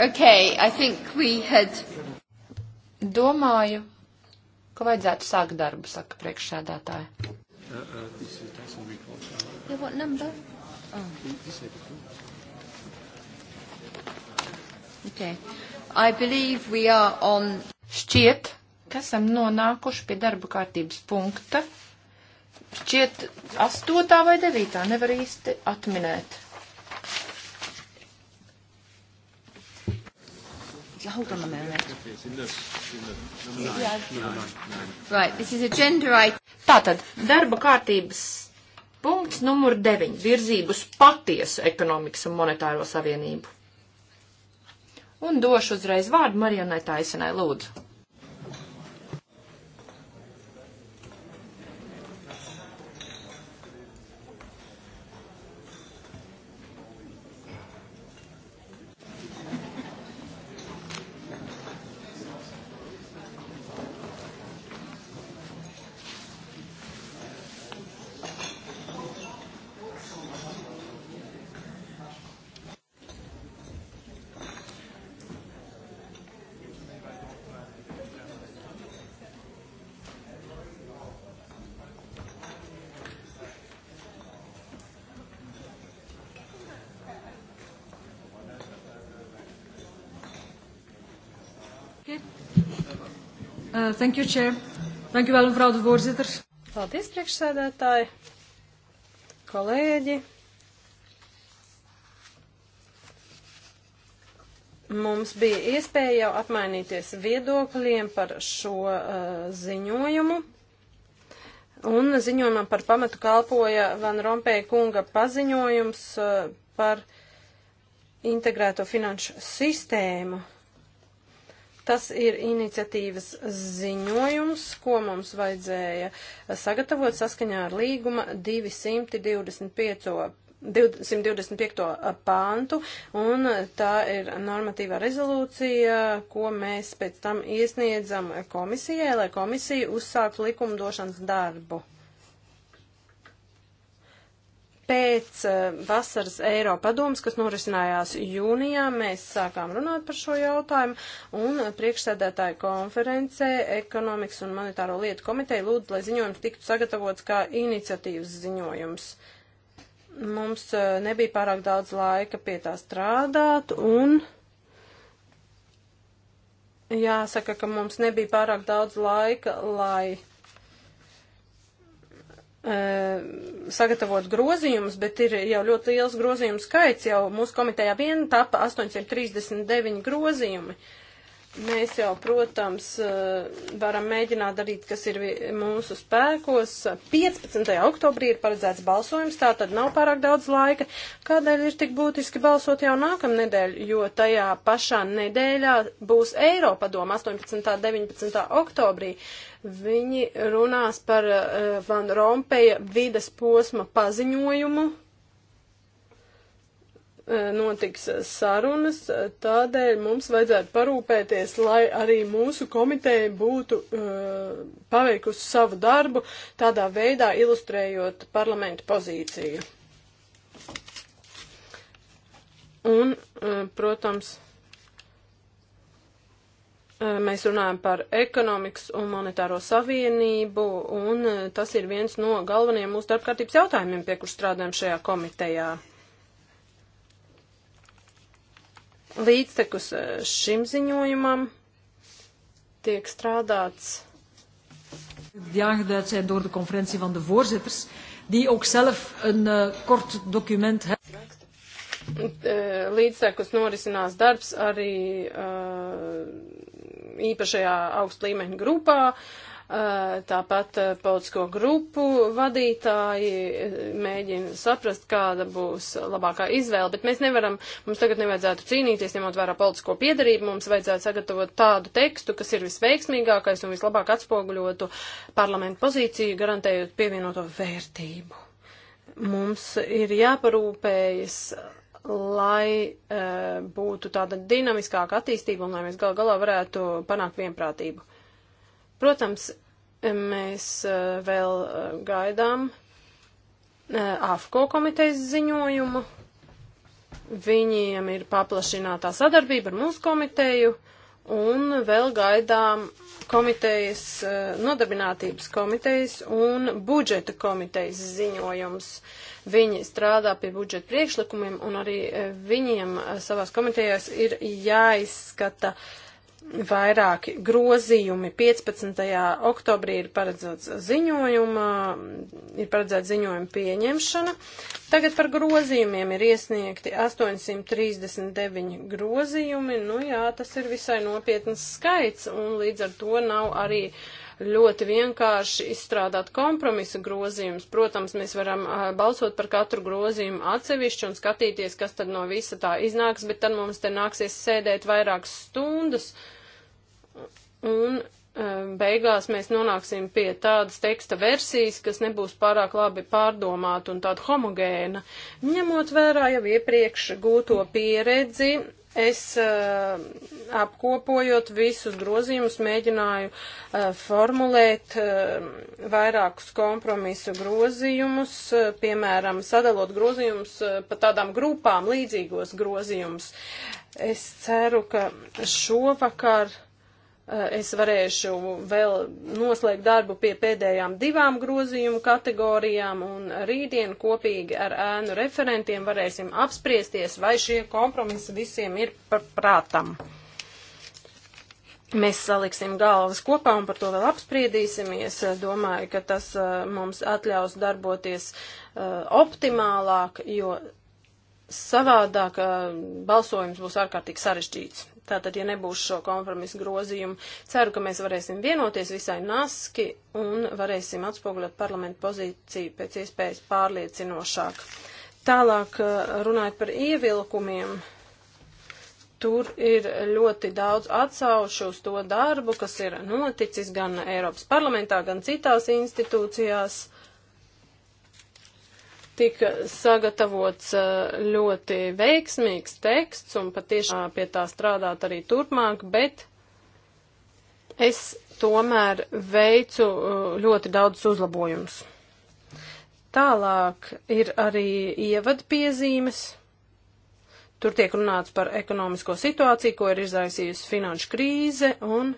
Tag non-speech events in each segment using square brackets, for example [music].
Okay, I think we had. Domāju, ka vajadzētu sākt darbu, saka priekšsēdētāja. Uh, uh, yeah, what number? Oh. Okay. I believe we are on. Šķiet, ka esam nonākuši pie darba kārtības punkta. Šķiet, astotā vai devītā nevar īsti atminēt. Hold on a minute. Right, this is agenda item. Tātad, darba kārtības punkts numur 9 - virzību uz patiesu ekonomikas un monetāro savienību. Un došu uzreiz vārdu Marijonai Taisenai, lūdzu. Uh, thank you, Chair. Thank you, vēl, mevrouw de voorzitter. Paldies, priekšsēdētāji, kolēģi. Mums bija iespēja jau apmainīties viedokļiem par šo uh, ziņojumu. Un ziņojumam par pamatu kalpoja Van Rompēja kunga paziņojums uh, par integrēto finanšu sistēmu. Tas ir iniciatīvas ziņojums, ko mums vajadzēja sagatavot saskaņā ar līguma 225. 225. pāntu, un tā ir normatīvā rezolūcija, ko mēs pēc tam iesniedzam komisijai, lai komisija uzsāktu likumdošanas darbu. Pēc eh, vasaras Eiropadomas, kas norisinājās jūnijā, mēs sākām runāt par šo jautājumu, un priekšsēdētāja konferencē ekonomikas un monetāro lietu komiteja lūdzu, lai ziņojums tiktu sagatavots kā iniciatīvas ziņojums. Mums eh, nebija pārāk daudz laika pie tā strādāt, un. Jāsaka, ka mums nebija pārāk daudz laika, lai E, sagatavot grozījumus, bet ir jau ļoti liels grozījumu skaits, jau mūsu komitejā vien tapa 839 grozījumi. Uh, Mēs jau, protams, eh, varam mēģināt darīt, kas ir mūsu spēkos. 15. oktobrī ir paredzēts balsojums, tā tad nav pārāk daudz laika. Kādēļ ir tik būtiski balsot jau nākamnedēļ, jo tajā pašā nedēļā būs Eiropadoma 18. un 19. oktobrī. Viņi runās par eh, Van Rompeja vides posma paziņojumu E, notiks sarunas, e, tādēļ mums vajadzētu parūpēties, lai arī mūsu komiteja būtu uh, paveikusi savu darbu, tādā veidā ilustrējot parlamentu pozīciju. Un, uh, protams, mēs runājam par ekonomikas un monetāro savienību, un tas ir viens no galvenajiem mūsu darbkārtības jautājumiem, pie kur strādājam šajā komitejā. Līdztekus e, šim ziņojumam tiek strādāts. Die aangeduid zijn door de conferentie van de voorzitters, die ook zelf een uh, kort document hebben. Līdztekus norisinās darbs arī uh, īpašajā augstlīmeņa grupā. Uh, Eh, tāpat eh, politisko grupu vadītāji eh, mēģina saprast, kāda būs labākā izvēle, bet mēs nevaram, mums tagad nevajadzētu cīnīties, ņemot vērā politisko piedarību, mums vajadzētu sagatavot tādu tekstu, kas ir visveiksmīgākais un vislabāk atspoguļotu parlamentu pozīciju, garantējot pievienoto vērtību. Mums ir jāparūpējas lai e, būtu tāda dinamiskāka attīstība un lai mēs gal galā varētu panākt vienprātību. Protams, mēs eh, vēl eh, gaidām eh, AFCO komitejas ziņojumu. Viņiem ir paplašinātā sadarbība ar mūsu komiteju un vēl gaidām komitejas, nodarbinātības komitejas un budžeta komitejas ziņojums. Viņi strādā pie budžeta priekšlikumiem un arī viņiem savās komitejās ir jāizskata uh, vairāki grozījumi. 15. oktobrī ir paredzēts ziņojuma, ir paredzēta ziņojuma pieņemšana. Tagad par grozījumiem ir iesniegti 839 grozījumi. Nu jā, tas ir visai nopietns skaits un līdz ar to nav arī ļoti vienkārši izstrādāt kompromisa grozījumus. Protams, mēs varam uh, balsot par katru grozījumu atsevišķi un skatīties, kas tad no visa tā iznāks, bet tad mums te nāksies sēdēt vairākas stundas. Uh, Un um, beigās mēs nonāksim pie tādas teksta versijas, kas nebūs pārāk labi pārdomāta un tāda homogēna. Ņemot vērā jau iepriekš gūto pieredzi, es uh, apkopojot visus grozījumus, mēģināju uh, formulēt uh, vairākus kompromisu grozījumus, piemēram, sadalot grozījumus pa tādām grupām līdzīgos grozījumus. Es ceru, ka šovakar Eh, es varēšu vēl noslēgt darbu pie pēdējām divām grozījumu kategorijām, un rītdien kopīgi ar ēnu referentiem varēsim apspriesties, vai šie kompromisi visiem ir par prātam. Mēs saliksim galvas kopā un par to vēl apspriedīsimies. Eh, domāju, ka tas eh, mums atļaus darboties optimālāk, jo savādāk balsojums būs ārkārtīgi sarežģīts. Tātad, ja nebūs šo kompromisu grozījumu, ceru, ka mēs varēsim vienoties visai naski un varēsim atspoguļot parlamentu pozīciju pēc iespējas pārliecinošāk. Tālāk eh, runājot par ievilkumiem. Tur ir ļoti daudz atsaušu uz to darbu, kas ir noticis gan Eiropas parlamentā, gan citās institūcijās tika sagatavots ļoti veiksmīgs teksts un patiešām pie tā strādāt arī turpmāk, bet es tomēr veicu ļoti daudz uzlabojumus. Tālāk ir arī ievadpiezīmes. Tur tiek runāts par ekonomisko situāciju, ko ir izraisījusi finanšu krīze un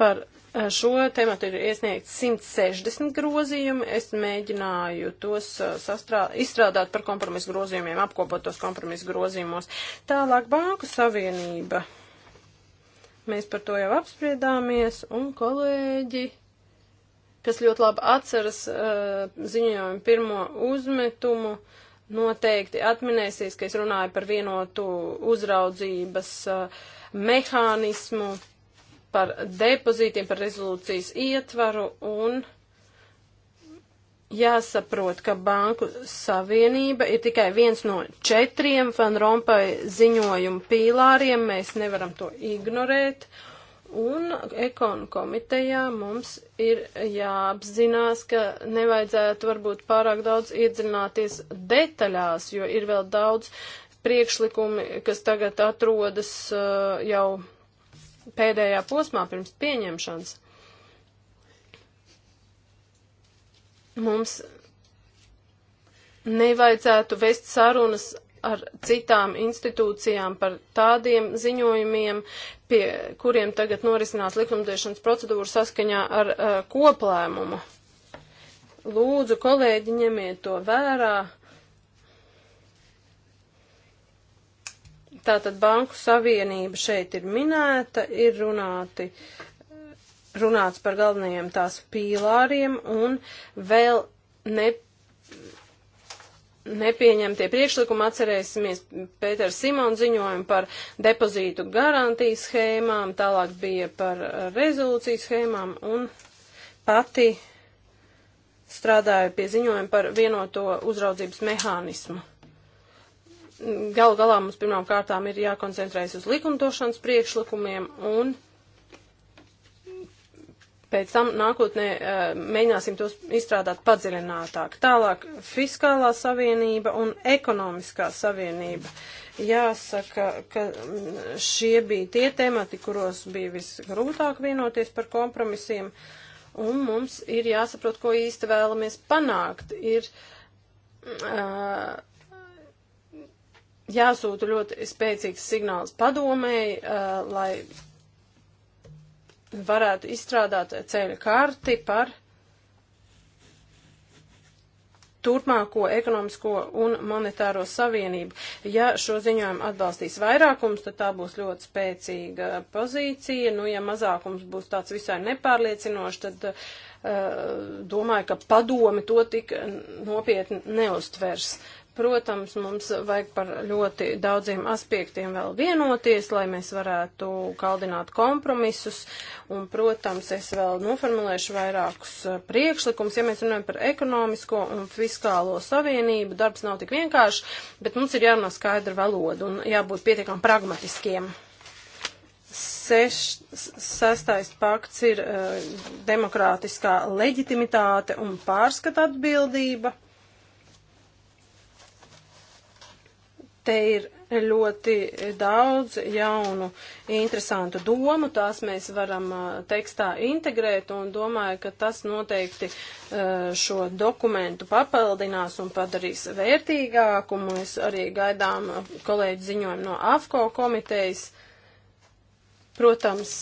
par Šo tematu ir iesniegt 160 grozījumi. Es mēģināju tos sastrā, izstrādāt par kompromisu grozījumiem, apkopot tos kompromisu grozījumos. Tālāk Banku Savienība. Mēs par to jau apspriedāmies, un kolēģi, kas ļoti labi atceras ziņojumu pirmo uzmetumu, noteikti atminēsies, ka es runāju par vienotu uzraudzības mehānismu par depozītiem, par rezolūcijas ietvaru un jāsaprot, ka Banku Savienība ir tikai viens no četriem Fan Rompai ziņojumu pīlāriem. Mēs nevaram to ignorēt. Un ekonu komitejā mums ir jāapzinās, ka nevajadzētu varbūt pārāk daudz iedzināties detaļās, jo ir vēl daudz priekšlikumi, kas tagad atrodas uh, jau pēdējā posmā pirms pieņemšanas. Mums nevajadzētu vest sarunas ar citām institūcijām par tādiem ziņojumiem, pie kuriem tagad norisinās likumdošanas procedūra saskaņā ar uh, koplēmumu. Lūdzu, kolēģi, ņemiet to vērā. Uh, Tātad Banku Savienība šeit ir minēta, ir runāti, runāts par galvenajiem tās pīlāriem un vēl ne, nepieņemtie priekšlikumi atcerēsimies Pēters Simon ziņojumu par depozītu garantijas schēmām, tālāk bija par rezolūcijas schēmām un pati strādāju pie ziņojuma par vienoto uzraudzības mehānismu. Gal galā mums pirmām kārtām ir jākoncentrējas uz likumdošanas priekšlikumiem un pēc tam nākotnē eh, mēģināsim tos izstrādāt padziļinātāk. Tālāk fiskālā savienība un ekonomiskā savienība. Jāsaka, ka mm, šie bija tie temati, kuros bija visgrūtāk vienoties par kompromisiem, un mums ir jāsaprot, ko īsti vēlamies panākt. Ir, uh, jāsūta ļoti spēcīgs signāls padomēji, uh, lai varētu izstrādāt ceļa karti par turpmāko ekonomisko un monetāro savienību. Ja šo ziņojumu atbalstīs vairākums, tad tā būs ļoti spēcīga pozīcija. Nu, ja mazākums būs tāds visai nepārliecinošs, tad uh, domāju, ka padomi to tik nopietni neustvers. Uh, Protams, mums vajag par ļoti daudziem aspektiem vēl vienoties, lai mēs varētu kaldināt kompromisus. Un, protams, es vēl noformulēšu vairākus eh, priekšlikumus. Ja mēs runājam par ekonomisko un fiskālo savienību, darbs nav tik vienkāršs, bet mums ir jārunā skaidra valoda un jābūt pietiekam pragmatiskiem. Seš, sastais pakts ir uh, demokrātiskā leģitimitāte un pārskata atbildība. Te ir ļoti daudz jaunu, interesantu domu, tās mēs varam tekstā integrēt un domāju, ka tas noteikti šo dokumentu papildinās un padarīs vērtīgāku. Mēs arī gaidām kolēģi ziņojumu no AFCO komitejas. Protams,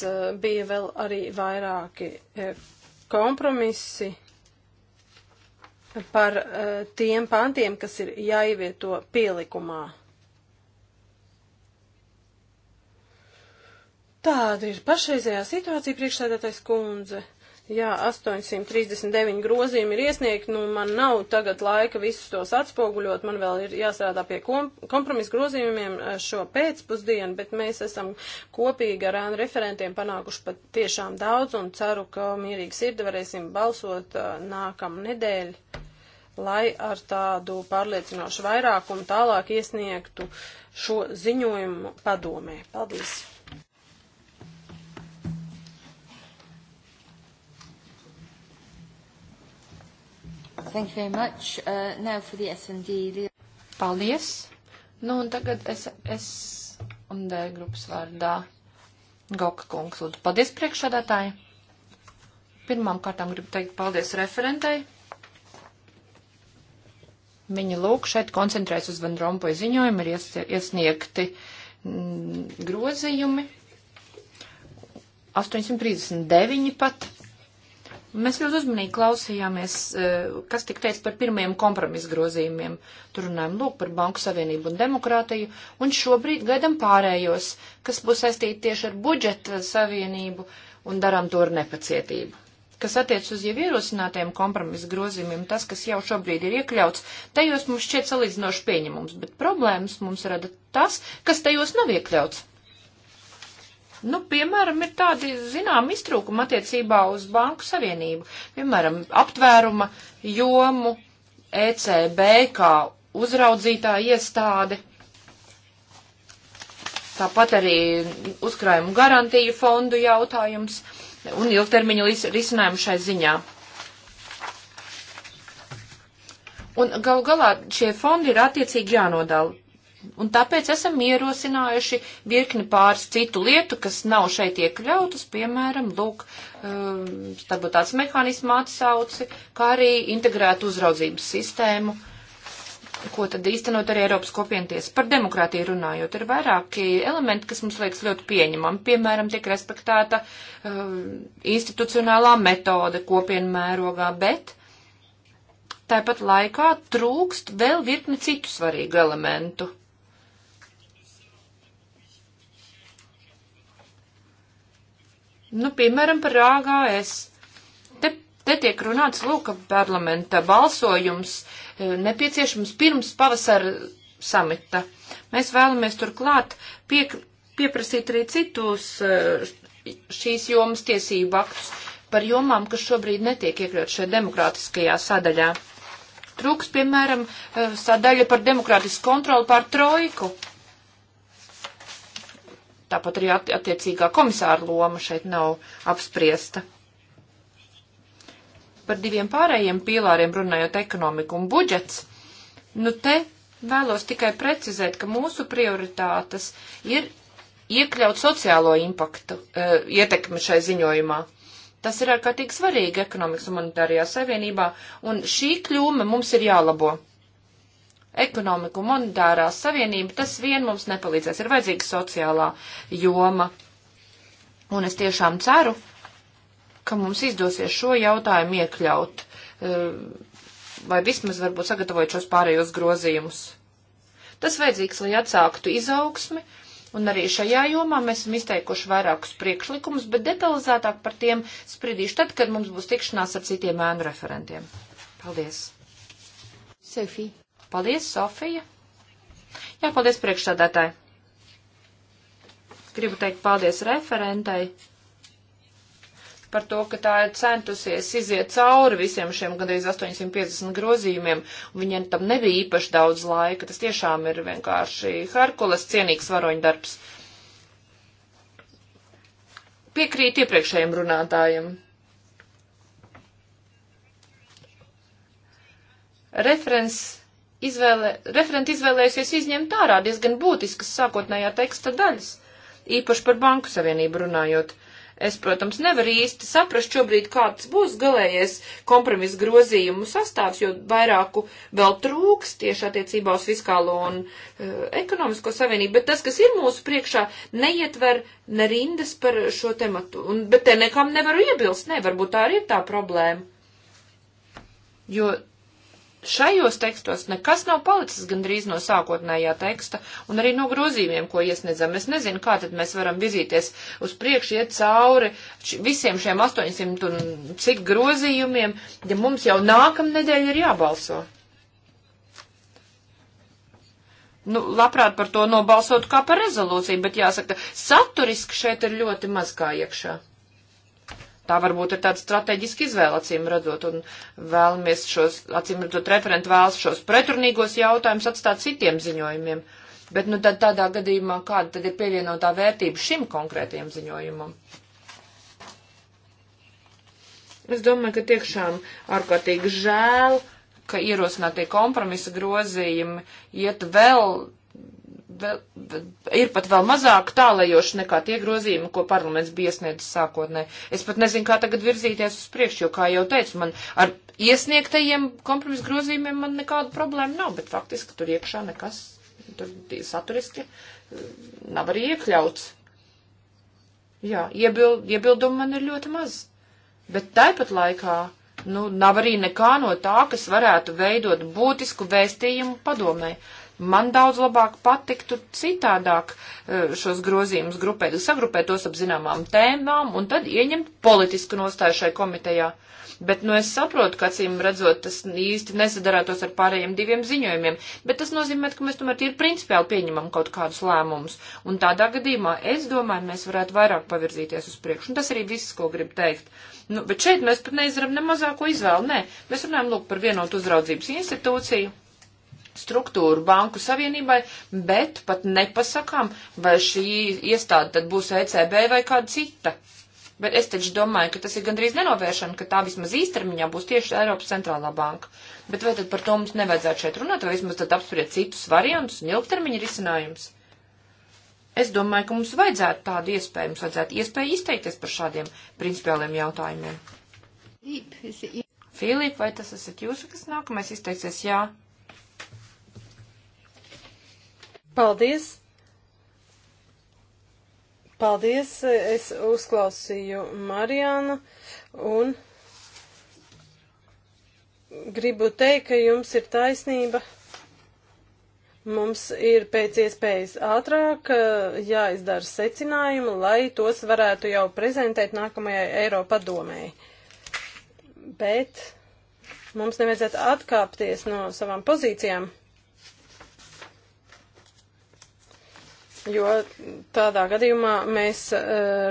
bija vēl arī vairāki kompromisi par tiem pantiem, kas ir jāievieto pielikumā. Tāda ir pašreizējā situācija priekšsēdētais kundze. Jā, 839 grozījumi ir iesniegti, nu man nav tagad laika visus tos atspoguļot, man vēl ir jāstrādā pie kompromisu grozījumiem eh, šo pēcpusdienu, bet mēs esam kopīgi ar ēnu referentiem panākuši pat tiešām daudz un ceru, ka mierīgi sirdi varēsim balsot eh, nākam nedēļ, lai ar tādu pārliecinošu vairākumu tālāk iesniegtu šo ziņojumu padomē. Paldies! Thank you very much. Uh, now for the S&D. Paldies. Nu, un tagad es, es un D grupas vārdā Goka kungs lūdzu. Paldies priekšādātāji. Pirmām kārtām gribu teikt paldies referentei. Viņa lūk šeit koncentrēs uz Van Rompuy ziņojumu, ir ies, iesniegti m, mm, grozījumi. 839 pat Mēs ļoti uzmanīgi klausījāmies, e, kas tika teicis par pirmajiem kompromisu grozījumiem. Tur runājam, lūk, par Banku Savienību un demokrātiju, un šobrīd gaidam pārējos, kas būs saistīti tieši ar budžeta savienību, un darām to ar nepacietību. Kas attiec uz jau ierosinātajiem kompromisu grozījumiem, tas, kas jau šobrīd ir iekļauts, tajos mums šķiet salīdzinoši pieņemums, bet problēmas mums rada tas, kas tajos nav iekļauts. Nu, piemēram, ir tādi, zinām, iztrūkumi attiecībā uz Banku Savienību, piemēram, aptvēruma jomu, ECB kā uzraudzītā iestāde, tāpat arī uzkrājumu garantiju fondu jautājums un ilgtermiņu risinājumu šai ziņā. Un gal galā šie fondi ir attiecīgi jānodala Un tāpēc esam ierosinājuši virkni pāris citu lietu, kas nav šeit iekļautas, piemēram, lūk, stabilitātes um, mehānismu atsauci, kā arī integrētu uzraudzības sistēmu, ko tad īstenot arī Eiropas kopienties. Par demokrātiju runājot, ir vairāki elementi, kas mums liekas ļoti pieņemami. Piemēram, tiek respektēta uh, institucionālā metode kopienu mērogā, bet tāpat laikā trūkst vēl virkni citu svarīgu elementu Nu, piemēram, par AGS. Te, te tiek runāts, lūk, ka parlamenta balsojums e, nepieciešams pirms pavasara samita. Mēs vēlamies turklāt pie, pieprasīt arī citus e, šīs jomas tiesību aktus par jomām, kas šobrīd netiek iekļaut šajā demokrātiskajā sadaļā. Trūks, piemēram, e, sadaļa par demokrātisku kontroli pār trojku. Tāpat arī attiecīgā komisāra loma šeit nav apspriesta. Par diviem pārējiem pīlāriem runājot ekonomiku un budžets, nu te vēlos tikai precizēt, ka mūsu prioritātes ir iekļaut sociālo impaktu, e, ietekmi šai ziņojumā. Tas ir ārkārtīgi svarīgi ekonomikas un monetārajā savienībā, un šī kļūme mums ir jālabo ekonomika un monetārā savienība, tas vien mums nepalīdzēs. Ir vajadzīga sociālā joma. Un es tiešām ceru, ka mums izdosies šo jautājumu iekļaut, eh, vai vismaz varbūt sagatavojot šos pārējos grozījumus. Tas vajadzīgs, lai atsāktu izaugsmi, Un arī šajā jomā mēs esam izteikuši vairākus priekšlikumus, bet detalizētāk par tiem spridīšu tad, kad mums būs tikšanās ar citiem ēnu referentiem. Paldies! Sofija. Paldies, Sofija. Jā, paldies priekšstādātāji. Gribu teikt paldies referentai par to, ka tā ir centusies iziet cauri visiem šiem gandrīz 850 grozījumiem, un viņiem tam nebija īpaši daudz laika. Tas tiešām ir vienkārši Herkules cienīgs varoņdarbs. Piekrīt iepriekšējiem runātājiem. Referents izvēlē, referenti izvēlējusies izņemt ārā diezgan būtiskas sākotnējā teksta daļas, īpaši par banku savienību runājot. Es, protams, nevaru īsti saprast šobrīd, kāds būs galējais kompromisa grozījumu sastāvs, jo vairāku vēl trūks tieši attiecībā uz fiskālo un uh, ekonomisko savienību, bet tas, kas ir mūsu priekšā, neietver ne rindas par šo tematu, un, bet te nekam nevaru iebilst, ne, varbūt tā arī ir tā problēma. Jo šajos tekstos nekas nav palicis gandrīz no sākotnējā teksta un arī no grozījumiem, ko iesniedzam. Es nezinu, kā tad mēs varam vizīties uz priekšu, iet cauri visiem šiem 800 un cik grozījumiem, ja mums jau nākamnedēļ ir jābalso. Nu, labprāt par to nobalsotu kā par rezolūciju, bet jāsaka, saturiski šeit ir ļoti maz kā iekšā. Tā varbūt ir tāda strateģiska izvēle, acīm redzot, un vēlamies šos, acīm redzot, referenti vēlas šos pretrunīgos jautājumus atstāt citiem ziņojumiem. Bet, nu, tad tādā gadījumā kāda tad ir pievienotā vērtība šim konkrētajam ziņojumam? Es domāju, ka tiešām ārkārtīgi žēl, ka ierosinātie kompromisa grozījumi iet vēl vēl, ir pat vēl mazāk tālajoši nekā tie grozījumi, ko parlaments bija iesniedzis sākotnē. Es pat nezinu, kā tagad virzīties uz priekšu, jo, kā jau teicu, man ar iesniegtajiem kompromisu grozījumiem man nekāda problēma nav, bet faktiski tur iekšā nekas, tur saturiski eh, nav arī iekļauts. Jā, iebild, iebildumu man ir ļoti maz, bet taipat laikā nu, nav arī nekā no tā, kas varētu veidot būtisku vēstījumu padomē. Man daudz labāk patiktu citādāk e, šos grozījumus grupēt, sagrupēt tos apzināmām tēmām un tad ieņemt politisku nostāju šai komitejā. Bet, nu, es saprotu, ka, acīm redzot, tas īsti nesadarētos ar pārējiem diviem ziņojumiem, bet tas nozīmē, ka mēs tomēr ir principiāli pieņemam kaut kādus lēmumus. Un tādā gadījumā, es domāju, mēs varētu vairāk pavirzīties uz priekšu. Un tas arī viss, ko gribu teikt. Nu, bet šeit mēs pat neizdarām ne mazāko izvēlu, nē. Mēs runājam, lūk, par vienotu uzraudzības institūciju struktūru banku savienībai, bet pat nepasakām, vai šī iestāde tad būs ECB vai kāda cita. Bet es taču domāju, ka tas ir gandrīz nenovēršana, ka tā vismaz īstermiņā būs tieši Eiropas centrālā banka. Bet vai tad par to mums nevajadzētu šeit runāt, vai vismaz tad apspriest citus variantus un ilgtermiņa risinājumus? Es domāju, ka mums vajadzētu tādu iespēju, mums vajadzētu iespēju izteikties par šādiem principiāliem jautājumiem. Filip, vai tas esat jūs, kas nākamais izteiksies? Jā. Paldies! Paldies! Es uzklausīju Mariānu un gribu teikt, ka jums ir taisnība. Mums ir pēc iespējas ātrāk eh, jāizdara secinājumi, lai tos varētu jau prezentēt nākamajai Eiropadomēji. Bet mums nevajadzētu atkāpties no savām pozīcijām. Jo tādā gadījumā mēs eh,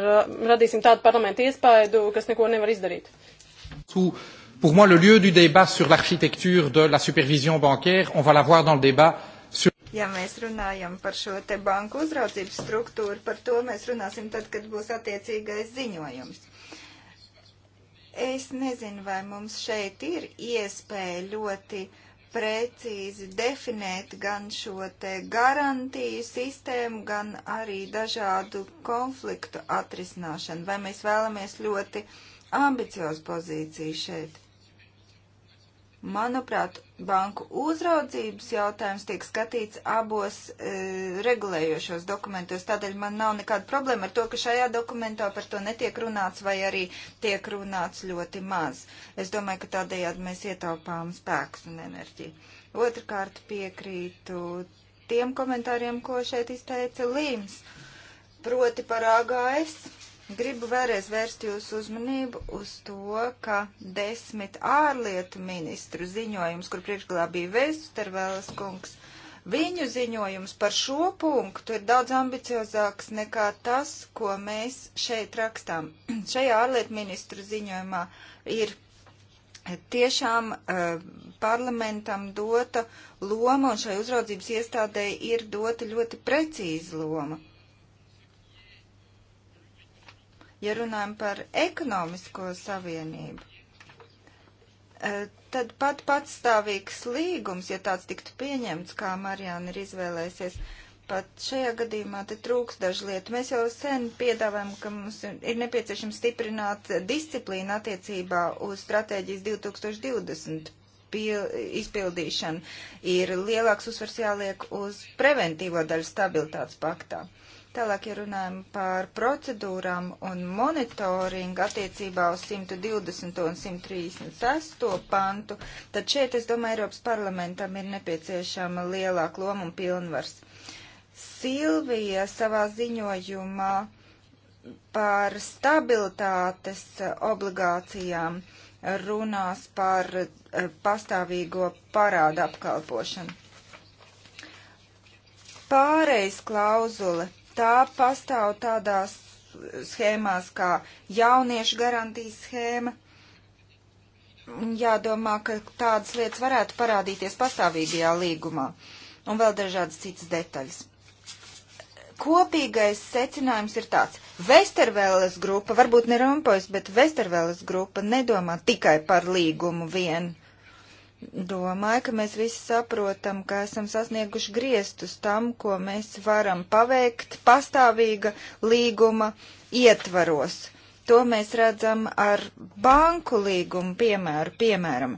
ra radīsim tādu parlamentu iespaidu, kas neko nevar izdarīt. Pour moi, le lieu du débat sur l'architecture de la supervision bancaire, on va l'avoir dans le débat sur. Ja mēs runājam par šo te banku uzraudzības struktūru, par to mēs runāsim tad, kad būs attiecīgais ziņojums. Es nezinu, vai mums šeit ir iespēja ļoti uh, precīzi definēt gan šo te garantiju sistēmu, gan arī dažādu konfliktu atrisināšanu, vai mēs vēlamies ļoti ambiciozu pozīciju šeit. Manuprāt, banku uzraudzības jautājums tiek skatīts abos e, regulējošos dokumentos, tādēļ man nav nekāda problēma ar to, ka šajā dokumentā par to netiek runāts vai arī tiek runāts ļoti maz. Es domāju, ka tādējādi mēs ietaupām spēkus un enerģiju. Otrakārt piekrītu tiem komentāriem, ko šeit izteica Līms, proti par AGS Gribu vēlreiz vērst jūsu uzmanību uz to, ka desmit ārlietu ministru ziņojums, kur priekšgalā bija Vēsturvēlas kungs, viņu ziņojums par šo punktu ir daudz ambiciozāks nekā tas, ko mēs šeit rakstām. [clears throat] Šajā ārlietu ministru ziņojumā ir tiešām uh, parlamentam dota loma, un šai uzraudzības iestādē ir dota ļoti precīza loma Ja runājam par ekonomisko savienību, eh, tad pat patstāvīgs līgums, ja tāds tiktu pieņemts, kā Marijāna ir izvēlēsies, pat šajā gadījumā te trūks dažu lietu. Mēs jau sen piedāvājam, ka mums ir nepieciešams stiprināt disciplīnu attiecībā uz stratēģijas 2020 izpildīšanu. Ir lielāks uzsvars jāliek uz preventīvo daļu stabilitātes paktā. Uh, Tālāk, ja runājam par procedūrām un monitoringu attiecībā uz 120 un 136 pantu, tad šeit, es domāju, Eiropas parlamentam ir nepieciešama lielāka loma un pilnvars. Silvija savā ziņojumā par stabilitātes eh, obligācijām runās par eh, pastāvīgo parādu apkalpošanu. Pārejas klauzule tā pastāv tādās schēmās kā jauniešu garantijas schēma. Jādomā, ka tādas lietas varētu parādīties pastāvīgajā līgumā un vēl dažādas citas detaļas. Kopīgais secinājums ir tāds. Vestervēles grupa, varbūt ne Rompojas, bet Vestervēles grupa nedomā tikai par līgumu vienu Domāju, ka mēs visi saprotam, ka esam sasnieguši griestus tam, ko mēs varam paveikt pastāvīga līguma ietvaros. To mēs redzam ar banku līgumu piemēru, piemēram.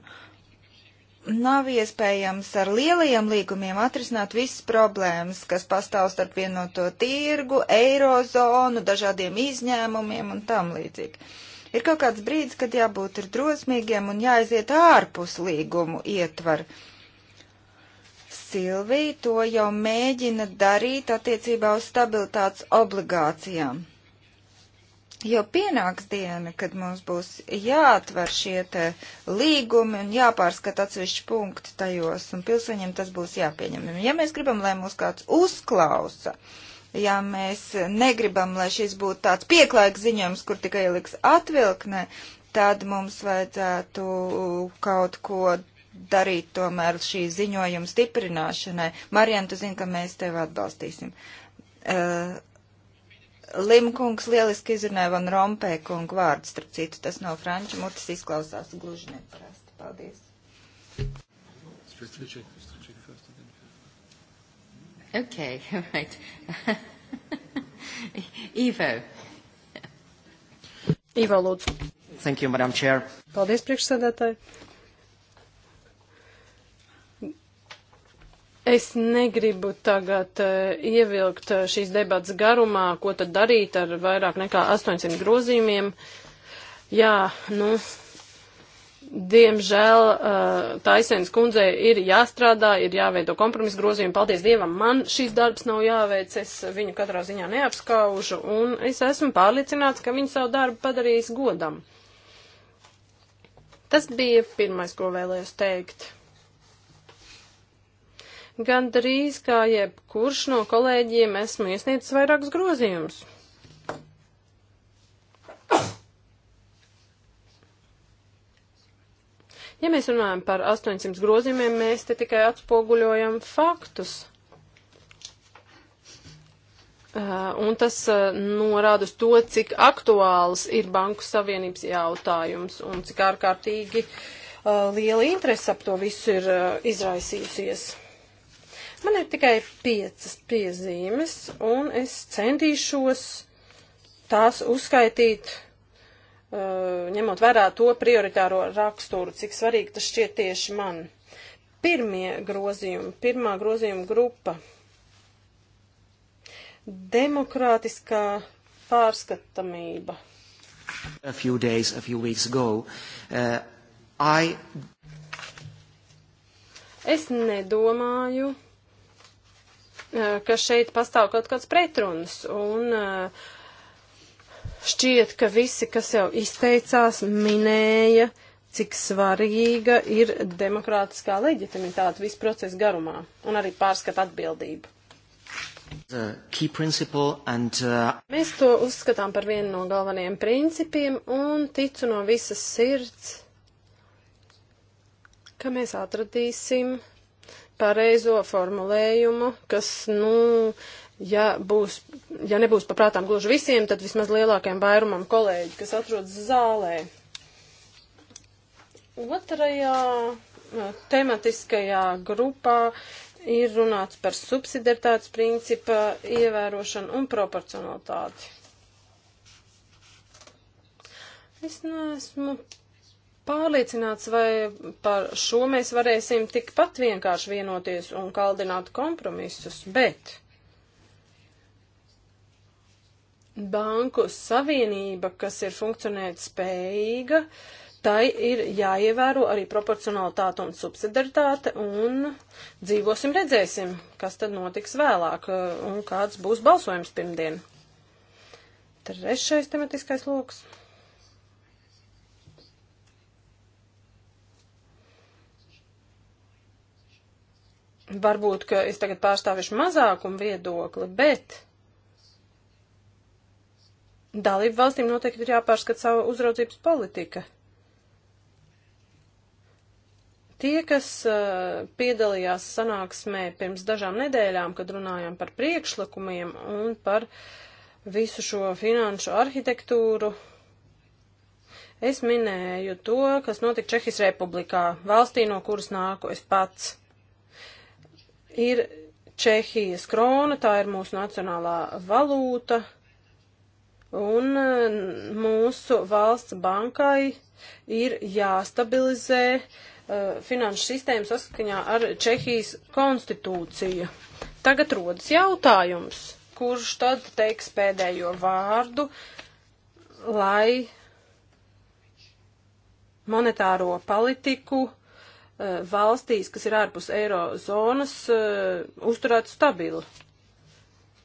Nav iespējams ar lielajiem līgumiem atrisināt visas problēmas, kas pastāv starp vienoto tirgu, eirozonu, dažādiem izņēmumiem un tam līdzīgi Ir kaut kāds brīdis, kad jābūt ir drosmīgiem un jāaiziet ārpus līgumu ietvaru. Silvija to jau mēģina darīt attiecībā uz stabilitātes obligācijām. Jo pienāks diena, kad mums būs jāatver šie te līgumi un jāpārskata atsevišķi punkti tajos, un pilsoņiem tas būs jāpieņem. Ja mēs gribam, lai mūs kāds uzklausa, uh, ja mēs negribam, lai šis būtu tāds pieklājīgs ziņojums, kur tikai liks atvilkne, tad mums vajadzētu kaut ko darīt tomēr šī ziņojuma stiprināšanai. Marijan, tu zini, ka mēs tevi atbalstīsim. Uh, eh, Limkungs lieliski izrunāja Van Rompē kungu vārdu, starp citu, tas no franču mutes izklausās gluži neprasti. Paldies. Strictly check. Okay, [laughs] all right. [laughs] Ivo. Ivo, lūdzu. Thank you, Madam Chair. Paldies, priekšsēdētāji. Es negribu tagad uh, ievilkt uh, šīs debatas garumā, ko tad darīt ar vairāk nekā 800 grozījumiem. Jā, nu, Diemžēl uh, Taisens kundzei ir jāstrādā, ir jāveido kompromisu grozījumi. Paldies Dievam, man šīs darbs nav jāveic, es viņu katrā ziņā neapskaužu, un es esmu pārliecināts, ka viņa savu darbu padarīs godam. Tas bija pirmais, ko vēlējos teikt. Gan drīz kā jebkurš no kolēģiem esmu iesniedzis vairākus grozījumus. Ja mēs runājam par 800 grozījumiem, mēs te tikai atspoguļojam faktus. Uh, un tas uh, norāda uz to, cik aktuāls ir Banku Savienības jautājums un cik ārkārtīgi uh, liela interese ap to visu ir izraisījusies. Man ir tikai piecas piezīmes, un es centīšos tās uzskaitīt Uh, ņemot vērā to prioritāro raksturu, cik svarīgi tas šķiet tieši man. Pirmie grozījumi, pirmā grozījuma grupa - demokrātiskā pārskatamība. A few days, a few weeks ago, uh, I... Es nedomāju, uh, ka šeit pastāv kaut kāds pretruns, un uh, Šķiet, ka visi, kas jau izteicās, minēja, cik svarīga ir demokrātiskā leģitimitāte visu procesu garumā un arī pārskata atbildību. And, uh... Mēs to uzskatām par vienu no galvenajiem principiem un ticu no visas sirds, ka mēs atradīsim pareizo formulējumu, kas, nu, ja, būs, ja nebūs paprātām gluži visiem, tad vismaz lielākajam vairumam kolēģi, kas atrodas zālē. Otrajā eh, tematiskajā grupā ir runāts par subsidiaritātes principa ievērošanu un proporcionalitāti. Es neesmu pārliecināts, vai par šo mēs varēsim tikpat vienkārši vienoties un kaldināt kompromisus, bet banku savienība, kas ir funkcionēt spējīga, tai ir jāievēro arī proporcionalitāte un subsidaritāte, un dzīvosim, redzēsim, kas tad notiks vēlāk eh, un kāds būs balsojums pirmdien. Trešais tematiskais lokus. Varbūt, ka es tagad pārstāvišu mazākumu viedokli, bet Dalību valstīm noteikti ir jāpārskat sava uzraudzības politika. Tie, kas uh, piedalījās sanāksmē pirms dažām nedēļām, kad runājām par priekšlikumiem un par visu šo finanšu arhitektūru, es minēju to, kas notika Čehijas republikā, valstī, no kuras nāku es pats. Ir Čehijas krona, tā ir mūsu nacionālā valūta. Un eh, mūsu valsts bankai ir jāstabilizē uh, finanšu sistēmu saskaņā ar Čehijas konstitūciju. Tagad rodas jautājums, kurš tad teiks pēdējo vārdu, lai monetāro politiku eh, valstīs, kas ir ārpus eirozonas, uzturētu stabilu.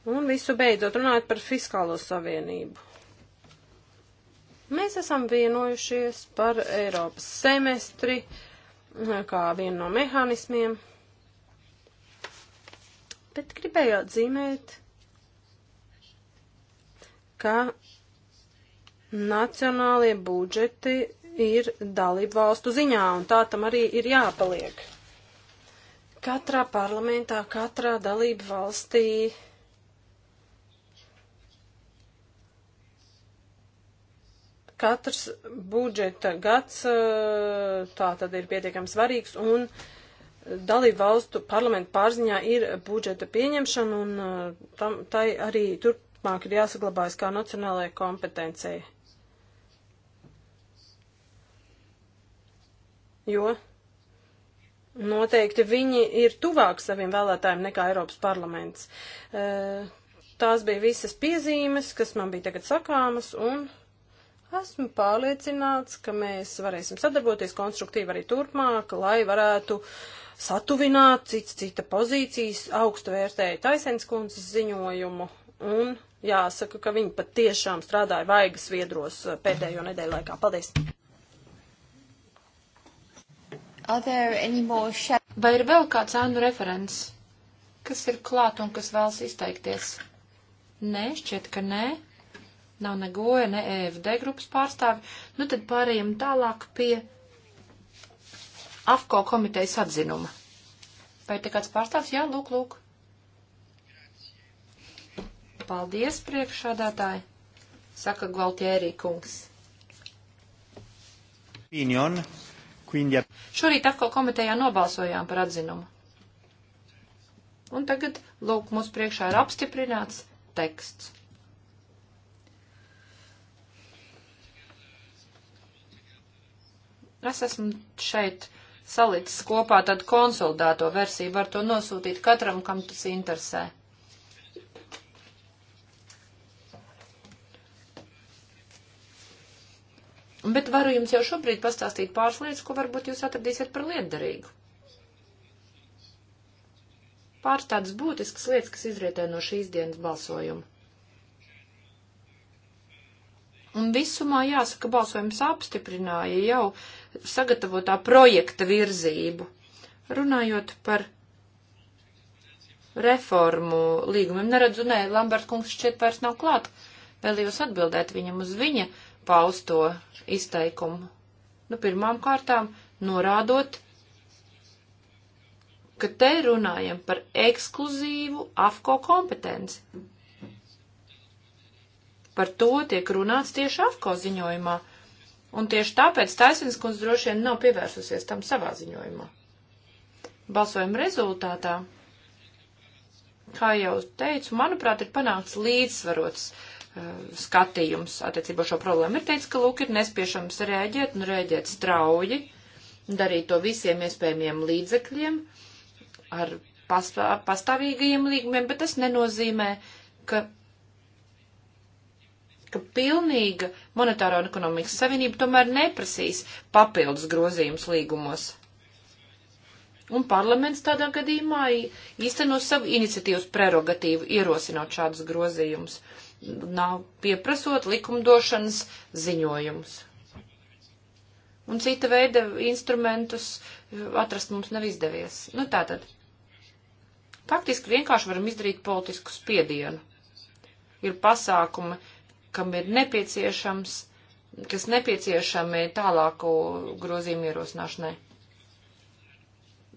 Un visu beidzot runājot par fiskālo savienību. Mēs esam vienojušies par Eiropas semestri kā vienu no mehānismiem, bet gribēju atzīmēt, ka nacionālie budžeti ir dalību valstu ziņā, un tā tam arī ir jāpaliek. Katrā parlamentā, katrā dalību valstī Katrs budžeta gads eh, tā tad ir pietiekami svarīgs un dalību valstu parlamentu pārziņā ir budžeta pieņemšana un eh, tam, tai arī turpmāk ir jāsaglabājas kā nacionālajai kompetencijai. Jo Noteikti viņi ir tuvāk saviem vēlētājiem nekā Eiropas parlaments. Eh, tās bija visas piezīmes, kas man bija tagad sakāmas, un Esmu pārliecināts, ka mēs varēsim sadarboties konstruktīvi arī turpmāk, lai varētu satuvināt cits cita pozīcijas, augstu vērtēju Taisens kundzes ziņojumu un jāsaka, ka viņi pat tiešām strādāja vaigas viedros eh, pēdējo nedēļu laikā. Paldies! Vai ir vēl kāds ānu referents, kas ir klāt un kas vēlas izteikties? Nē, šķiet, ka nē nav ne goja, ne EFD grupas pārstāvi. Nu tad pārējiem tālāk pie AFCO komitejas atzinuma. Vai te kāds pārstāvs? Jā, lūk, lūk. Paldies, priekšādātāji, saka Gvaltjērī kungs. Opinion, quindi... Šorīt AFCO komitejā nobalsojām par atzinumu. Un tagad, lūk, mūsu priekšā ir apstiprināts teksts. Es esmu šeit salicis kopā tādu konsolidēto versiju, var to nosūtīt katram, kam tas interesē. Bet varu jums jau šobrīd pastāstīt pāris lietas, ko varbūt jūs atradīsiet par lietderīgu. Pāris tādas būtiskas lietas, kas izrietē no šīs dienas balsojuma. Un visumā jāsaka, balsojums apstiprināja jau sagatavotā projekta virzību. Runājot par reformu līgumiem, neredzu, nē, Lamberts kungs šķiet vairs nav klāt. Vēlījos atbildēt viņam uz viņa pausto izteikumu. Nu, pirmām kārtām norādot, ka te runājam par ekskluzīvu AFCO kompetenci. Par to tiek runāts tieši AFCO ziņojumā. Un tieši tāpēc Taisins kundze droši vien nav pievērsusies tam savā ziņojumā. Balsojuma rezultātā, kā jau teicu, manuprāt, ir panākts līdzsvarots uh, skatījums attiecībā šo problēmu. Ir teicis, ka lūk ir nespiešams rēģēt un rēģēt strauji, darīt to visiem iespējamiem līdzekļiem ar pastāvīgajiem līgumiem, bet tas nenozīmē, ka ka pilnīga monetāro un ekonomikas savienība tomēr neprasīs papildus grozījumus līgumos. Un parlaments tādā gadījumā īsteno savu iniciatīvas prerogatīvu ierosinot šādus grozījumus, nav pieprasot likumdošanas ziņojumus. Un cita veida instrumentus e, atrast mums nav izdevies. Nu tātad. Faktiski vienkārši varam izdarīt politisku spiedienu. Ir pasākumi, kam ir nepieciešams, kas nepieciešami tālāku grozījumu ierosināšanai.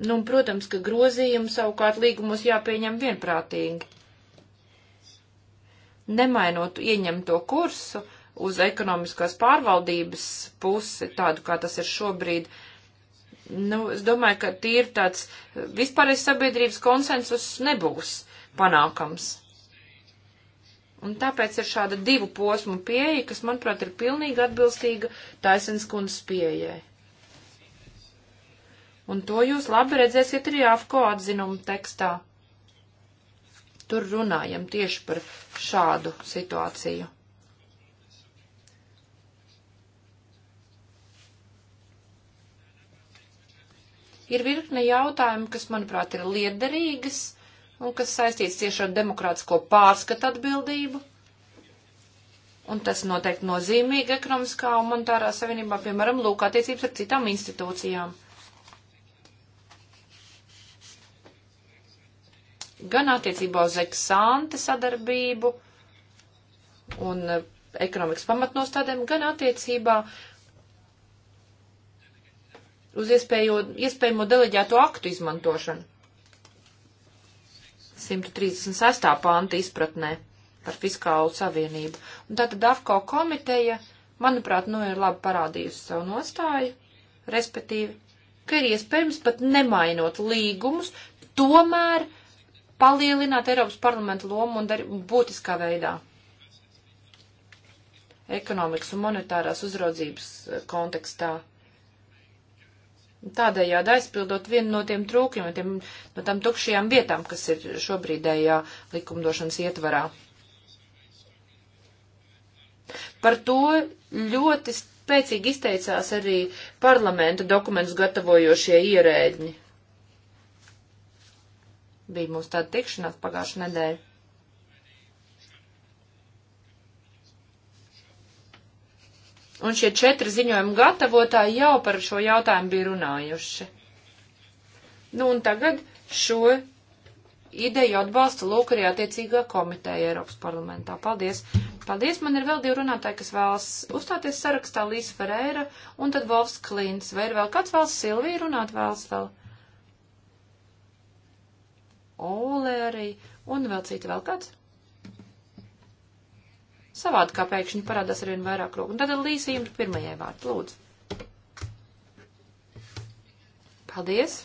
Nu, un, protams, ka grozījumu savukārt līgumus jāpieņem vienprātīgi. Nemainot ieņemto kursu uz ekonomiskās pārvaldības pusi, tādu kā tas ir šobrīd, nu, es domāju, ka tīri tāds vispārējais sabiedrības konsensus nebūs panākams. Un tāpēc ir šāda divu posmu pieeja, kas, manuprāt, ir pilnīgi atbilstīga taisnes kundas pieejai. Un to jūs labi redzēsiet arī AFCO atzinumu tekstā. Tur runājam tieši par šādu situāciju. Ir virkne jautājumu, kas, manuprāt, ir liederīgas un kas saistīts tieši ar demokrātisko pārskatu atbildību. Un tas noteikti nozīmīgi ekonomiskā un monetārā savienībā, piemēram, lūk, attiecības ar citām institūcijām. Gan attiecībā uz eksānte sadarbību un eh, ekonomikas pamatnostādēm, gan attiecībā uz iespējo, iespējamo deleģēto aktu izmantošanu. 136. panta izpratnē par fiskālu savienību. Un tātad AFCO komiteja, manuprāt, nu ir labi parādījusi savu nostāju, respektīvi, ka ir iespējams pat nemainot līgumus, tomēr palielināt Eiropas parlamentu lomu un dar, būtiskā veidā ekonomikas un monetārās uzraudzības kontekstā. Tādējādi aizpildot vienu no tiem trūkumiem, no tām tukšajām vietām, kas ir šobrīdējā likumdošanas ietvarā. Par to ļoti spēcīgi izteicās arī parlamenta dokumentus gatavojošie ierēģi. Bija mums tāda tikšanās pagājušā nedēļa. Un šie četri ziņojumi gatavotāji jau par šo jautājumu bija runājuši. Nu un tagad šo ideju atbalsta lūk arī attiecīgā komiteja Eiropas parlamentā. Paldies! Paldies! Man ir vēl divi runātāji, kas vēlas uzstāties sarakstā Līsa Ferēra un tad Volfs Klīns. Vai ir vēl kāds vēlas Silvija runāt vēlas vēl? Olē arī. Un vēl cita vēl kāds? Savādi kā pēkšņi parādās arvien vairāk roku. Un tad Līsija jums pirmajai vārdu lūdzu. Paldies!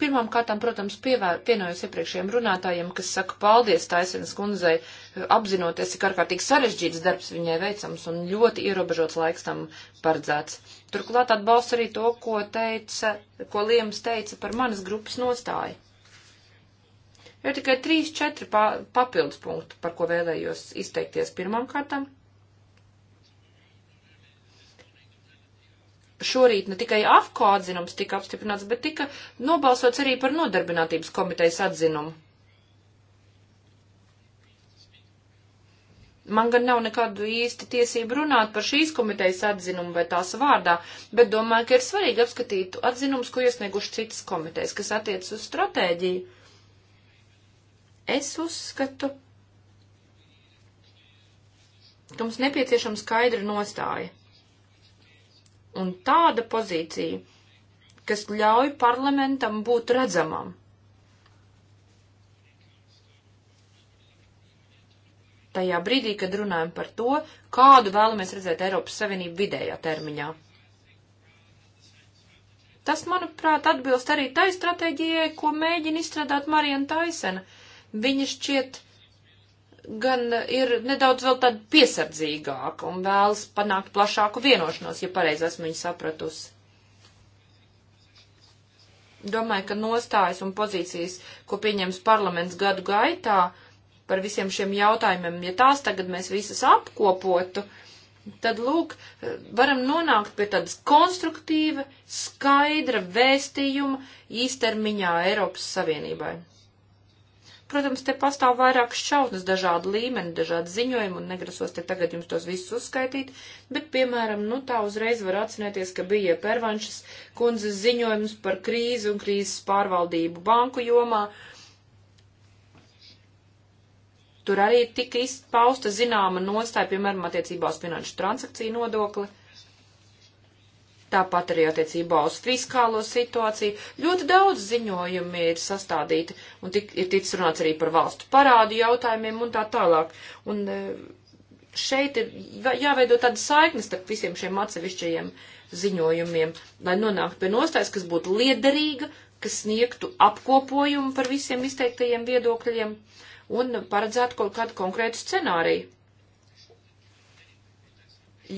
pirmām kārtām, protams, pievēr, pienojos iepriekšējiem runātājiem, kas saka paldies Taisins kundzei apzinoties, cik ārkārtīgi sarežģīts darbs viņai veicams un ļoti ierobežots laiks tam paredzēts. Turklāt atbalsta arī to, ko teica, ko Liems teica par manas grupas nostāju. Ir tikai trīs, četri pa, papildus punkti, par ko vēlējos izteikties pirmām kārtām. šorīt ne tikai AFCO atzinums tika apstiprināts, bet tika nobalsots arī par nodarbinātības komitejas atzinumu. Man gan nav nekādu īsti tiesību runāt par šīs komitejas atzinumu vai tās vārdā, bet domāju, ka ir svarīgi apskatīt atzinumus, ko iesnieguši citas komitejas, kas attiec uz stratēģiju. Es uzskatu, ka mums nepieciešama skaidra nostāja un tāda pozīcija, kas ļauj parlamentam būt redzamam. tajā brīdī, kad runājam par to, kādu vēlamies redzēt Eiropas Savienību vidējā termiņā. Tas, manuprāt, atbilst arī tai stratēģijai, ko mēģina izstrādāt Marijana Taisena. Viņa šķiet gan ir nedaudz vēl tāda piesardzīgāka un vēlas panākt plašāku vienošanos, ja pareizi esmu viņu sapratusi. Domāju, ka nostājas un pozīcijas, ko pieņems parlaments gadu gaitā, uh, par visiem šiem jautājumiem. Ja tās tagad mēs visas apkopotu, tad, lūk, varam nonākt pie tādas konstruktīva, skaidra vēstījuma īstermiņā Eiropas Savienībai. Protams, te pastāv vairāk šausmas, dažādi līmeni, dažādi ziņojumi, un negrasos te tagad jums tos visus uzskaitīt, bet, piemēram, nu tā uzreiz var atcerēties, ka bija pervanšas kundzes ziņojums par krīzi un krīzes pārvaldību banku jomā, uh, Tur arī tika izpausta zināma nostāja, piemēram, attiecībā uz finanšu transakciju nodokli. Tāpat arī attiecībā uz fiskālo situāciju. Ļoti daudz ziņojumi ir sastādīti, un tik, ir ticis runāts arī par valstu parādu jautājumiem un tā tālāk. Un e, šeit ir jāveido tāda saiknes starp visiem šiem atsevišķajiem ziņojumiem, lai nonāktu pie nostājas, kas būtu liederīga, kas sniegtu apkopojumu par visiem izteiktajiem viedokļiem. Uh, un paredzētu kaut kādu konkrētu scenāriju.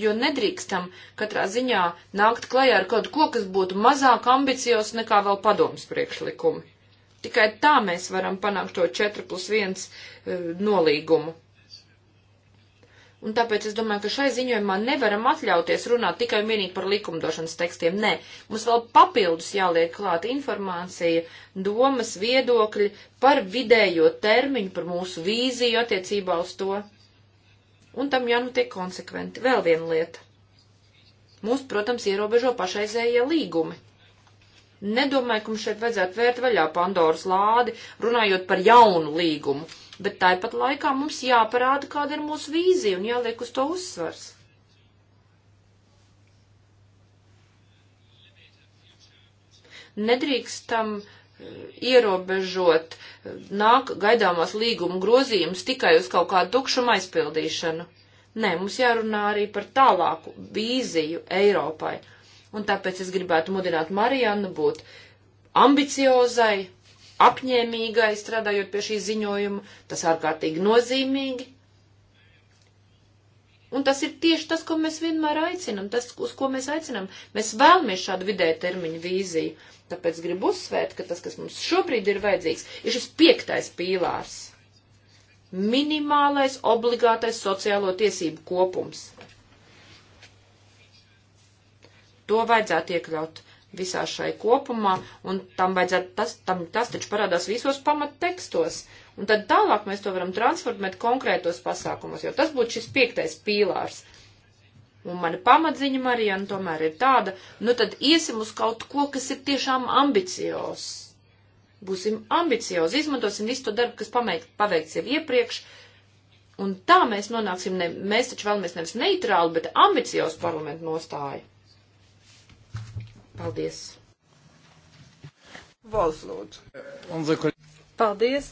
Jo nedrīkstam katrā ziņā nākt klajā ar kaut ko, kas būtu mazāk ambiciozs nekā vēl padomas priekšlikumi. Tikai tā mēs varam panākt to 4 plus 1 eh, nolīgumu. Un tāpēc es domāju, ka šai ziņojumā nevaram atļauties runāt tikai un vienīgi par likumdošanas tekstiem. Nē, mums vēl papildus jāliek klāt informācija, domas, viedokļi par vidējo termiņu, par mūsu vīziju attiecībā uz to. Un tam jānotiek konsekventi. Vēl viena lieta. Mūs, protams, ierobežo pašreizējie līgumi. Nedomāju, ka mums šeit vajadzētu vērt vaļā Pandoras lādi, runājot par jaunu līgumu bet tāpat laikā mums jāparāda, kāda ir mūsu vīzija un jāliek uz to uzsvars. Nedrīkstam eh, ierobežot eh, nāk gaidāmās līguma grozījumus tikai uz kaut kādu tukšumu aizpildīšanu. Nē, mums jārunā arī par tālāku vīziju Eiropai. Un tāpēc es gribētu mudināt Mariannu būt ambiciozai, apņēmīgai strādājot pie šī ziņojuma, tas ārkārtīgi nozīmīgi. Un tas ir tieši tas, ko mēs vienmēr aicinam, tas, uz ko mēs aicinam. Mēs vēlamies šādu vidēja termiņu vīziju. Tāpēc gribu uzsvērt, ka tas, kas mums šobrīd ir vajadzīgs, ir šis piektais pīlārs. Minimālais obligātais sociālo tiesību kopums. To vajadzētu iekļaut visā šai kopumā, un tam vajadzētu, tas, tam, tas taču parādās visos pamattekstos. Un tad tālāk mēs to varam transformēt konkrētos pasākumos, jo tas būtu šis piektais pīlārs. Un mana pamatziņa, Marijana, tomēr ir tāda, nu tad iesim uz kaut ko, kas ir tiešām ambicios. Būsim ambiciozi, izmantosim visu to darbu, kas paveikts jau iepriekš, un tā mēs nonāksim, ne, mēs taču vēlamies nevis neitrāli, bet ambiciozu parlamentu nostāju. Paldies! Valsts lūdzu. Paldies!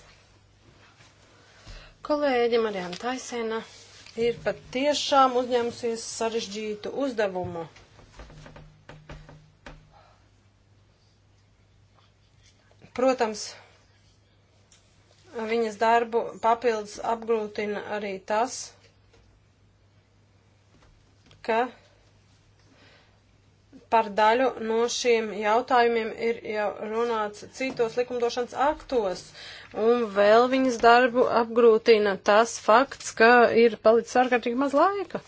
Kolēģi Marijana Taisena ir pat tiešām uzņēmusies sarežģītu uzdevumu. Protams, viņas darbu papildus apgrūtina arī tas, ka par daļu no šiem jautājumiem ir jau runāts citos likumdošanas aktos, un vēl viņas darbu apgrūtina tas fakts, ka ir palicis ārkārtīgi maz laika.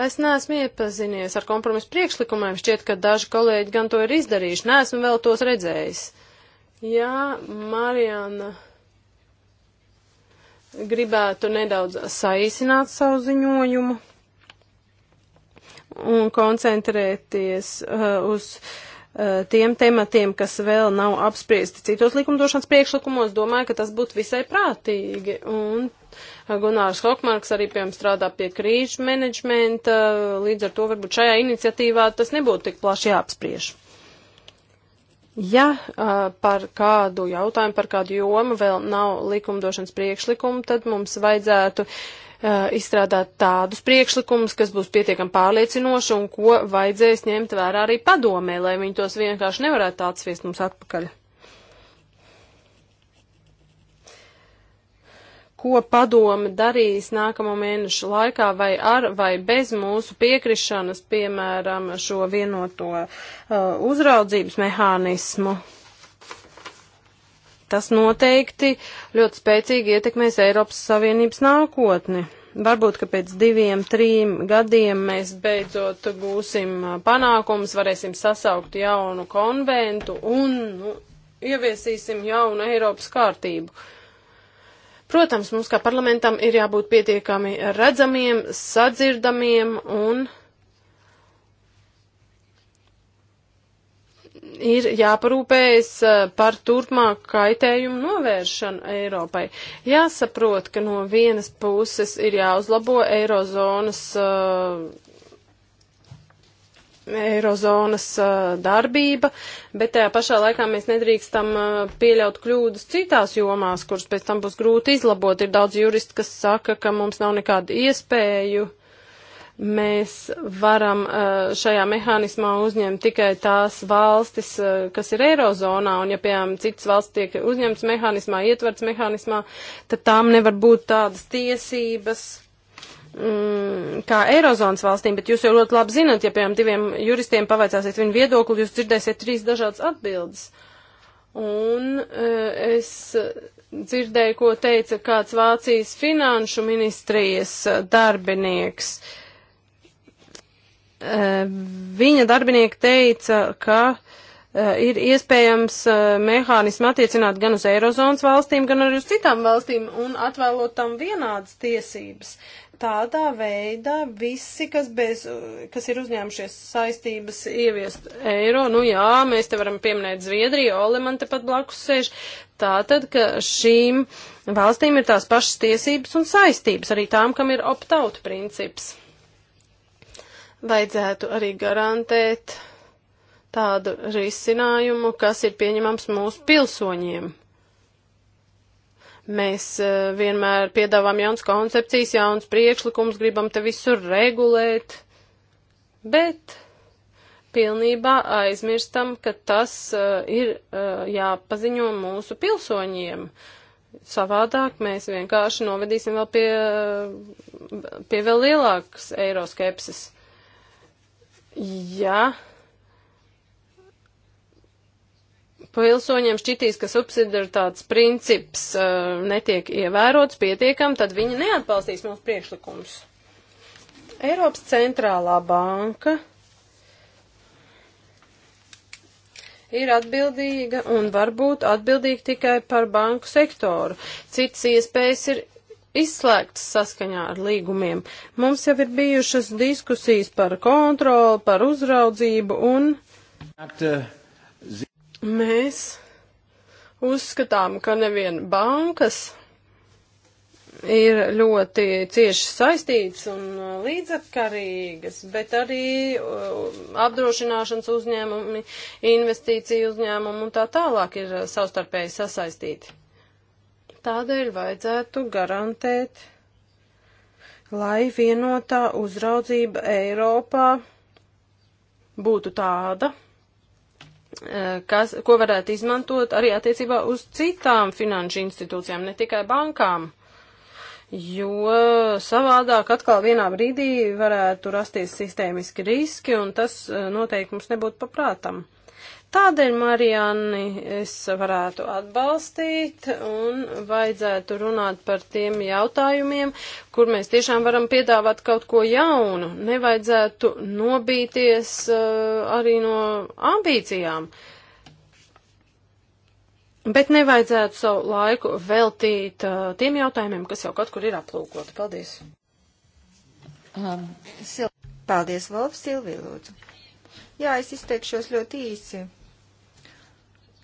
Es neesmu iepazinies ar kompromisu priekšlikumiem, šķiet, ka daži kolēģi gan to ir izdarījuši, neesmu vēl tos redzējis. Jā, Marijana gribētu nedaudz saīsināt savu ziņojumu un koncentrēties uh, uz uh, tiem tematiem, kas vēl nav apspriesti citos likumdošanas priekšlikumos, domāju, ka tas būtu visai prātīgi. Un uh, Gunārs Hokmarks arī, piemēram, strādā pie krīžu menedžmenta, līdz ar to varbūt šajā iniciatīvā tas nebūtu tik plaši jāapspriež. Ja uh, par kādu jautājumu, par kādu jomu vēl nav likumdošanas priekšlikumu, tad mums vajadzētu uh, Eh, izstrādāt tādus priekšlikumus, kas būs pietiekami pārliecinoši un ko vajadzēs ņemt vērā arī padomē, lai viņi tos vienkārši nevarētu atsviest mums atpakaļ. Ko padome darīs nākamo mēnešu laikā vai ar vai bez mūsu piekrišanas, piemēram, šo vienoto uh, uzraudzības mehānismu? tas noteikti ļoti spēcīgi ietekmēs Eiropas Savienības nākotni. Varbūt, ka pēc diviem, trim gadiem mēs beidzot gūsim panākumus, varēsim sasaukt jaunu konventu un nu, ieviesīsim jaunu Eiropas kārtību. Protams, mums kā parlamentam ir jābūt pietiekami redzamiem, sadzirdamiem un ir jāparūpējas eh, par turpmāk kaitējumu novēršanu Eiropai. Jāsaprot, ka no vienas puses ir jāuzlabo Eirozonas. Uh, Eirozonas eh, darbība, bet tajā pašā laikā mēs nedrīkstam pieļaut kļūdas citās jomās, kuras pēc tam būs grūti izlabot. Ir daudz juristi, kas saka, ka mums nav nekādu iespēju uh, Mēs varam eh, šajā mehānismā uzņemt tikai tās valstis, eh, kas ir Eirozonā, un ja, piemēram, citas valsts tiek uzņemtas mehānismā, ietverts mehānismā, tad tām nevar būt tādas tiesības mm, kā Eirozonas valstīm, bet jūs jau ļoti labi zinat, ja piemēram diviem juristiem pavaicāsiet viņu viedokli, jūs dzirdēsiet trīs dažādas atbildes. Un eh, es dzirdēju, ko teica kāds Vācijas finanšu ministrijas darbinieks. Uh, viņa darbinieki teica, ka e, ir iespējams e, mehānismu attiecināt gan uz Eirozonas valstīm, gan arī uz citām valstīm un atvēlot tam vienādas tiesības. Tādā veidā visi, kas, bez, kas ir uzņēmušies saistības ieviest eiro, nu jā, mēs te varam pieminēt Zviedriju, Ole man te pat blakus sēž, tātad, ka šīm valstīm ir tās pašas tiesības un saistības, arī tām, kam ir opt-out princips vajadzētu arī garantēt tādu risinājumu, kas ir pieņemams mūsu pilsoņiem. Mēs eh, vienmēr piedāvām jauns koncepcijas, jauns priekšlikums, gribam te visur regulēt, bet pilnībā aizmirstam, ka tas eh, ir eh, jāpaziņo mūsu pilsoņiem. Savādāk mēs vienkārši novedīsim vēl pie, pie vēl lielākas eiroskepses ja pilsoņiem šķitīs, ka subsidaritātes princips uh, netiek ievērots pietiekam, tad viņi neatbalstīs mūsu priekšlikumus. Eiropas centrālā banka ir atbildīga un varbūt atbildīga tikai par banku sektoru. Citas iespējas ir izslēgts saskaņā ar līgumiem. Mums jau ir bijušas diskusijas par kontroli, par uzraudzību un mēs uzskatām, ka nevien bankas ir ļoti cieši saistītas un uh, līdzatkarīgas, bet arī uh, apdrošināšanas uzņēmumi, investīciju uzņēmumi un tā tālāk ir uh, savstarpēji sasaistīti. Tādēļ vajadzētu garantēt, lai vienotā uzraudzība Eiropā būtu tāda, eh, kas, ko varētu izmantot arī attiecībā uz citām finanšu institūcijām, ne tikai bankām. Jo savādāk atkal vienā brīdī varētu rasties sistēmiski riski, un tas eh, noteikti mums nebūtu paprātam. Tādēļ, Marijāni, es varētu atbalstīt un vajadzētu runāt par tiem jautājumiem, kur mēs tiešām varam piedāvāt kaut ko jaunu. Nevajadzētu nobīties uh, arī no ambīcijām. Bet nevajadzētu savu laiku veltīt uh, tiem jautājumiem, kas jau kaut kur ir aplūkoti. Paldies! Um, Paldies, Valf Silvija, lūdzu. Jā, es izteikšos ļoti īsi.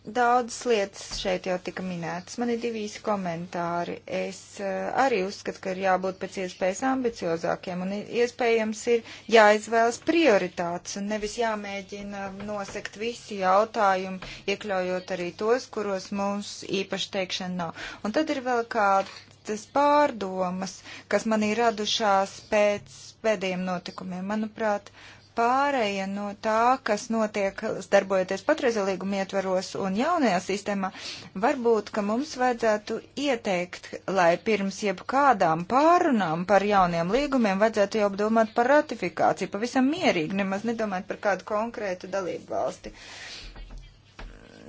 Daudzas lietas šeit jau tika minētas. Man ir divi īsi komentāri. Es uh, arī uzskatu, ka ir jābūt pēc iespējas ambiciozākiem un iespējams ir jāizvēlas prioritātes un nevis jāmēģina nosekt visi jautājumi, iekļaujot arī tos, kuros mums īpaši teikšana nav. Un tad ir vēl kādas pārdomas, kas man ir radušās pēc pēdējiem notikumiem. Manuprāt, uh, pārēja no tā, kas notiek darbojoties patreizā līguma ietvaros un jaunajā sistēmā, varbūt, ka mums vajadzētu ieteikt, lai pirms jebkādām pārunām par jauniem līgumiem vajadzētu jau domāt par ratifikāciju, pavisam mierīgi, nemaz nedomāt par kādu konkrētu dalību valsti.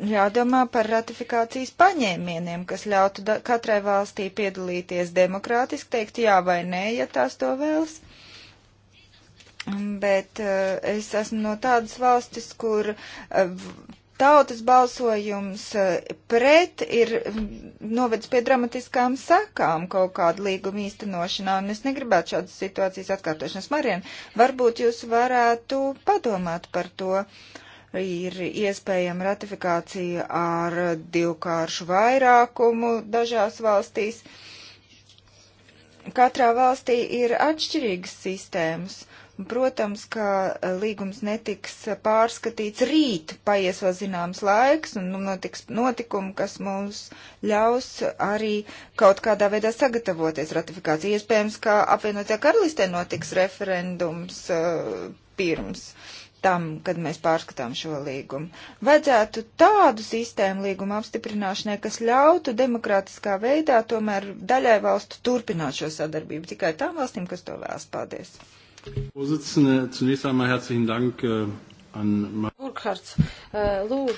Jādomā par ratifikācijas paņēmieniem, kas ļautu katrai valstī piedalīties demokrātiski, teikt jā vai nē, ja tās to vēlas Bet eh, es esmu no tādas valstis, kur eh, tautas balsojums eh, pret ir novedis pie dramatiskām sakām kaut kādu līgumu īstenošanā, un es negribētu šādas situācijas atkārtošanas. Marien, varbūt jūs varētu padomāt par to. Ir iespējama ratifikācija ar divkāršu vairākumu dažās valstīs. Katrā valstī ir atšķirīgas sistēmas Protams, ka eh, līgums netiks eh, pārskatīts rīt, paies vēl zināms laiks un nu, notiks notikumi, kas mums ļaus arī kaut kādā veidā sagatavoties ratifikācijai. Iespējams, ka apvienotajā karalistē notiks referendums uh, pirms tam, kad mēs pārskatām šo līgumu. Vajadzētu tādu sistēmu līguma apstiprināšanai, kas ļautu demokrātiskā veidā tomēr daļai valstu turpināt šo sadarbību, tikai tām valstīm, kas to vēlas. Paldies! Vorsitzende, zunächst einmal herzlichen Dank äh, an. Burkhards, äh, lūdzu,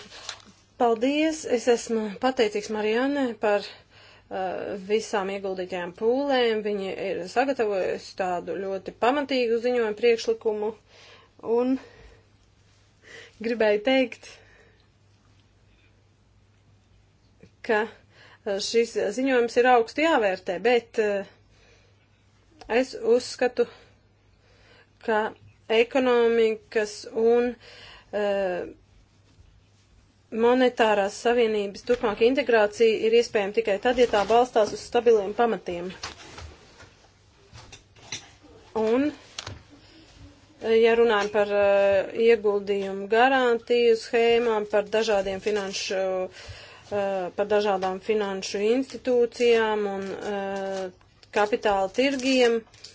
paldies. Es esmu pateicīgs Marianne par uh, visām ieguldītajām pūlēm. Viņi ir sagatavojusi tādu ļoti pamatīgu ziņojumu priekšlikumu un gribēju teikt, ka äh, šis ziņojums ir augstu jāvērtē, bet uh, es uzskatu, ka ka ekonomikas un uh, monetārās savienības turpmāka integrācija ir iespējama tikai tad, ja tā balstās uz stabiliem pamatiem. Un, e, ja runājam par uh, ieguldījumu garantiju schēmām, par dažādiem finanšu, uh, par dažādām finanšu institūcijām un uh, kapitāla tirgiem, uh,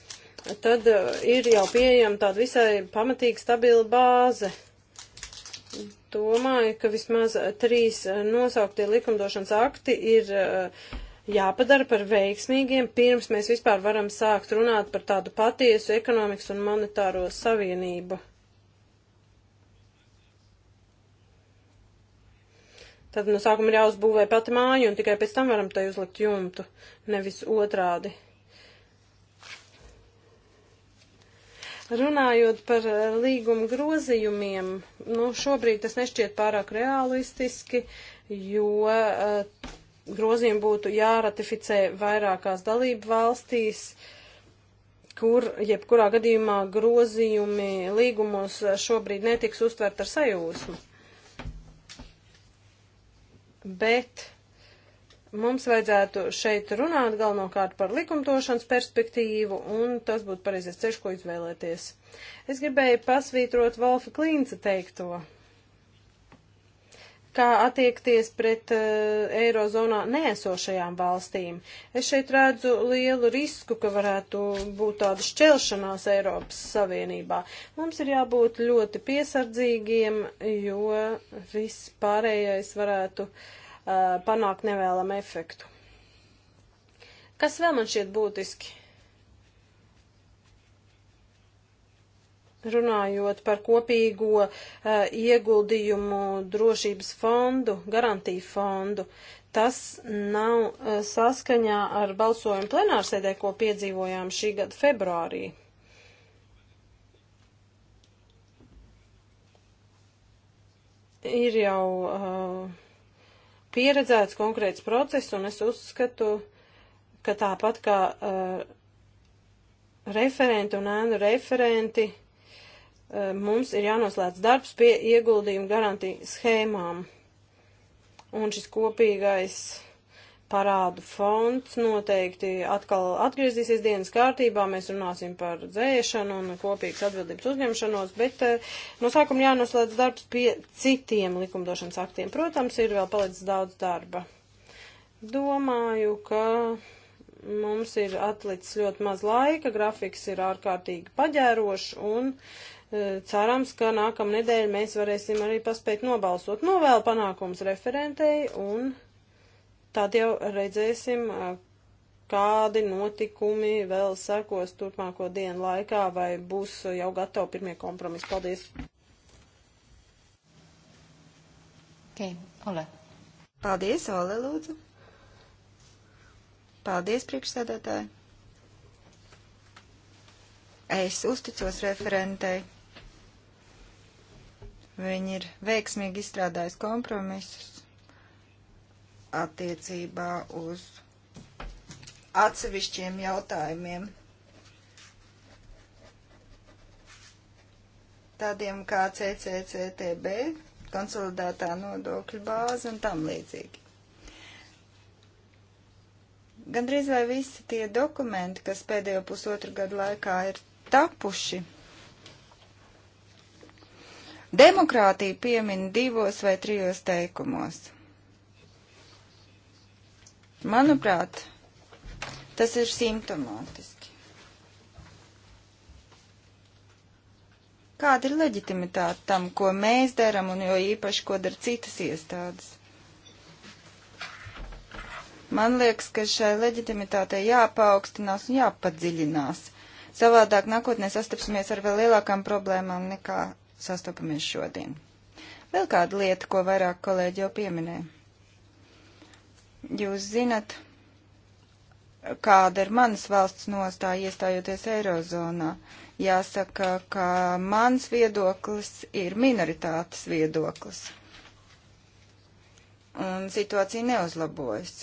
tad eh, ir jau pieejama tāda visai pamatīga stabila bāze. Domāju, ka vismaz trīs nosauktie likumdošanas akti ir uh, jāpadara par veiksmīgiem, pirms mēs vispār varam sākt runāt par tādu patiesu ekonomikas un monetāro savienību. Tad no sākuma ir jāuzbūvē pati māja, un tikai pēc tam varam tai uzlikt jumtu, nevis otrādi. Runājot par eh, līguma grozījumiem, nu, šobrīd tas nešķiet pārāk realistiski, jo uh, grozījumi būtu jāratificē vairākās dalību valstīs, kur jebkurā gadījumā grozījumi līgumos eh, šobrīd netiks uztvert ar sajūsmu. Bet mums vajadzētu šeit runāt galvenokārt par likumdošanas perspektīvu, un tas būtu pareizais ceļš, ko izvēlēties. Es gribēju pasvītrot Volfa Klīnca teikto, kā attiekties pret uh, eirozonā nēsošajām valstīm. Es šeit redzu lielu risku, ka varētu būt tāda šķelšanās Eiropas Savienībā. Mums ir jābūt ļoti piesardzīgiem, jo viss pārējais varētu uh, Eh, panākt nevēlam efektu. Kas vēl man šķiet būtiski? Runājot par kopīgo uh, ieguldījumu drošības fondu, garantiju fondu, tas nav uh, saskaņā ar balsojumu plenārsēdē, ko piedzīvojām šī gada februārī. Ir jau uh, pieredzēts konkrēts process, un es uzskatu, ka tāpat kā uh, referenti un ēnu referenti, uh, mums ir jānoslēdz darbs pie ieguldījumu garantiju schēmām. Un šis kopīgais uh, parādu fonds noteikti atkal atgriezīsies dienas kārtībā, mēs runāsim par dzēšanu un kopīgas atbildības uzņemšanos, bet eh, no sākuma jānoslēdz darbs pie citiem likumdošanas aktiem. Protams, ir vēl palicis daudz darba. Domāju, ka mums ir atlicis ļoti maz laika, grafiks ir ārkārtīgi paģērošs un eh, cerams, ka nākamnedēļ mēs varēsim arī paspēt nobalsot novēlu panākums referentei un tad jau redzēsim, kādi notikumi vēl sekos turpmāko dienu laikā, vai būs jau gatavi pirmie kompromisi. Paldies! Okay, Ole. Paldies, Ole, lūdzu. Paldies, priekšsēdētāji. Es uzticos referentei. Viņa ir veiksmīgi izstrādājusi kompromisus attiecībā uz atsevišķiem jautājumiem. Tādiem kā CCCTB, konsolidētā nodokļu bāze un tam līdzīgi. Gandrīz vai visi tie dokumenti, kas pēdējo pusotru gadu laikā ir tapuši, demokrātija piemin divos vai trijos teikumos – Manuprāt, tas ir simptomātiski. Kāda ir leģitimitāte tam, ko mēs darām, un jo īpaši, ko dara citas iestādes? Man liekas, ka šai leģitimitātei jāpaaugstinās un jāpadziļinās. Savādāk nākotnē sastapsimies ar vēl lielākām problēmām nekā sastopamies šodien. Vēl kāda lieta, ko vairāk kolēģi jau pieminēja. Jūs zinat, kāda ir manas valsts nostāja iestājoties Eirozonā. Jāsaka, ka mans viedoklis ir minoritātes viedoklis. Un situācija neuzlabojas.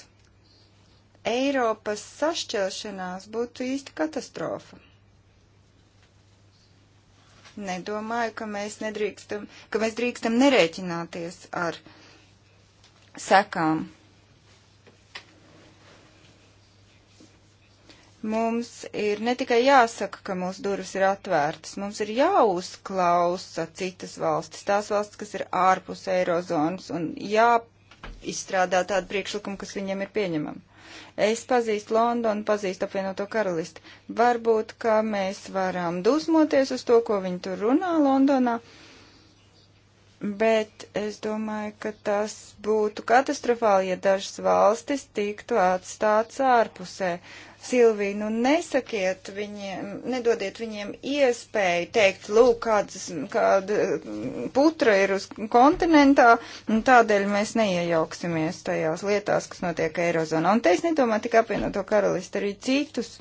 Eiropas sašķelšanās būtu īsti katastrofa. Nedomāju, ka mēs nedrīkstam, ka mēs drīkstam nerēķināties ar sekām Mums ir ne tikai jāsaka, ka mūsu durvis ir atvērtas, mums ir jāuzklausa citas valstis, tās valstis, kas ir ārpus eirozonas, un jāizstrādā tādu priekšlikumu, kas viņiem ir pieņemama. Es pazīstu Londonu, pazīstu apvienoto karalisti. Varbūt, ka mēs varam dusmoties uz to, ko viņi tur runā Londonā, uh, Bet es domāju, ka tas būtu katastrofāli, ja dažas valstis tiktu atstāts ārpusē. Silvija, nu nesakiet viņiem, nedodiet viņiem iespēju teikt, lūk, kāds, kāda putra ir uz kontinentā, un tādēļ mēs neiejauksimies tajās lietās, kas notiek Eirozonā. Un te es nedomāju tikai apvienoto karalistu, arī citus,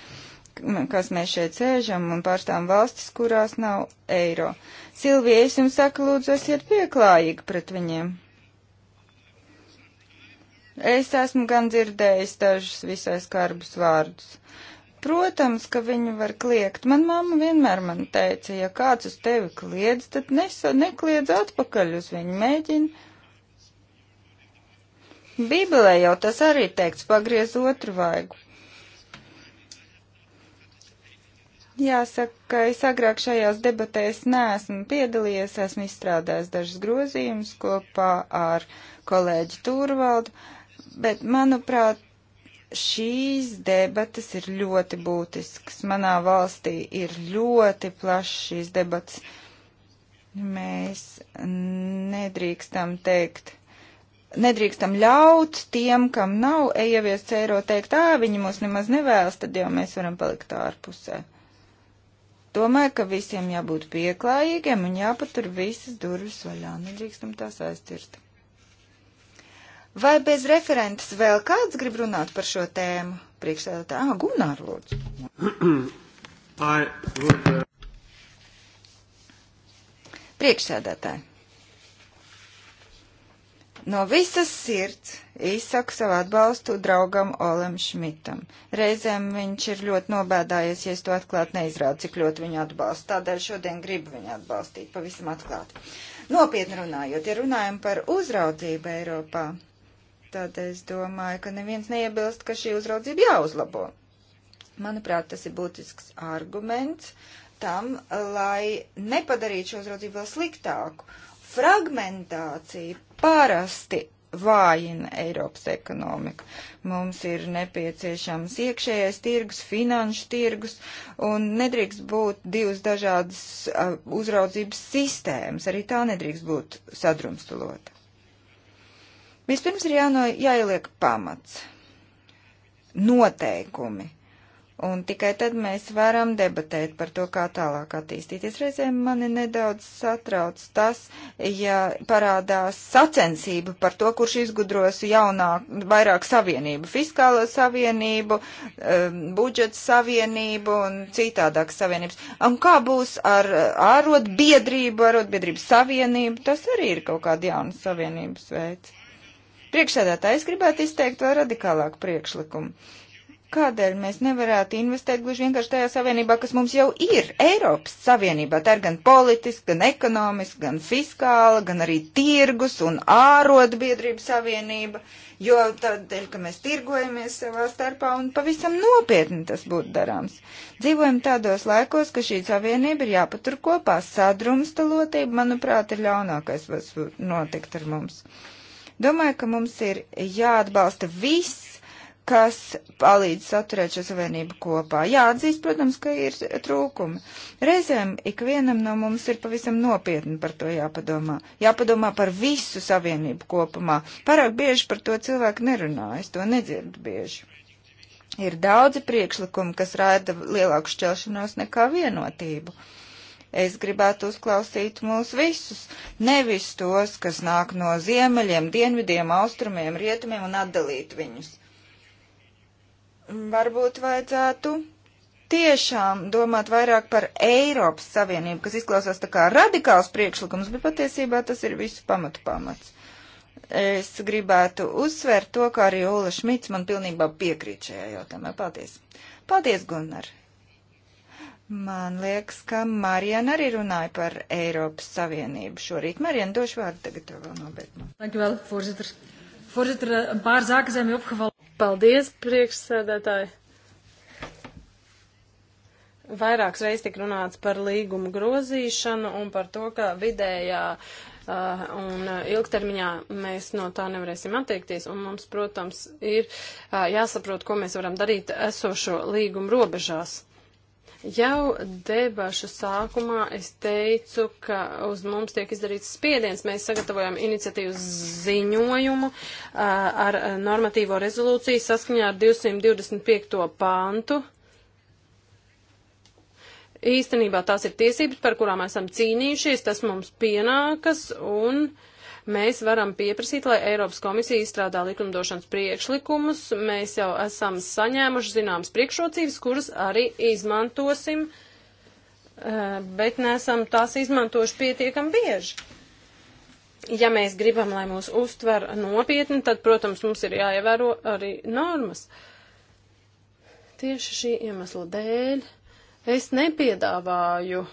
kas mēs šeit sēžam un pārstāvam valstis, kurās nav eiro. Silvija, es jums saku, lūdzu, esiet pieklājīgi pret viņiem. Es esmu gan dzirdējis dažus visai skarbus vārdus. Protams, ka viņu var kliegt. Man mamma vienmēr man teica, ja kāds uz tevi kliedz, tad nesa, nekliedz atpakaļ uz viņu, mēģini. Bībelē jau tas arī teikts, pagriez otru vaigu. Jāsaka, es agrāk šajās debatēs neesmu piedalījies, esmu izstrādājis dažas grozījumus kopā ar kolēģi Turvaldu, bet, manuprāt, šīs debatas ir ļoti būtiskas. Manā valstī ir ļoti plašs šīs debatas. Mēs nedrīkstam teikt, nedrīkstam ļaut tiem, kam nav ieviests eiro, teikt, ā, viņi mūs nemaz nevēlas, tad jau mēs varam palikt ārpusē. Tā Domāju, ka visiem jābūt pieklājīgiem un jāpatur visas durvis vaļā. Nedrīkstam tās aizcirst. Vai bez referentes vēl kāds grib runāt par šo tēmu? Priekšsēdētā, ah, Gunār, lūdzu. [clears throat] Uh, Priekšsēdētāji. No visas sirds izsaku savu atbalstu draugam Olam Šmitam. Reizēm viņš ir ļoti nobēdājies, ja es to atklāt neizrādu, cik ļoti viņu atbalstu. Tādēļ šodien gribu viņu atbalstīt, pavisam atklāti. Nopietni runājot, ja runājam par uzraudzību Eiropā, tad es domāju, ka neviens neiebilst, ka šī uzraudzība jāuzlabo. Manuprāt, tas ir būtisks arguments tam, lai nepadarītu šo uzraudzību vēl sliktāku. Fragmentācija parasti vājina Eiropas ekonomiku. Mums ir nepieciešams iekšējais tirgus, finanšu tirgus, un nedrīkst būt divas dažādas uh, uzraudzības sistēmas. Arī tā nedrīkst būt sadrumstulota. Vispirms ir jāno, jāieliek pamats, noteikumi, Un tikai tad mēs varam debatēt par to, kā tālāk attīstīties. Reizēm mani nedaudz satrauc tas, ja parādās sacensība par to, kurš izgudros jaunāk, vairāk savienību, fiskālo savienību, um, budžeta savienību un citādākas savienības. Un kā būs ar ārotbiedrību, ārotbiedrību savienību, tas arī ir kaut kāda jauna savienības veids. Priekšsēdētājs gribētu izteikt vēl radikālāku priekšlikumu Kādēļ mēs nevarētu investēt gluži vienkārši tajā savienībā, kas mums jau ir Eiropas Savienībā? Tā ir gan politiski, gan ekonomiski, gan fiskāla, gan arī tirgus un ārodbiedrība savienība, jo tādēļ, ka mēs tirgojamies savā starpā un pavisam nopietni tas būtu darāms. Dzīvojam tādos laikos, ka šī savienība ir jāpatur kopā. Sadrumstalotība, manuprāt, ir ļaunākais, kas var notikt ar mums. Domāju, ka mums ir jāatbalsta viss kas palīdz saturēt šo savienību kopā. Jāatzīst, protams, ka ir trūkumi. Reizēm ikvienam no mums ir pavisam nopietni par to jāpadomā. Jāpadomā par visu savienību kopumā. Parāk bieži par to cilvēku nerunā, es to nedzirdu bieži. Ir daudzi priekšlikumi, kas rāda lielāku šķelšanos nekā vienotību. Es gribētu uzklausīt mūs visus, nevis tos, kas nāk no ziemeļiem, dienvidiem, austrumiem, rietumiem un atdalīt viņus. Varbūt vajadzētu tiešām domāt vairāk par Eiropas Savienību, kas izklausās tā kā radikāls priekšlikums, bet patiesībā tas ir visu pamatu pamats. Es gribētu uzsvērt to, kā arī Ola Šmits man pilnībā piekrīt šajā jautājumā. Paldies. Paldies, Gunnar. Man liekas, ka Marijana arī runāja par Eiropas Savienību šorīt. Marijana, došu vārdu tagad tev vēl nobeigumā. Dankjewel, voorzitter. Voorzitter, eh, een paar zaken zijn me opgevallen. Paldies, priekšsēdētāji! Vairākas reizes tik runāts par līgumu grozīšanu un par to, ka vidējā uh, un uh, ilgtermiņā mēs no tā nevarēsim attiekties, un mums, protams, ir uh, jāsaprot, ko mēs varam darīt esošo līgumu robežās. Jau debašu sākumā es teicu, ka uz mums tiek izdarīts spiediens. Mēs sagatavojam iniciatīvas ziņojumu uh, ar normatīvo rezolūciju saskaņā ar 225. pāntu. Īstenībā tās ir tiesības, par kurām esam cīnījušies, tas mums pienākas un uh, mēs varam pieprasīt, lai Eiropas komisija izstrādā likumdošanas priekšlikumus. Mēs jau esam saņēmuši zināmas priekšrocības, kuras arī izmantosim, eh, bet nesam tās izmantojuši pietiekam bieži. Ja mēs gribam, lai mūs uztver nopietni, tad, protams, mums ir jāievēro arī normas. Tieši šī iemesla dēļ es nepiedāvāju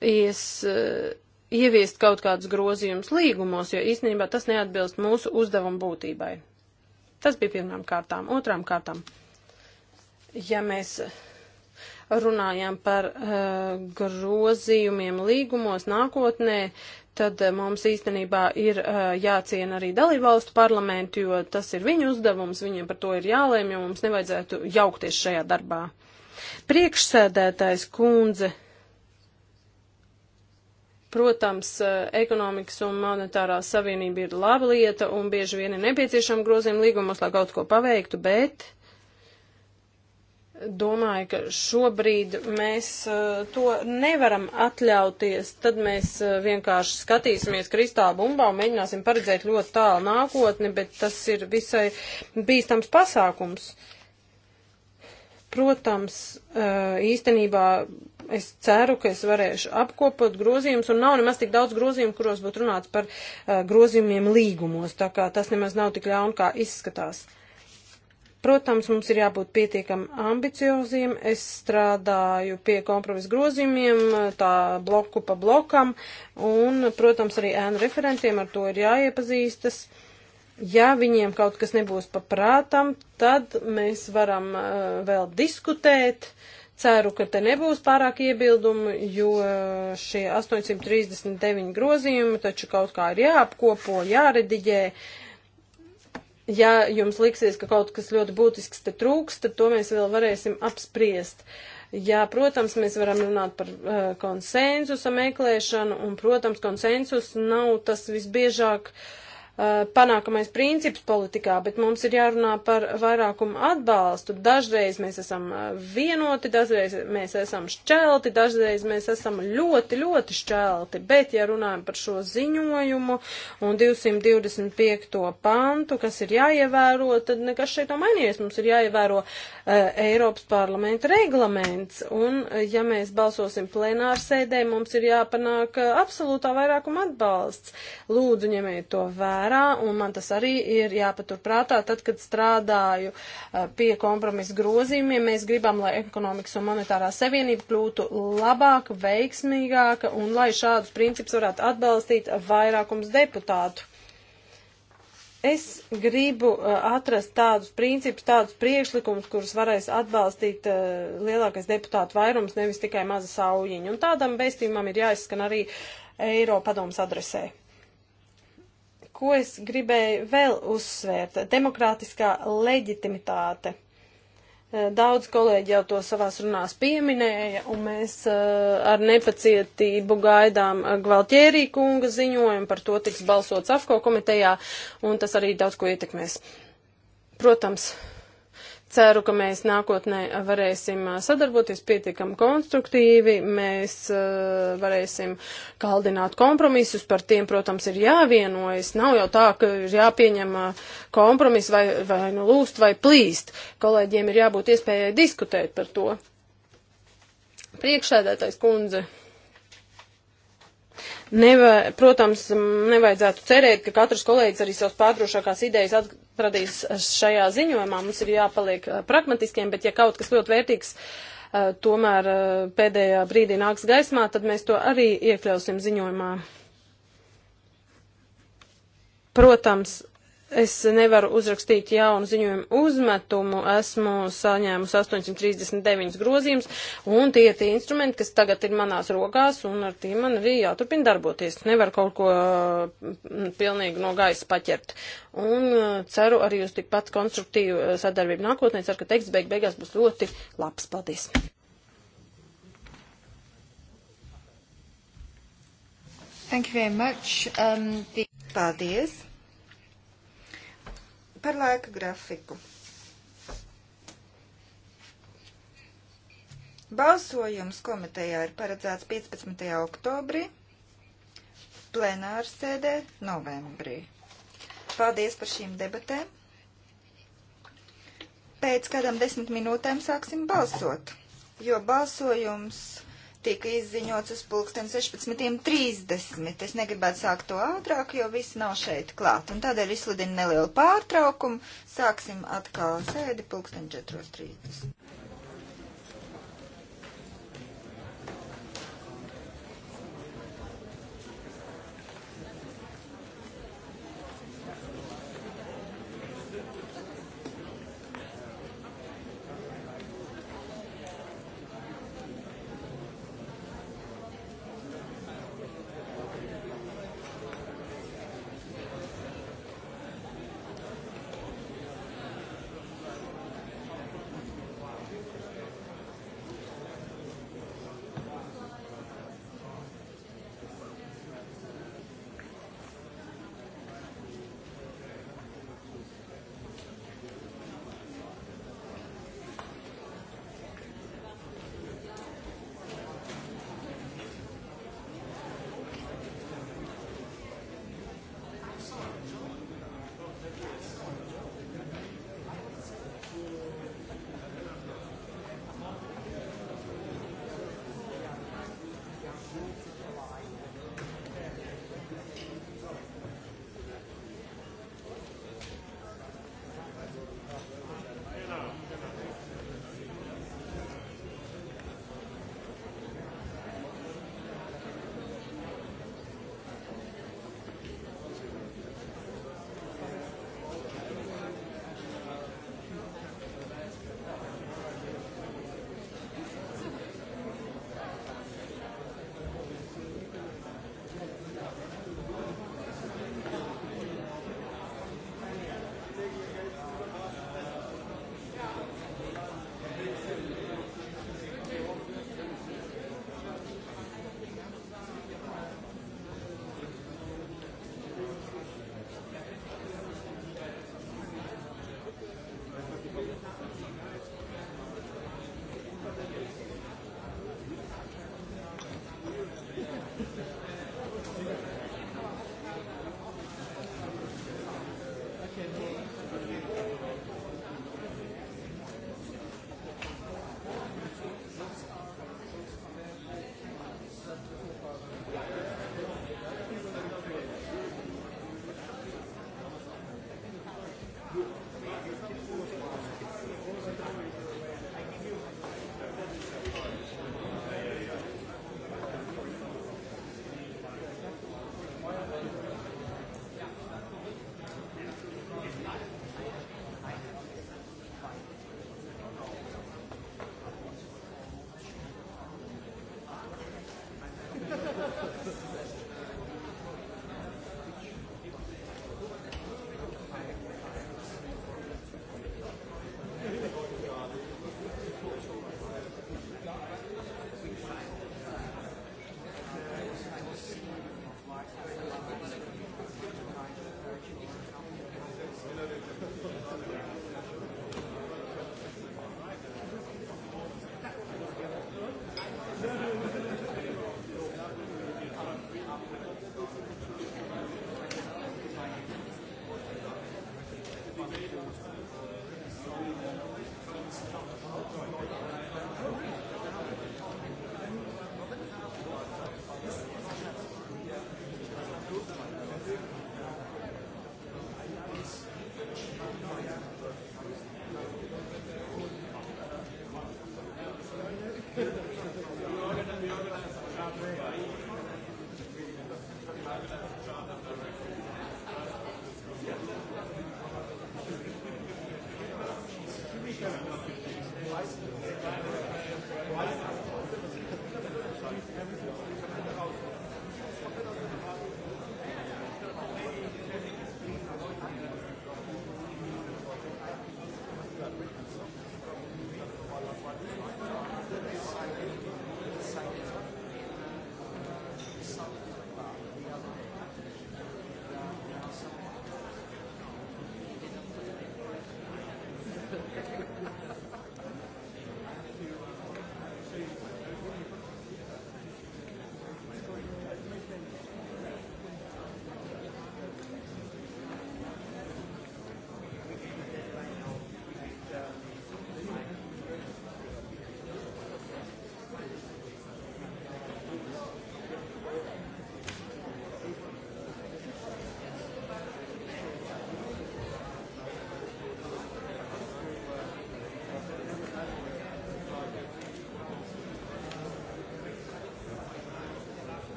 ies, eh, ieviest kaut kādus grozījumus līgumos, jo īstenībā tas neatbilst mūsu uzdevumu būtībai. Tas bija pirmām kārtām. Otrām kārtām, ja mēs runājām par uh, grozījumiem līgumos nākotnē, tad uh, mums īstenībā ir uh, jāciena arī dalībvalstu parlamentu, jo tas ir viņu uzdevums, viņiem par to ir jālēm, jo mums nevajadzētu jaukties šajā darbā. Priekšsēdētājs kundze. Uh, Protams, eh, ekonomikas un monetārā savienība ir laba lieta un bieži vien ir nepieciešama grozījuma līgumos, lai kaut ko paveiktu, bet domāju, ka šobrīd mēs eh, to nevaram atļauties. Tad mēs eh, vienkārši skatīsimies kristāla bumbā un mēģināsim paredzēt ļoti tālu nākotni, bet tas ir visai bīstams pasākums. Uh, Protams, īstenībā es ceru, ka es varēšu apkopot grozījumus, un nav nemaz tik daudz grozījumu, kuros būtu runāts par grozījumiem līgumos, tā kā tas nemaz nav tik ļaun, kā izskatās. Protams, mums ir jābūt pietiekam ambicioziem. Es strādāju pie kompromisa grozījumiem, tā bloku pa blokam, un, protams, arī ēnu referentiem ar to ir jāiepazīstas. Uh, ja viņiem kaut kas nebūs paprātam, tad mēs varam uh, vēl diskutēt. Ceru, ka te nebūs pārāk iebildumu, jo šie 839 grozījumi taču kaut kā ir jāapkopo, jārediģē. Ja jums liksies, ka kaut kas ļoti būtisks te trūks, tad to mēs vēl varēsim apspriest. Uh, Jā, protams, mēs varam runāt par uh, konsensusa meklēšanu, un, protams, konsensus nav tas visbiežāk uh, Uh, panākamais princips politikā, bet mums ir jārunā par vairākumu atbalstu. Dažreiz mēs esam uh, vienoti, dažreiz mēs esam šķelti, dažreiz mēs esam ļoti, ļoti šķelti, bet ja runājam par šo ziņojumu un 225. pantu, kas ir jāievēro, tad nekas šeit nav mainījies. Mums ir jāievēro uh, Eiropas parlamenta reglaments, un uh, ja mēs balsosim plenārsēdē, mums ir jāpanāk uh, absolūtā vairākuma atbalsts. Lūdzu, ņemiet to vērā vērā, un man tas arī ir jāpaturprātā, tad, kad strādāju uh, pie kompromisa grozījumiem, mēs gribam, lai ekonomikas un monetārā savienība kļūtu labāka, veiksmīgāka, un lai šādus principus varētu atbalstīt vairākums deputātu. Es gribu uh, atrast tādus principus, tādus priekšlikumus, kurus varēs atbalstīt uh, lielākais deputātu vairums, nevis tikai maza saujiņa. Un tādam vēstījumam ir jāizskan arī Eiropadoms adresē ko es gribēju vēl uzsvērt? Demokrātiskā leģitimitāte. Eh, daudz kolēģi jau to savās runās pieminēja, un mēs eh, ar nepacietību gaidām eh, Gvaltjērī kunga ziņojumu, par to tiks balsots AFKO komitejā, un tas arī daudz ko ietekmēs. Protams, Ceru, ka mēs nākotnē varēsim sadarboties pietiekami konstruktīvi, mēs uh, varēsim kaldināt kompromisus, par tiem, protams, ir jāvienojas. Nav jau tā, ka ir jāpieņem kompromis vai, vai nu lūst vai plīst. Kolēģiem ir jābūt iespējai diskutēt par to. Priekšēdētais kundze. Neva, protams, nevajadzētu cerēt, ka katrs kolēģis arī savas pārdrošākās idejas atradīs šajā ziņojumā. Mums ir jāpaliek eh, pragmatiskiem, bet ja kaut kas ļoti vērtīgs eh, tomēr eh, pēdējā brīdī nāks gaismā, tad mēs to arī iekļausim ziņojumā. Protams, Es nevaru uzrakstīt jaunu ziņojumu uzmetumu, esmu saņēmusi 839 grozījumus, un tie ir tie instrumenti, kas tagad ir manās rokās, un ar tiem man arī jāturpina darboties. Nevaru kaut ko mm, pilnīgi no gaisa paķert. Un mm, ceru arī uz tikpat konstruktīvu mm, sadarbību nākotnē, ceru, ka teksts beig beigās būs ļoti labs. Paldies! Thank you very much. Um, the... Paldies! Par laika grafiku. Balsojums komitejā ir paredzēts 15. oktobrī, plenārsēdē novembrī. Paldies par šīm debatēm. Pēc kādām desmit minūtēm sāksim balsot, jo balsojums tika izziņots uz pulksten 16.30. Es negribētu sākt to ātrāk, jo visi nav šeit klāt. Un tādēļ izsludinu nelielu pārtraukumu. Sāksim atkal sēdi pulksten 4.30.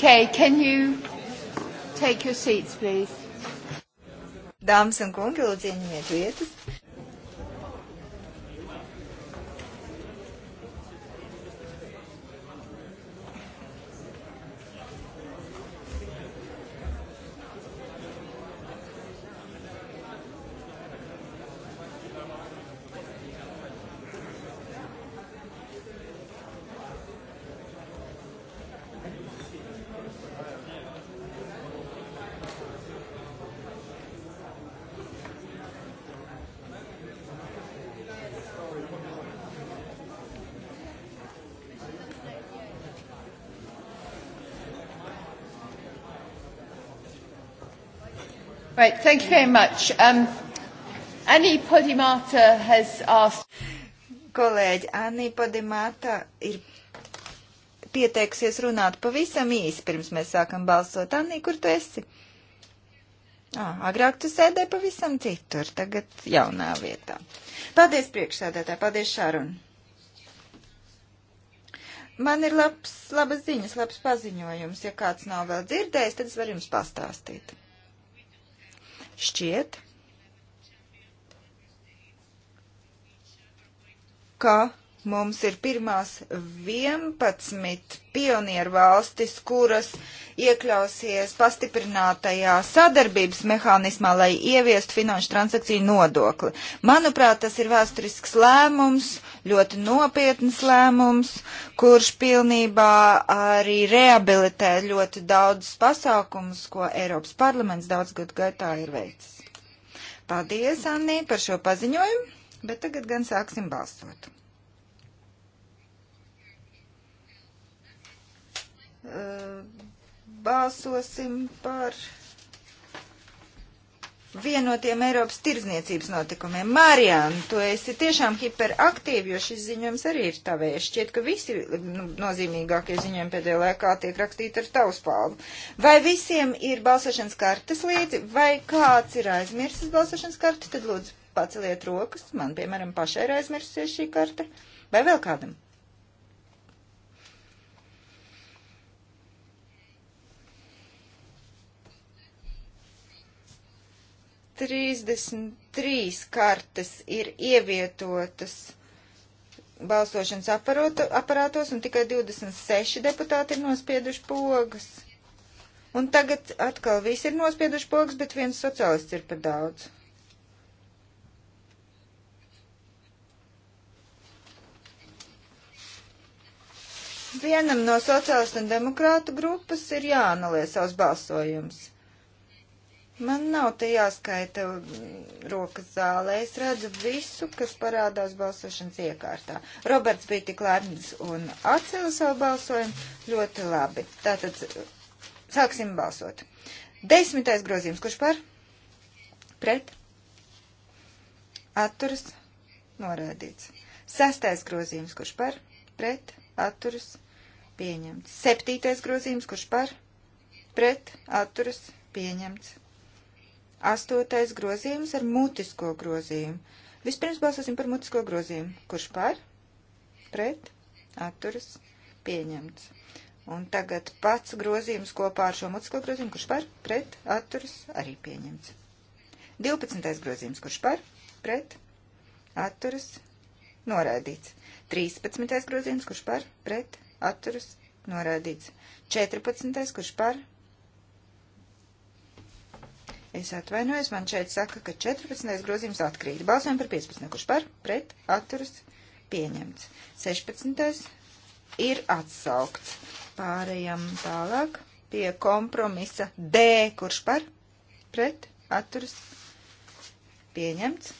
Okay, can you take your seats, please? Dāmas un kungi, lūdzu, ieņemiet vietas. Right, thank you very much. Um, Annie Podimata has asked. Kolēģi Annie Podimata ir pieteiksies runāt pavisam īsi, pirms mēs sākam balsot. Anī, kur tu esi? À, agrāk tu sēdēji pavisam citur, tagad jaunā vietā. Paldies priekšsēdētāji, paldies Šārun. Man ir labs, labas ziņas, labs paziņojums. Ja kāds nav vēl dzirdējis, tad es varu jums pastāstīt šķiet, ka Mums ir pirmās 11 pionieru valstis, kuras iekļausies pastiprinātajā sadarbības mehānismā, lai ieviestu finanšu transakciju nodokli. Manuprāt, tas ir vēsturisks lēmums, ļoti nopietns lēmums, kurš pilnībā arī rehabilitē ļoti daudz pasākumus, ko Eiropas parlaments daudz gadu gaitā ir veicis. Paldies, Annī, par šo paziņojumu, bet tagad gan sāksim balsot. Eh, balsosim par vienotiem Eiropas tirdzniecības notikumiem. Marijāna, tu esi tiešām hiperaktīva, jo šis ziņojums arī ir tavējs. Šķiet, ka visi nu, nozīmīgākie ziņojumi pēdējā laikā tiek rakstīti ar tavs pālu. Vai visiem ir balsošanas kartes līdzi, vai kāds ir aizmirsis balsošanas karti, tad lūdzu paceliet rokas. Man, piemēram, pašai ir aizmirsusies šī karta. Vai vēl kādam? 33 kartes ir ievietotas balsošanas aparotu, aparātos, un tikai 26 deputāti ir nospieduši pogas. Un tagad atkal visi ir nospieduši pogas, bet viens sociālists ir par daudz. Vienam no sociālistu un demokrātu grupas ir jāanalē savs balsojums. Man nav te jāskaita mm, rokas zālē. Es redzu visu, kas parādās balsošanas iekārtā. Roberts bija tik lepns un atcēla savu balsojumu. Ļoti labi. Tātad sāksim balsot. Desmitais grozījums. Kurš par? Pret? Atturas? Norādīts. Sestais grozījums. Kurš par? Pret? Atturas? Pieņemts. Septītais grozījums. Kurš par? Pret? Atturas? Pieņemts. Astotais grozījums ar mutisko grozījumu. Vispirms balsosim par mutisko grozījumu. Kurš par? Pret? Atturas? Pieņemts. Un tagad pats grozījums kopā ar šo mutisko grozījumu. Kurš par? Pret? Atturas? Arī pieņemts. 12. grozījums. Kurš par? Pret? Atturas? Noraidīts. 13. grozījums. Kurš par? Pret? Atturas? Noraidīts. 14. kurš par? Pret? Es atvainojos, man šeit saka, ka 14. grozījums atkrīt. Balsojam par 15. Kurš par? Pret? Atturas? Pieņemts. 16. ir atsaukts. Pārējām tālāk pie kompromisa D. Kurš par? Pret? Atturas? Pieņemts.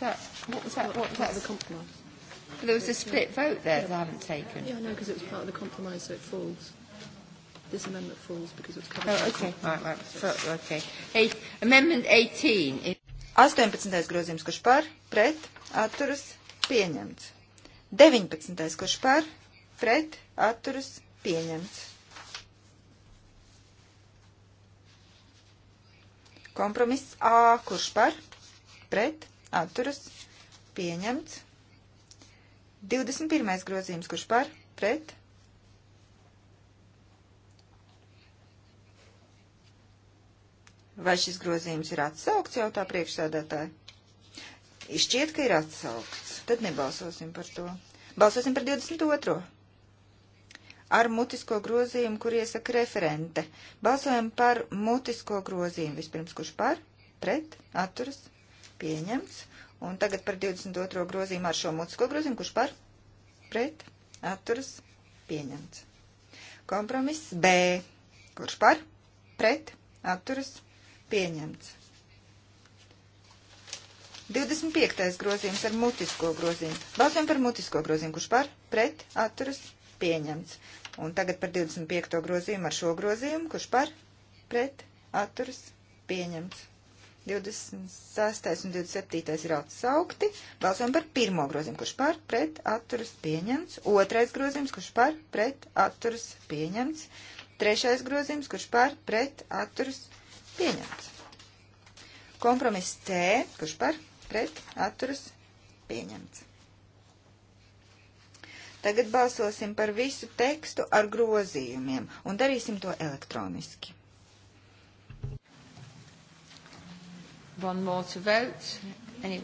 What was that? What was that? What was that? The compromise. There was a split vote there that I haven't taken. Yeah, no, because it was part of the compromise, so it falls. This amendment falls because it's covered. Oh, okay. Right, right. So, okay. Eight, amendment 18. 18. grozījums, kurš par, pret, atturas, pieņemts. 19. kurš par, pret, atturas, pieņemts. Kompromiss A, kurš par, pret, atturas, pieņemts. 21. grozījums, kurš par, pret. Vai šis grozījums ir atsaukts, jautā priekšsēdētāji? Izšķiet, ka ir atsaukts. Tad nebalsosim par to. Balsosim par 22. Ar mutisko grozījumu, kur iesaka referente. Balsojam par mutisko grozījumu. Vispirms, kurš par, pret, atturas, pieņemts. Un tagad par 22. grozījumu ar šo mutisko grozījumu, kurš par pret atturas pieņemts. Kompromiss B, kurš par pret atturas pieņemts. 25. grozījums ar mutisko grozījumu. Balsojam par mutisko grozījumu, kurš par pret atturas pieņemts. Un tagad par 25. grozījumu ar šo grozījumu, kurš par pret atturas pieņemts. 26. un 27. ir atsaukti. Balsojam par pirmo grozījumu, kurš par pret atturas pieņemts. Otrais grozījums, kurš par pret atturas pieņemts. Trešais grozījums, kurš par pret atturas pieņemts. Kompromiss C, kurš par pret atturas pieņemts. Tagad balsosim par visu tekstu ar grozījumiem un darīsim to elektroniski. One more to vote. Any?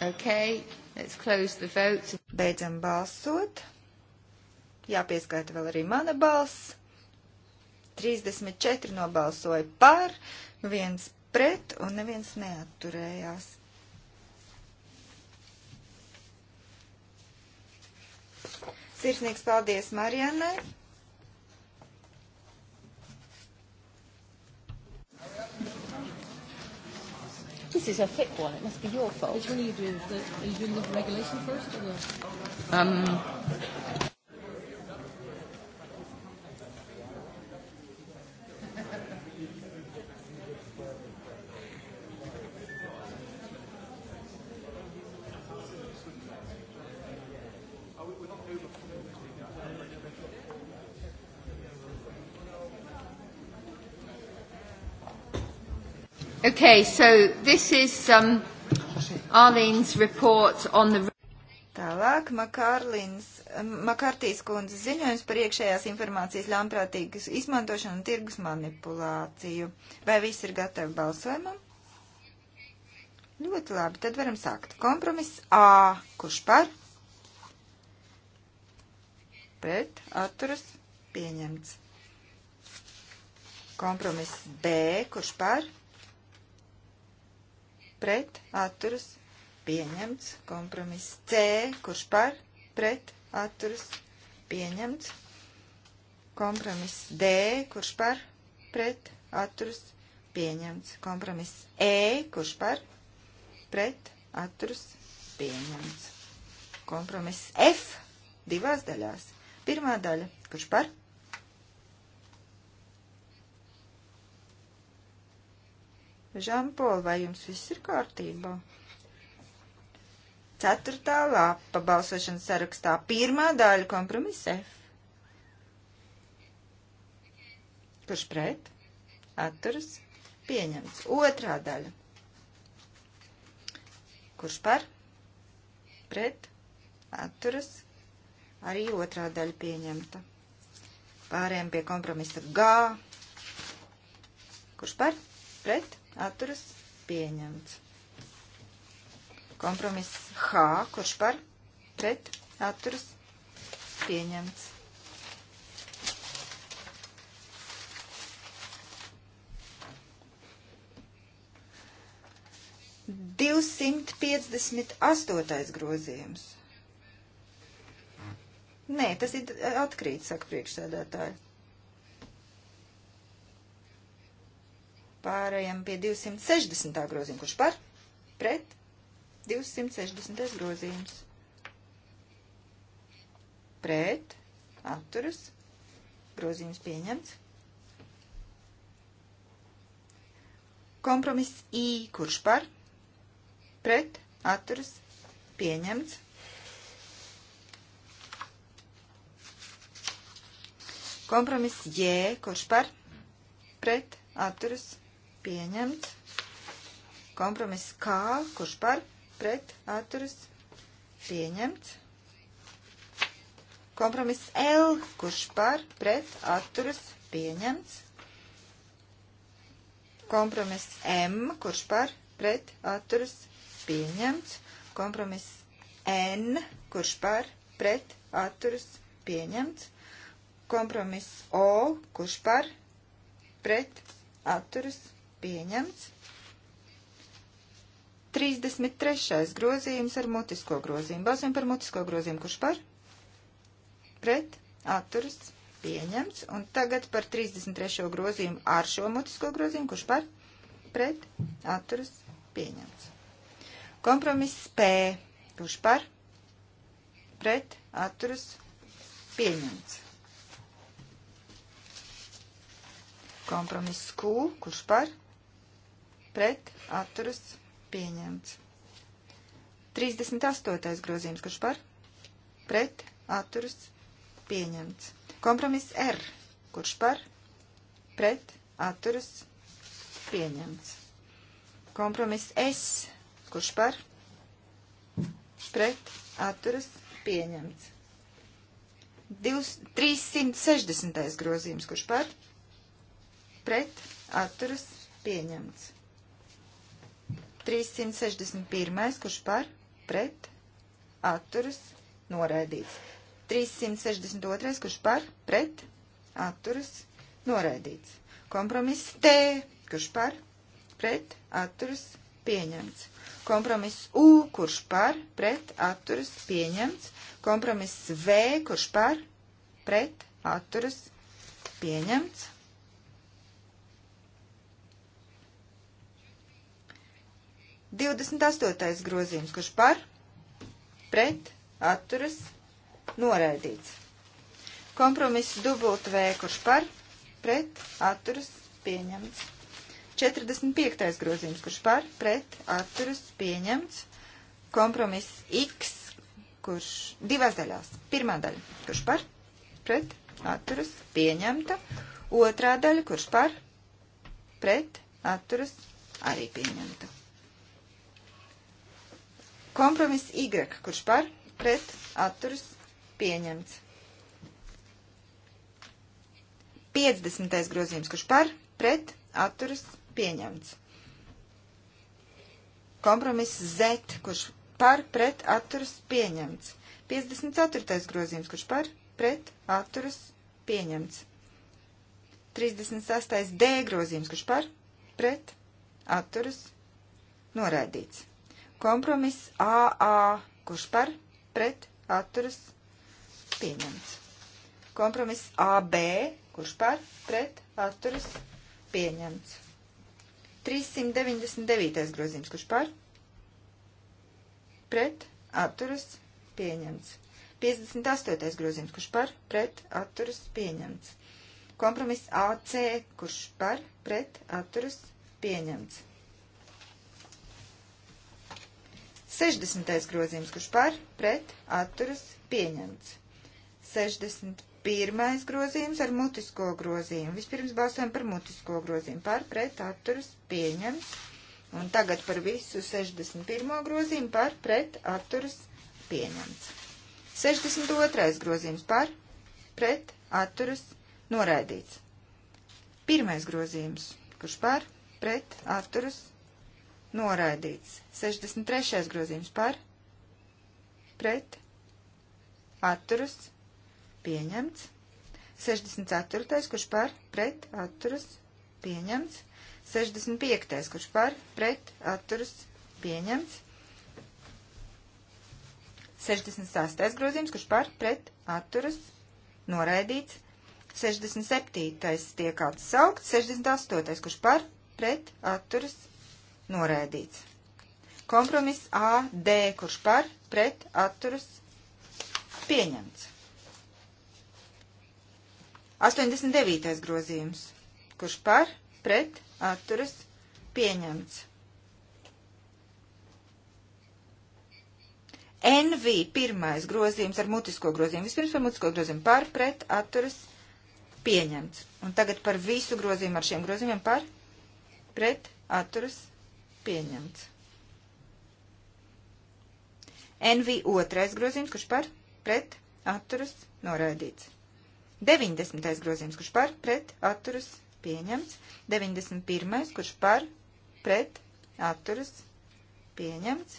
Okay, let's close the vote. Beidzam balsot. Jāpieskaita vēl arī mana balss. 34 nobalsoja par, viens pret un neviens neatturējās. Sirsnīgs paldies Marianai! This is a thick one. It must be your fault. Which one are you doing? The, are you doing the regulation first or the? Um, Okay, so this is um, Arlene's report on the. Tālāk Makārlīns, um, Makārtīs kundze ziņojums par iekšējās informācijas ļaunprātīgas izmantošanu un tirgus manipulāciju. Vai viss ir gatavi balsojumam? Ļoti labi, tad varam sākt. Kompromiss A. Kurš par? Pret, atturas, pieņemts. Kompromiss B. Kurš par? pret atturas pieņemts. Kompromiss C, kurš par pret atturas pieņemts. Kompromiss D, kurš par pret atturas pieņemts. Kompromiss E, kurš par pret atturas pieņemts. Kompromiss F divās daļās. Pirmā daļa, kurš par pret Žampol, vai jums viss ir kārtībā? Ceturtā lapa balsošanas sarakstā. Pirmā daļa kompromisa F. Kurš pret? Atturas. Pieņemts. Otrā daļa. Kurš par? Pret? Atturas. Arī otrā daļa pieņemta. Pārējām pie kompromisa G. Kurš par? Pret? atturas pieņemts. Kompromiss H, kurš par pret atturas pieņemts. Divsimt piecdesmit astotais grozījums. Nē, tas ir atkrīt, saka priekšsēdētāji. Pārējām pie 260. grozījuma. Kurš par? Pret? 260. grozījums. Pret? Atturas? Grozījums pieņemts. Kompromiss I. Kurš par? Pret? Atturas? Pieņemts. Kompromiss J. Kurš par? Pret? Atturas? pieņemt. Kompromiss K, kurš par pret atturas pieņemts. Kompromiss L, kurš par pret atturas pieņemts. Kompromiss M, kurš par pret atturas pieņemts. Kompromiss N, kurš par pret atturas pieņemts. Kompromiss O, kurš par pret atturas pieņemts pieņemts. 33. grozījums ar mutisko grozījumu. Balsojam par mutisko grozījumu. Kurš par? Pret? Atturas? Pieņemts. Un tagad par 33. grozījumu ar šo mutisko grozījumu. Kurš par? Pret? Atturas? Pieņemts. Kompromiss P. Kurš par? Pret? Atturas? Pieņemts. Kompromiss Q. Kurš par? pret atturas pieņemts. 38. grozījums, kurš par pret atturas pieņemts. Kompromiss R, kurš par pret atturas pieņemts. Kompromiss S, kurš par pret atturas pieņemts. 2, 360. grozījums, kurš par pret atturas pieņemts. 361. kurš par pret atturas noraidīts. 362. kurš par pret atturas noraidīts. Kompromiss T, kurš par pret atturas pieņemts. Kompromiss U, kurš par pret atturas pieņemts. Kompromiss V, kurš par pret atturas pieņemts. 28. grozījums, kurš par, pret, atturas, noraidīts. Kompromiss dubult V, kurš par, pret, atturas, pieņemts. 45. grozījums, kurš par, pret, atturas, pieņemts. Kompromiss X, kurš divās daļās. Pirmā daļa, kurš par, pret, atturas, pieņemta. Otrā daļa, kurš par, pret, atturas, arī pieņemta. Kompromiss Y, kurš par pret atturas pieņemts. 50. grozījums, kurš par pret atturas pieņemts. Kompromiss Z, kurš par pret atturas pieņemts. 54. grozījums, kurš par pret atturas pieņemts. 36. D grozījums, kurš par pret atturas noraidīts. Kompromiss AA, kurš par, pret, atturas, pieņemts. Kompromiss AB, kurš par, pret, atturas, pieņemts. 399. grozījums, kurš par, pret, atturas, pieņemts. 58. grozījums, kurš par, pret, atturas, pieņemts. Kompromiss AC, kurš par, pret, atturas, pieņemts. 60. grozījums, kurš par, pret, atturas, pieņemts. 61. grozījums ar mutisko grozījumu. Vispirms balsojam par mutisko grozījumu. Par, pret, atturas, pieņemts. Un tagad par visu 61. grozījumu par, pret, atturas, pieņemts. 62. grozījums par, pret, atturas, noraidīts. Pirmais grozījums, kurš par, pret, atturas, pieņemts noraidīts. 63. grozījums par, pret, atturas, pieņemts. 64. kurš par, pret, atturas, pieņemts. 65. kurš par, pret, atturas, pieņemts. 68. grozījums, kurš par, pret, atturas, noraidīts. 67. tiek atsaukts, 68. kurš par, pret, atturas, pieņemts noraidīts. Kompromiss AD, kurš par, pret, atturas, pieņemts. 89. grozījums, kurš par, pret, atturas, pieņemts. NV pirmais grozījums ar mutisko grozījumu. Vispirms par mutisko grozījumu par, pret, atturas, pieņemts. Un tagad par visu grozījumu ar šiem grozījumiem par, pret, atturas, pieņemts Pieņemts. NV otrais grozījums, kurš par pret atturas noraidīts. 90. grozījums, kurš par pret atturas pieņemts. 91. kurš par pret atturas pieņemts.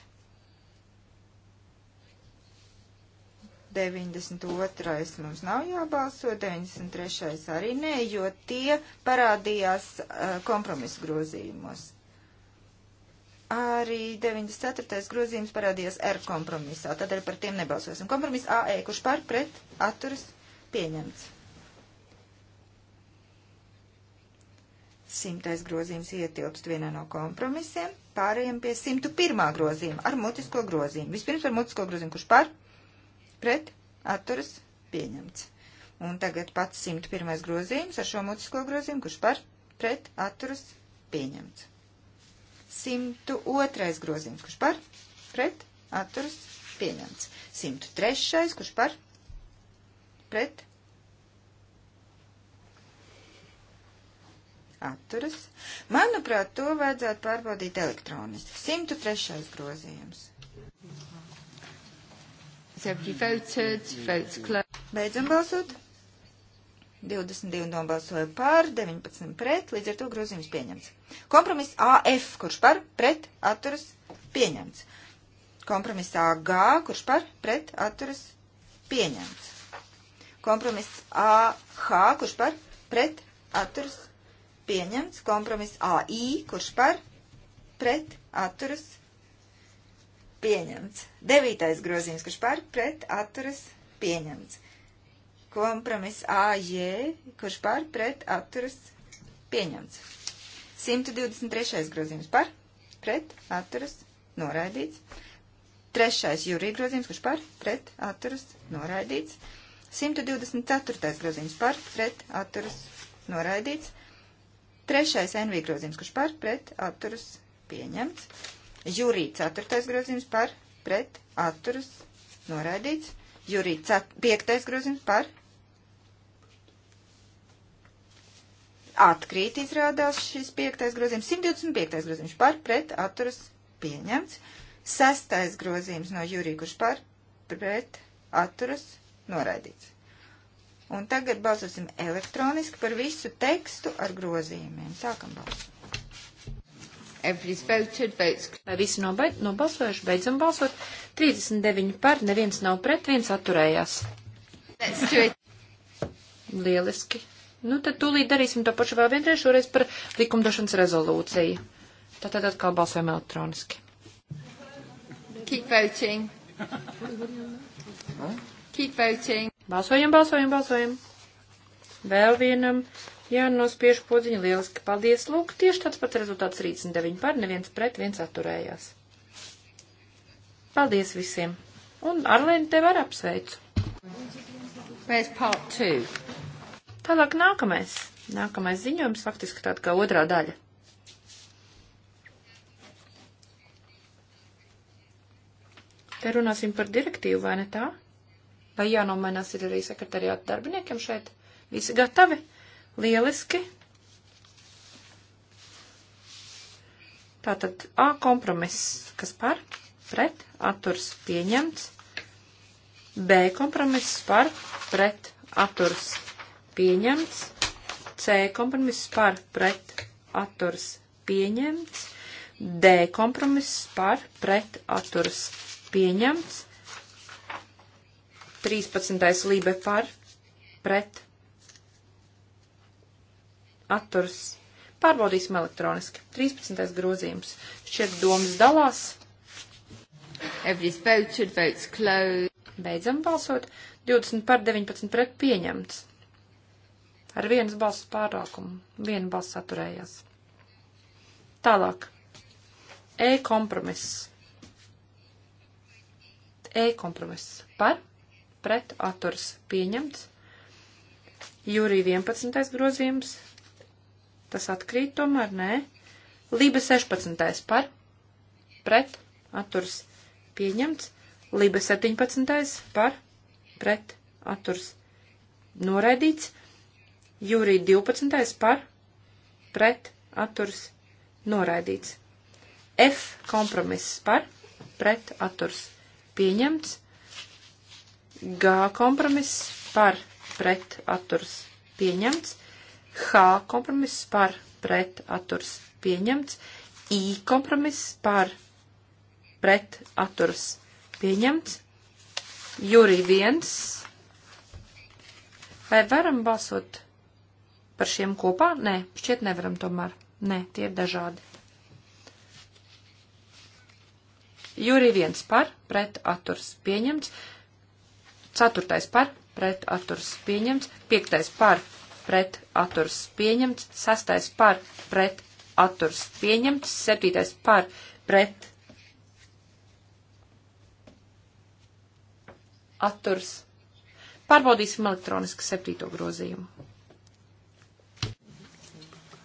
92. mums nav jābalso, 93. arī nē, jo tie parādījās uh, eh, kompromisu grozījumos. Arī 94. grozījums parādījās R kompromisā, tādēļ par tiem nebalsosim. Kompromiss AE, kurš par pret atturas pieņemts. Simtais grozījums ietilpst vienā no kompromisiem, pārējiem pie 101. grozījuma ar mutisko grozījumu. Vispirms par mutisko grozījumu, kurš par pret atturas pieņemts. Un tagad pats 101. grozījums ar šo mutisko grozījumu, kurš par pret atturas pieņemts. 102. grozījums, kurš par pret atturas pieņemts. 103. kurš par pret atturas. Manuprāt, to vajadzētu pārbaudīt elektroniski. 103. grozījums. Beidzam balsot. 22 nobalsoja par, 19 pret, līdz ar to grozījums pieņemts. Kompromiss AF, kurš par, pret, atturas, pieņemts. Kompromiss AG, kurš par, pret, atturas, pieņemts. Kompromiss AH, kurš par, pret, atturas, pieņemts. Kompromiss AI, kurš par, pret, atturas, pieņemts. Devītais grozījums, kurš par, pret, atturas, pieņemts. Kompromiss AJ, kurš par pret atturas pieņemts. 123. grozījums par pret atturas noraidīts. Trešais jūrī grozījums, kurš par pret atturas noraidīts. 124. grozījums par pret atturas noraidīts. Trešais NV grozījums, kurš par pret atturas pieņemts. Jūrī 4. grozījums par pret atturas noraidīts. Jurija 5. grozījums par Atkrīt izrādās šis piektais grozījums, 125. grozījums par pret atturas pieņemts. Sestais grozījums no jūrī, kurš par pret atturas noraidīts. Un tagad balsosim elektroniski par visu tekstu ar grozījumiem. Sākam balsot. Vai visi nobeid, nobalsojuši? Beidzam balsot. 39 par, neviens nav pret, viens atturējās. Lieliski. Nu, tad tūlīt darīsim to pašu vēl vienreiz, šoreiz par likumdošanas rezolūciju. Tātad atkal balsojam elektroniski. Keep voting. Keep voting. Balsojam, balsojam, balsojam. Vēl vienam jānospiež podziņa lieliski. Paldies, lūk, tieši tāds pats rezultāts 39 par, neviens pret, viens atturējās. Paldies visiem. Un Arlēna tev ar apsveicu. Where's part two? Tālāk nākamais. Nākamais ziņojums faktiski tāda kā otrā daļa. Te runāsim par direktīvu, vai ne tā? Vai jānomainās ir arī sekretariāta darbiniekiem šeit? Visi gatavi? Lieliski! Tātad A kompromiss, kas par, pret, atturs pieņemts. B kompromiss par, pret, atturs pieņemts. C kompromiss par pret atturs pieņemts. D kompromiss par pret atturs pieņemts. 13. lībe par pret atturs. Pārbaudīsim elektroniski. 13. grozījums. Šķiet domas dalās. Every's voted, votes closed. Beidzam balsot. 20 par 19 pret pieņemts ar vienas balsas pārākumu. Viena balss atturējās. Tālāk. E kompromiss. E kompromiss. Par, pret, atturs pieņemts. Jūrī 11. grozījums. Tas atkrīt tomēr, nē. Liba 16. par, pret, atturs pieņemts. Liba 17. par, pret, atturs noraidīts. Jūrī 12. par, pret, atturs, noraidīts. F kompromiss par, pret, atturs, pieņemts. G kompromiss par, pret, atturs, pieņemts. H kompromiss par, pret, atturs, pieņemts. I kompromiss par, pret, atturs, pieņemts. Jūrī 1. Vai varam balsot par šiem kopā? Nē, šķiet nevaram tomēr. Nē, tie ir dažādi. Jūri viens par, pret atturs pieņemts. Ceturtais par, pret atturs pieņemts. Piektais par, pret atturs pieņemts. Sastais par, pret atturs pieņemts. Septītais par, pret atturs. Pārbaudīsim elektroniski septīto grozījumu.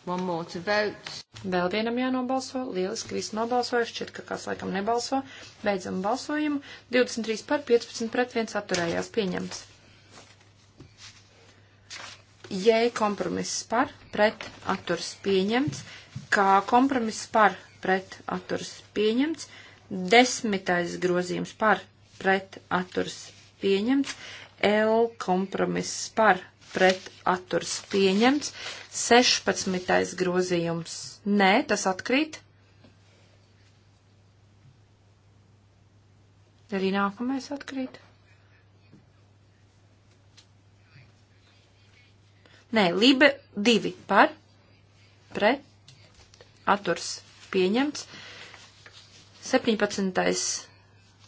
One more to vote. Vēl vienam jānobalso. Lieliski, visi nobalsojuši. Šķiet, ka kāds laikam nebalso. Beidzam balsojumu. 23 par 15 pret 1 atturējās pieņemts. J kompromiss par pret atturs pieņemts. K kompromiss par pret atturs pieņemts. Desmitais grozījums par pret atturs pieņemts. L kompromiss par pret atturs pieņemts. 16. grozījums. Nē, tas atkrīt. Arī nākamais atkrīt. Nē, libe divi par, pret, atturs pieņemts. 17.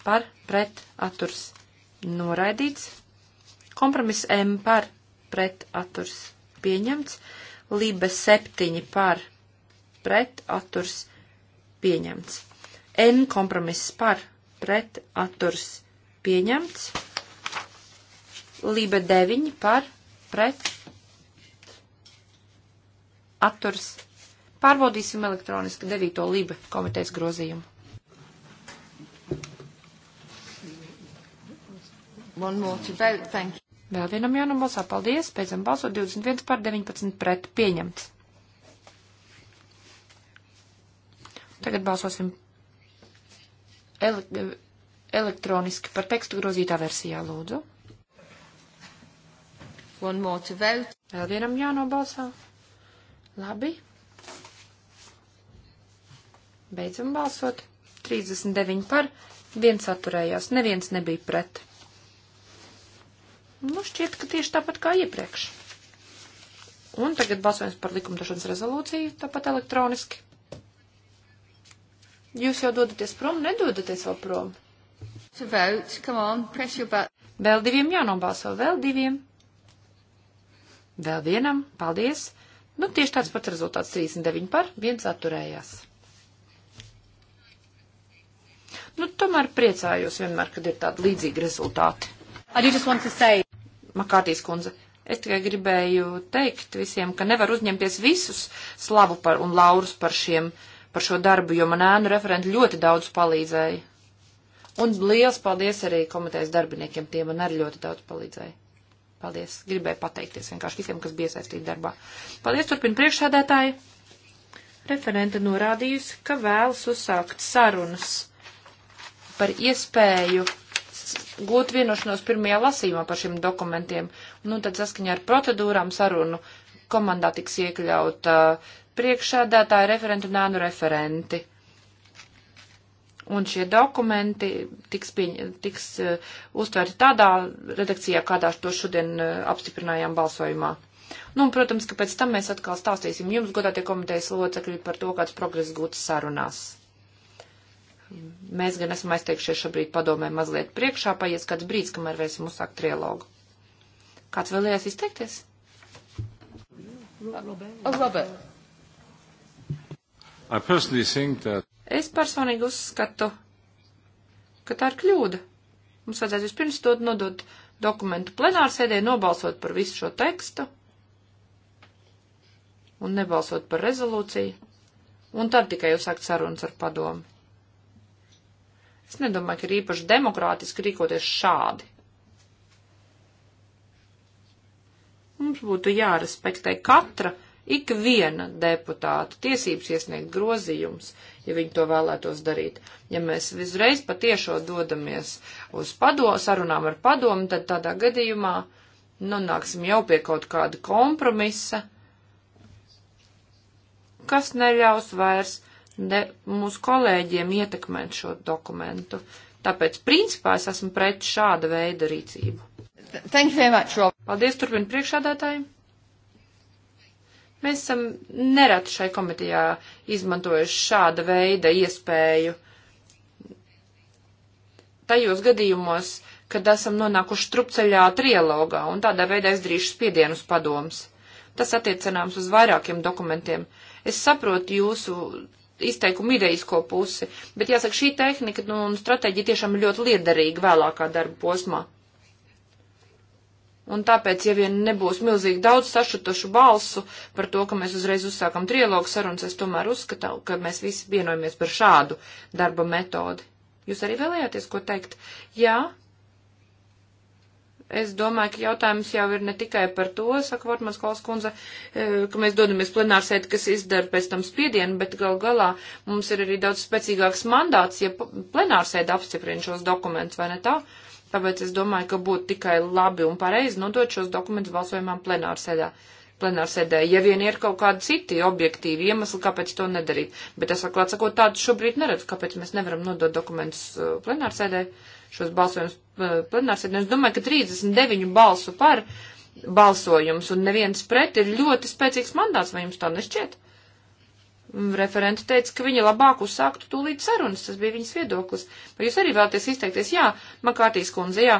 par, pret, atturs noraidīts. Kompromiss M par, pret atturs pieņemts, Libe 7 par pret atturs pieņemts, N kompromiss par pret atturs pieņemts, Libe 9 par pret atturs. Pārbaudīsim elektroniski 9. Libe komitejas grozījumu. One more to vote, thank Vēl vienam jānobalsā. Paldies. Beidzam balsot. 21 pār 19 pret. Pieņemts. Tagad balsosim ele elektroniski par tekstu grozītā versijā, lūdzu. One more to vote. Vēl vienam jānobalsā. Labi. Beidzam balsot. 39 par, viens atturējās, neviens nebija pret. Nu, šķiet, ka tieši tāpat kā iepriekš. Un tagad balsojums par likumdošanas rezolūciju, tāpat elektroniski. Jūs jau dodaties prom, nedodaties vēl prom. To vote, come on, press your button. Vēl diviem jānobalso, vēl diviem. Vēl vienam, paldies. Nu, tieši tāds pats rezultāts 39 par, viens atturējās. Nu, tomēr priecājos vienmēr, kad ir tādi līdzīgi rezultāti. Say... Makārtīs kundze. Es tikai gribēju teikt visiem, ka nevar uzņemties visus slavu par, un laurus par, šiem, par šo darbu, jo man ēnu referenti ļoti daudz palīdzēja. Un liels paldies arī komitejas darbiniekiem, tie man arī ļoti daudz palīdzēja. Paldies. Gribēju pateikties vienkārši visiem, kas bija iesaistīti darbā. Paldies, turpina priekšsēdētāji. Referente norādījusi, ka vēlas uzsākt sarunas par iespēju gūt vienošanos pirmajā lasīmā par šiem dokumentiem. Nu, tad saskaņā ar procedūrām sarunu komandā tiks iekļauta priekšsēdētāja referenti un ēnu referenti un šie dokumenti tiks, pieņ, tiks uh, eh, uztvērti tādā redakcijā, kādā to šodien uh, apstiprinājām balsojumā. Nu, un, protams, ka pēc tam mēs atkal stāstīsim jums, godātie komitejas locekļi, par to, kāds progress gūts sarunās. Mēs gan esam aizteikšies šobrīd padomē mazliet priekšā, paies kāds brīdis, kamēr varēsim uzsākt trialogu. Kāds vēlējās izteikties? Oh, Robert. That... Es personīgi uzskatu, ka tā ir kļūda. Mums vajadzētu vispirms dot nodot dokumentu plenārsēdē, nobalsot par visu šo tekstu un nebalsot par rezolūciju, un tad tikai uzsākt sarunas ar padomu. Es nedomāju, ka ir īpaši demokrātiski rīkoties šādi. Mums būtu jārespektē katra, ik viena deputāta tiesības iesniegt grozījums, ja viņi to vēlētos darīt. Ja mēs visreiz patiešo dodamies uz pado, sarunām ar padomu, tad tādā gadījumā nonāksim jau pie kaut kāda kompromisa, kas neļaus vairs de mūsu kolēģiem ietekmēt šo dokumentu. Tāpēc, principā, es esmu pret šāda veida rīcību. Thank you very much, Rob. Paldies, turpin priekšādātāji. Mēs esam nerad šai komitejā izmantojuši šāda veida iespēju tajos gadījumos, kad esam nonākuši strupceļā trialogā un tādā veidā izdarījuši spiedienus padoms. Tas attiecināms uz vairākiem dokumentiem. Es saprotu jūsu izteikumu idejisko pusi. Bet jāsaka, šī tehnika nu, un stratēģija tiešām ir ļoti liederīga vēlākā darba posmā. Un tāpēc, ja vien nebūs milzīgi daudz sašutošu balsu par to, ka mēs uzreiz uzsākam trilogu sarunas, es tomēr uzskatu, ka mēs visi vienojamies par šādu darba metodi. Jūs arī vēlējāties ko teikt? Jā, Es domāju, ka jautājums jau ir ne tikai par to, saka Vortmans Kalskundze, e, ka mēs dodamies plenārsēt, kas izdara pēc tam spiedienu, bet gal galā mums ir arī daudz spēcīgāks mandāts, ja plenārsēda apstiprina šos dokumentus, vai ne tā? Tāpēc es domāju, ka būtu tikai labi un pareizi nodot šos dokumentus balsojumam plenārsēdā plenārsēdē, ja vien ir kaut kādi citi objektīvi iemesli, kāpēc to nedarīt. Bet es atklāt sakot, tādu šobrīd neredzu, kāpēc mēs nevaram nodot dokumentus e, plenārsēdē. Uh, šos balsojumus uh, plenārsēdē. Es domāju, ka 39 balsu par balsojums un neviens pret ir ļoti spēcīgs mandāts, vai jums tā nešķiet? Referenti teica, ka viņa labāk uzsāktu tūlīt sarunas, tas bija viņas viedoklis. Vai jūs arī vēlaties izteikties? Jā, Makārtīs kundze, jā.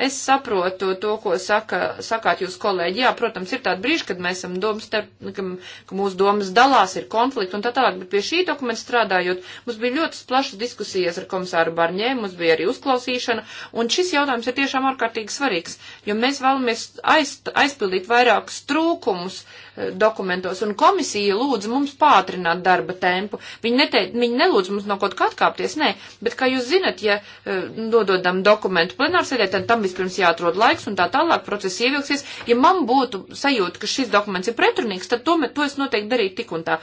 Es saprotu to, ko saka, sakāt jūs kolēģi. Jā, protams, ir tāda brīža, kad mēs esam domas starp, ka, ka mūsu domas dalās, ir konflikti un tā tālāk, bet pie šī dokumenta strādājot, mums bija ļoti plašas diskusijas ar komisāru Barņē, mums bija arī uzklausīšana, un šis jautājums ir tiešām ārkārtīgi svarīgs, jo mēs vēlamies aiz, aizpildīt vairākus trūkumus eh, dokumentos, un komisija lūdz mums pātrināt darba tempu. Viņi, netei, viņi nelūdz mums no kaut kā atkāpties, nē, bet, kā jūs zinat, ja eh, nododam dokumentu plenārsēdē, tad tam vispirms jāatrod laiks un tā tālāk process ievilksies. Ja man būtu sajūta, ka šis dokuments ir pretrunīgs, tad to, to es noteikti darītu tik un tā.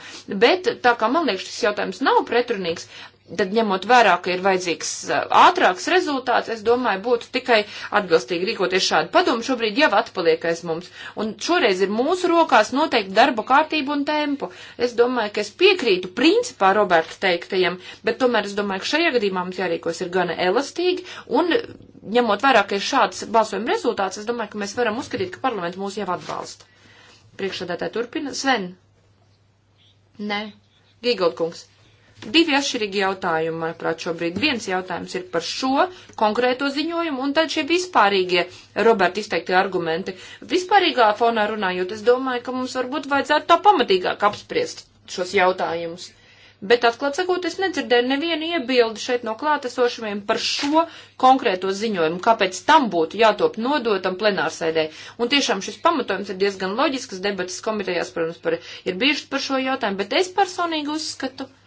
Bet tā kā man liekas, šis jautājums nav pretrunīgs, tad ņemot vērā, ka ir vajadzīgs ātrāks rezultāts, es domāju, būtu tikai atbilstīgi rīkoties šādu padomu. Šobrīd jau atpaliek aiz mums. Un šoreiz ir mūsu rokās noteikti darba kārtību un tempu. Es domāju, ka es piekrītu principā Roberta teiktajam, bet tomēr es domāju, ka šajā gadījumā mums jārīkos ir gana elastīgi un ņemot vērā, ka ir šāds balsojuma rezultāts, es domāju, ka mēs varam uzskatīt, ka parlaments mūs jau atbalsta. Priekšsēdētāji turpina. Sven. Nē. Gīgoldkungs divi atšķirīgi jautājumi, manuprāt, šobrīd. Viens jautājums ir par šo konkrēto ziņojumu, un tad šie vispārīgie, Roberta izteikti argumenti. Vispārīgā fonā runājot, es domāju, ka mums varbūt vajadzētu tā pamatīgāk apspriest šos jautājumus. Bet, atklāt sakot, es nedzirdēju nevienu iebildi šeit no klātesošiem par šo konkrēto ziņojumu, kāpēc tam būtu jātop nodotam plenārsēdē. Un tiešām šis pamatojums ir diezgan loģisks, debatas komitejās, protams, par, ir bijušas par šo jautājumu, bet es personīgi uzskatu, ka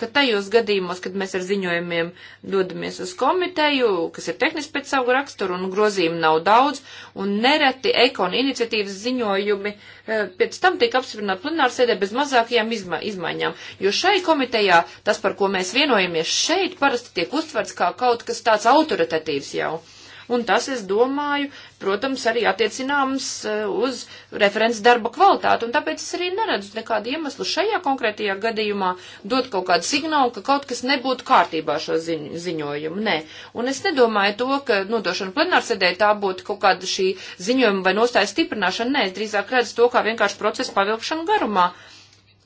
ka tajos gadījumos, kad mēs ar ziņojumiem dodamies uz komiteju, kas ir tehniski pēc savu raksturu un grozījumu nav daudz, un nereti ekona iniciatīvas ziņojumi eh, pēc tam tiek apstiprināti plenāra sēdē bez mazākajām izma izmaiņām. Jo šai komitejā tas, par ko mēs vienojamies šeit, parasti tiek uztverts kā kaut kas tāds autoritatīvs jau. Uh, un tas, es domāju, protams, arī attiecināms e, uz referents darba kvalitāti, un tāpēc es arī neredzu nekādu iemeslu šajā konkrētajā gadījumā dot kaut kādu signālu, ka kaut kas nebūtu kārtībā šo ziņ ziņojumu. Nē, un es nedomāju to, ka nodošana plenārsēdē tā būtu kaut kāda šī ziņojuma vai nostājas stiprināšana. Nē, es drīzāk redzu to kā vienkārši procesu pavilkšanu garumā.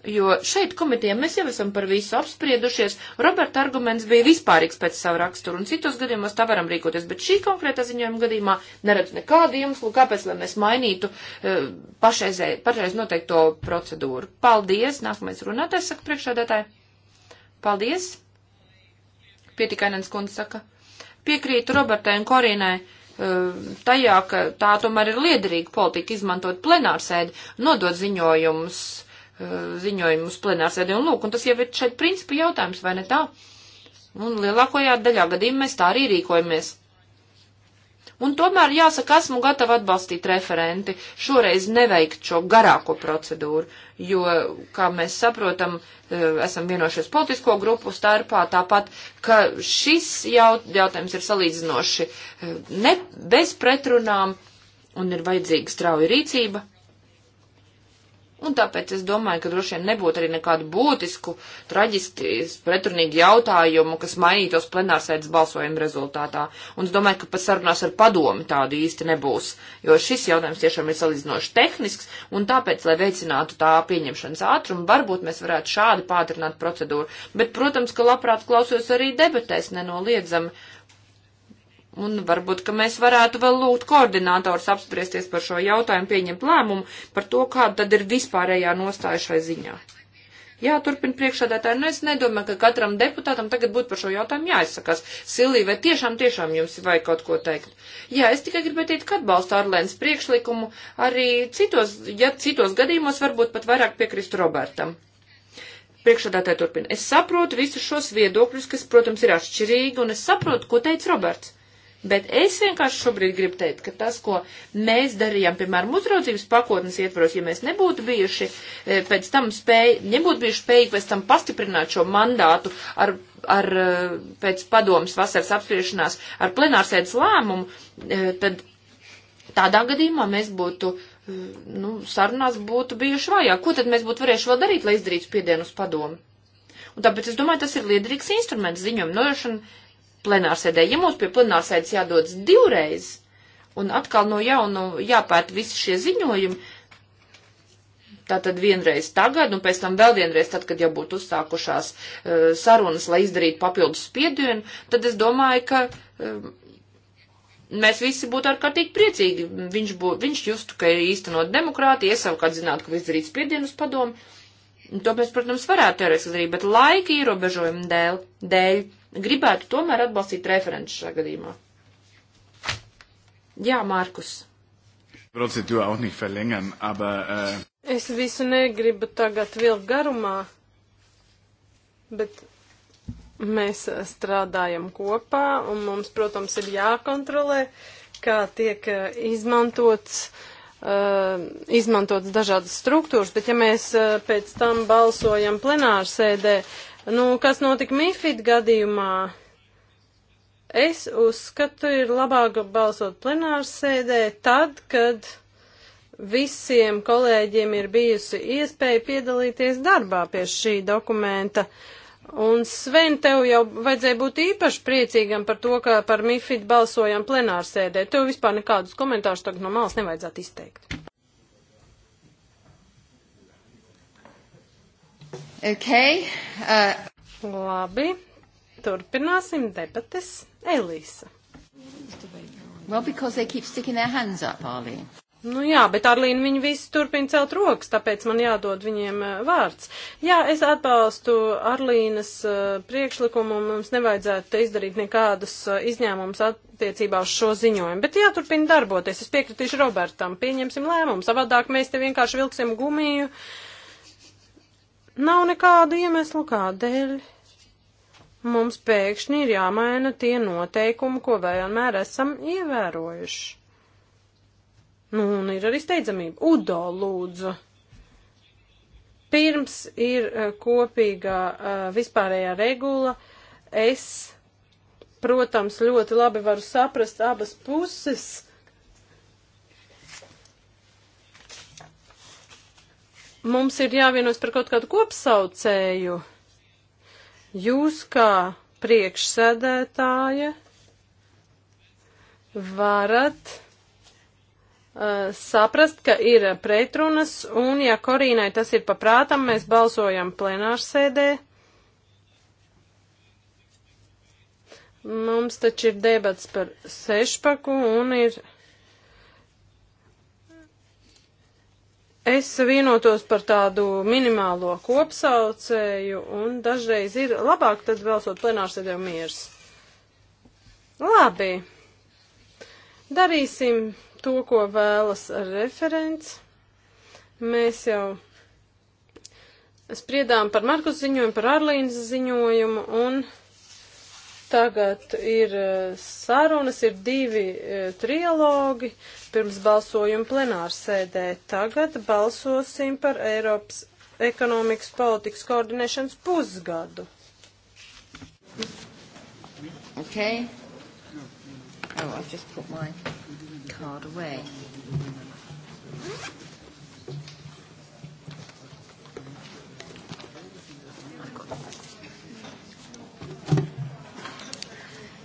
Jo šeit komitejā mēs jau esam par visu apspriedušies. Roberta arguments bija vispārīgs pēc savu raksturu, un citos gadījumos tā varam rīkoties, bet šī konkrēta ziņojuma gadījumā neredz nekādu iemeslu, kāpēc, lai mēs mainītu uh, pašreizē, pašreiz noteikto procedūru. Paldies, nākamais runātājs saka priekšādātāji. Paldies. Pietikainens kundze saka. Piekrītu Robertai un Korīnai e, tajā, ka tā tomēr ir liederīga politika izmantot plenārsēdi, nodot ziņojumus Uh, ziņojumu uz plenārsēdi. Un lūk, un tas jau ir šeit principu jautājums, vai ne tā? Un lielākajā daļā gadījumā mēs tā arī rīkojamies. Un tomēr jāsaka, esmu gatava atbalstīt referenti, šoreiz neveikt šo garāko procedūru, jo, kā mēs saprotam, uh, esam vienojušies politisko grupu starpā, tāpat, ka šis jaut, jautājums ir salīdzinoši uh, ne, bez pretrunām un ir vajadzīga strauja rīcība. Un tāpēc es domāju, ka droši vien nebūtu arī nekādu būtisku, traģiski pretrunīgu jautājumu, kas mainītos plenārsēdes balsojuma rezultātā. Un es domāju, ka pat sarunās ar padomi tādu īsti nebūs, jo šis jautājums tiešām ir salīdzinoši tehnisks, un tāpēc, lai veicinātu tā pieņemšanas ātrumu, varbūt mēs varētu šādi pātrināt procedūru. Bet, protams, ka labprāt klausos arī debatēs nenoliedzami Un varbūt, ka mēs varētu vēl lūgt koordinātors apspriesties par šo jautājumu, pieņemt lēmumu par to, kāda tad ir vispārējā nostāja šai ziņā. Jā, turpina priekšādātāji, nu es nedomāju, ka katram deputātam tagad būtu par šo jautājumu jāizsakās. Silī, vai tiešām, tiešām jums vajag kaut ko teikt? Jā, es tikai gribēju teikt, ka atbalstu Arlēnas priekšlikumu arī citos, ja citos gadījumos varbūt pat vairāk piekrist Robertam. Priekšādātāji turpina. Es saprotu visus šos viedokļus, kas, protams, ir atšķirīgi, un es saprotu, ko teica Roberts. Bet es vienkārši šobrīd gribu teikt, ka tas, ko mēs darījām, piemēram, uzraudzības pakotnes ietvaros, ja mēs nebūtu bijuši eh, pēc tam spēj, nebūtu bijuši spējīgi pēc tam pastiprināt šo mandātu ar, ar eh, pēc padomas vasaras apspriešanās ar plenārsēdes lēmumu, eh, tad tādā gadījumā mēs būtu nu, sarunās būtu bijuši vajā. Ko tad mēs būtu varējuši vēl darīt, lai izdarītu spiedienu uz padomu? Un tāpēc es domāju, tas ir liederīgs instruments ziņojumu nodošana plenārsēdē. Ja mums pie plenārsēdes jādodas divreiz un atkal no jaunu jāpēta visi šie ziņojumi, tātad vienreiz tagad un pēc tam vēl vienreiz, tad, kad jau būtu uzsākušās uh, sarunas, lai izdarītu papildus spiedienu, tad es domāju, ka. Uh, mēs visi būtu ārkārtīgi priecīgi. Viņš, bū, viņš justu, ka ir īstenot demokrātija, es savukārt zinātu, ka izdarīt spiedienu uz padomu. To mēs, protams, varētu teorētiski darīt, bet laika ierobežojumu dēļ, dēļ gribētu tomēr atbalstīt referentu šajā gadījumā. Jā, Mārkus. Procedūra auch nicht verlängern, aber. Äh... Es visu negribu tagad vilkt garumā, bet mēs äh, strādājam kopā un mums, protams, ir jākontrolē, kā tiek äh, izmantots. Uh, äh, izmantotas dažādas struktūras, bet ja mēs uh, pēc tam balsojam plenārsēdē, uh, Nu, kas notika Mifid gadījumā? Es uzskatu, ir labāk balsot plenārsēdē tad, kad visiem kolēģiem ir bijusi iespēja piedalīties darbā pie šī dokumenta. Un Sven, tev jau vajadzēja būt īpaši priecīgam par to, ka par MIFID balsojam plenārsēdē. Tev vispār nekādus komentārus tagad no malas nevajadzētu izteikt. Okay. Uh... Labi, turpināsim debates. Elīsa. Well, because they keep sticking their hands up, Arlene. Nu jā, bet Arlīna viņi visi turpina celt rokas, tāpēc man jādod viņiem uh, vārds. Jā, es atbalstu Arlīnas uh, priekšlikumu, mums nevajadzētu izdarīt nekādus uh, izņēmumus attiecībā uz šo ziņojumu, bet jāturpina darboties. Es piekritīšu Robertam, pieņemsim lēmumu, savādāk mēs te vienkārši vilksim gumiju. Uh, Nav nekādu iemeslu kādēļ. Mums pēkšņi ir jāmaina tie noteikumi, ko vienmēr esam ievērojuši. Nu, un ir arī steidzamība. Udo lūdzu. Pirms ir eh, kopīgā eh, vispārējā regula, es, protams, ļoti labi varu saprast abas puses Mums ir jāvienojas par kaut kādu kopsaucēju. Jūs kā priekšsēdētāja varat uh, saprast, ka ir pretrunas, un ja Korīnai tas ir paprātam, mēs balsojam plenārsēdē. Mums taču ir debats par sešpaku, un ir Es vienotos par tādu minimālo kopsaucēju un dažreiz ir labāk tad vēlsot plenārsēdē miers. Labi. Darīsim to, ko vēlas referents. Mēs jau spriedām par Markus ziņojumu, par Arlīnas ziņojumu un. Tagad ir e, sarunas, ir divi e, trilogi pirms balsojuma plenārsēdē. Tagad balsosim par Eiropas ekonomikas politikas koordinēšanas pusgadu. Okay. Oh, I've just put my card away. I've got that.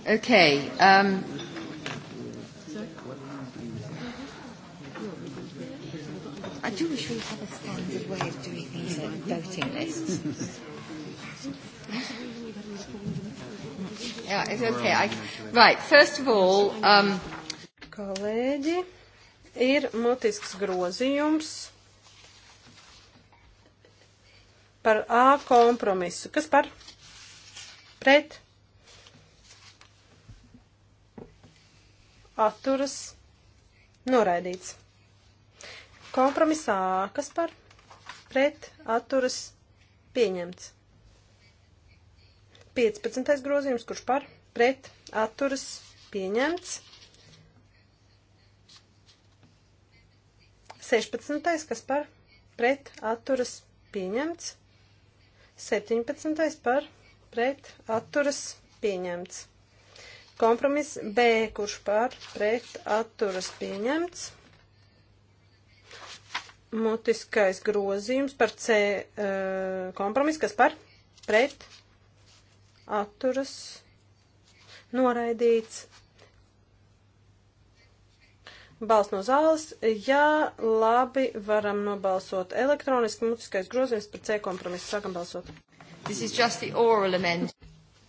Okay. Um, I do wish we had a standard way of doing these like voting lists. yeah, it's okay. I, right, first of all, um, kolēģi, ir mutisks grozījums par A kompromisu. Kas par? Pret? atturas noraidīts. Kompromisā kas par pret atturas pieņemts. 15. grozījums, kurš par pret atturas pieņemts. 16. kas par pret atturas pieņemts. 17. par pret atturas pieņemts. Kompromiss B, kurš par pret atturas pieņemts. Mutiskais grozījums par C eh, kompromiss, kas par pret atturas noraidīts. Balsts no zāles. Jā, labi, varam nobalsot elektroniski mutiskais grozījums par C kompromisu. Sākam balsot.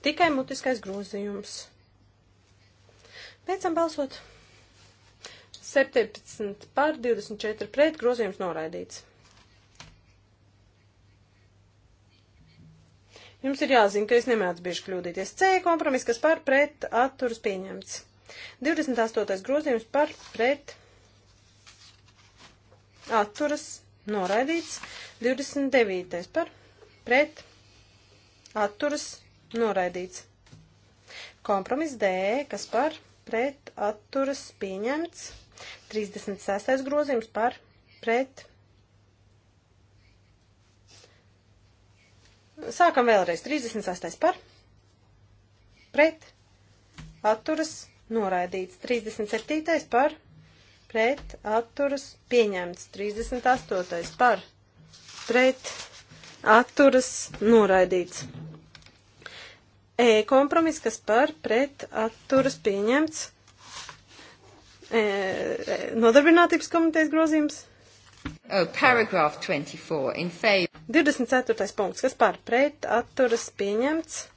Tikai mutiskais grozījums. Beidzam balsot. 17 par 24 pret grozījums noraidīts. Jums ir jāzina, ka es nemēdzu bieži kļūdīties. C kompromiss, kas par pret atturas pieņemts. 28. grozījums par pret atturas noraidīts. 29. par pret atturas noraidīts. Kompromiss D, kas par pret pret atturas pieņemts. 36. grozījums par pret. Sākam vēlreiz. 36. par pret atturas noraidīts. 37. par pret atturas pieņemts. 38. par pret atturas noraidīts. E kompromis, kas par pret atturas pieņemts. E, e nodarbinātības komitejas grozījums. Oh, paragraph 24 in favor. 24. punkts, kas par pret atturas pieņemts.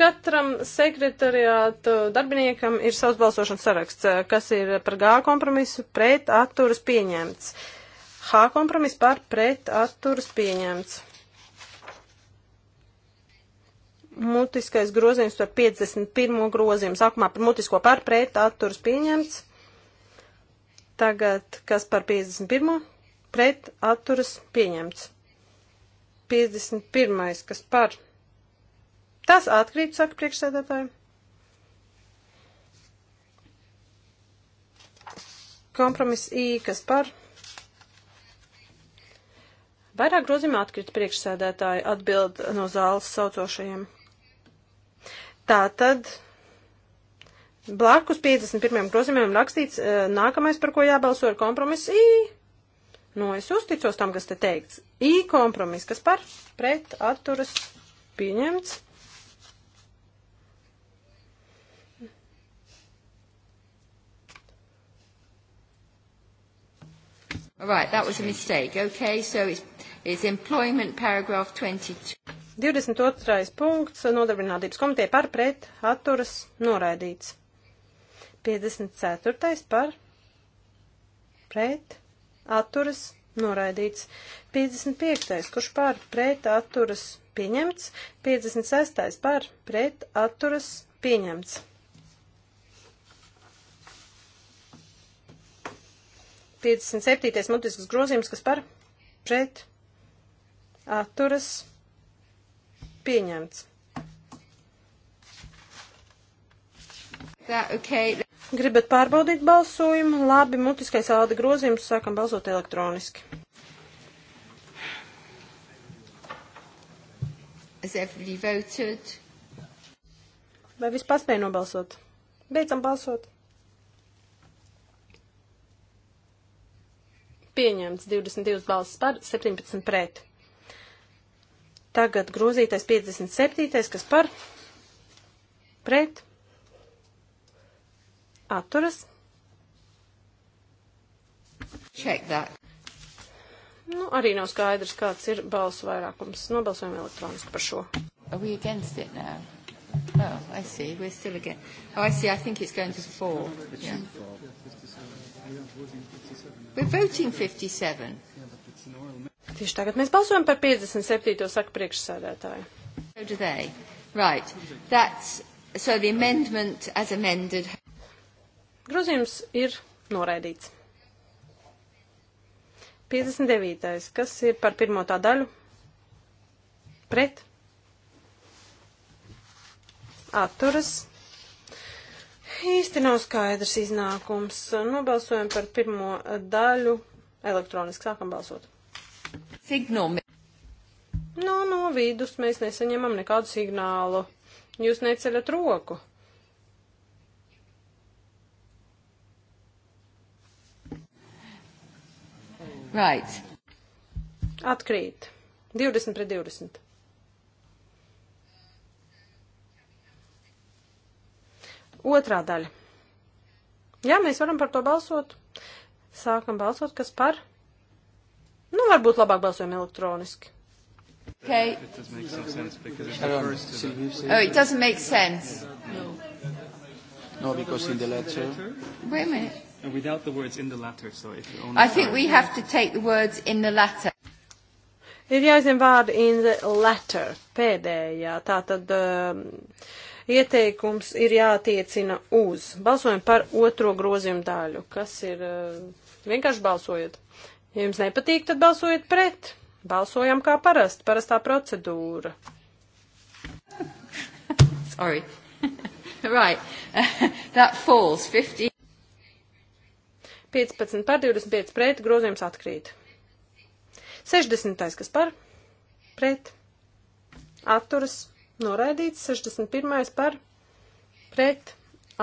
Katram sekretariātu darbiniekam ir savs balsošanas saraksts, kas ir par G kompromisu pret atturas pieņemts. H kompromis par pret atturas pieņemts. mutiskais grozījums par 51. grozījumu. Sākumā par mutisko par pret atturas pieņemts. Tagad kas par 51. pret atturas pieņemts. 51. kas par. Tas atkrīt, saka priekšsēdētāji. Kompromiss I, kas par. Vairāk grozījumā atkrīt priekšsēdētāji atbild no zāles saucošajiem. Tā tad blakus 51. grozījumam rakstīts, e, nākamais, par ko jābalso, ir kompromiss I. Nu, es uzticos tam, kas te teikts. I kompromiss, kas par pret atturas pieņemts. All right, that was a mistake. Okay, so it's, it's employment paragraph 22. 22. punkts nodarbinātības komiteja par pret atturas noraidīts. 54. par pret atturas noraidīts. 55. kurš par pret atturas pieņemts. 56. par pret atturas pieņemts. Piecdesmit septītais mutisks grozījums, kas par pret atturas pieņemts Pieņemts. That, okay. Gribat pārbaudīt balsojumu? Labi, mutiskais āda grozījums, sākam balsot elektroniski. Has everybody voted? Vai vispār spēja nobalsot? Beidzam balsot. Pieņemts 22 balsis par, 17 pret. Tagad grozītais 57. kas par pret atturas. Check that. Nu, arī nav skaidrs, kāds ir balsu vairākums. Nobalsojam elektroniski par šo. Are we against it now? Oh, I see. We're still again. Oh, I see. I think it's going to fall. Yeah. We're voting 57. Tieši tagad mēs balsojam par 57. saka priekšsēdētāju. Right. That's, so the amendment as amended. Grozījums ir noraidīts. 59. Kas ir par pirmo tā daļu? Pret. Atturas. Īsti nav skaidrs iznākums. Nobalsojam par pirmo daļu Elektroniski sākam balsot. Signumi. No, no vidus mēs nesaņemam nekādu signālu. Jūs neceļat roku. Right. Atkrīt. 20 pret 20. Otrā daļa. Jā, mēs varam par to balsot. Sākam balsot, kas par? Nu, varbūt labāk balsojam elektroniski. Okay. It doesn't make some sense because it refers to the... Oh, it doesn't make sense. No. No, because in the letter... Wait a minute. And without the words in the letter, so if you only... I think we have to take the words in the letter. Ir jāizņem vārdi in the letter, pēdējā. Tātad um, ieteikums ir jātiecina uz. Balsojam par otro grozījumu daļu, kas ir uh, Vienkārši balsojiet. Ja jums nepatīk, tad balsojiet pret. Balsojam kā parasti, parastā procedūra. [laughs] Sorry. [laughs] right. [laughs] That falls 50. 15 par 25 pret, grozījums atkrīt. 60. kas par? Pret. Atturas noraidīts. 61. par? Pret.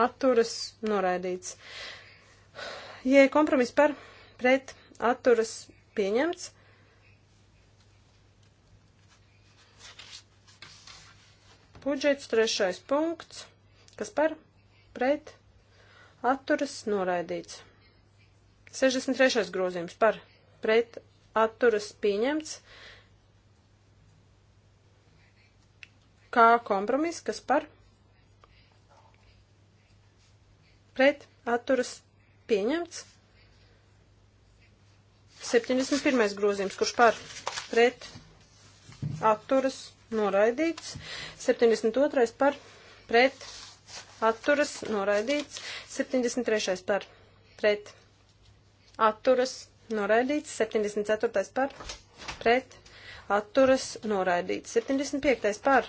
Atturas noraidīts. Ja kompromiss par pret atturas pieņemts, budžets trešais punkts, kas par pret atturas noraidīts. 63. grozījums par pret atturas pieņemts, kā kompromiss, kas par pret atturas pieņemts. 71. grozījums, kurš par pret atturas noraidīts. 72. par pret atturas noraidīts. 73. par pret atturas noraidīts. 74. par pret atturas noraidīts. 75. par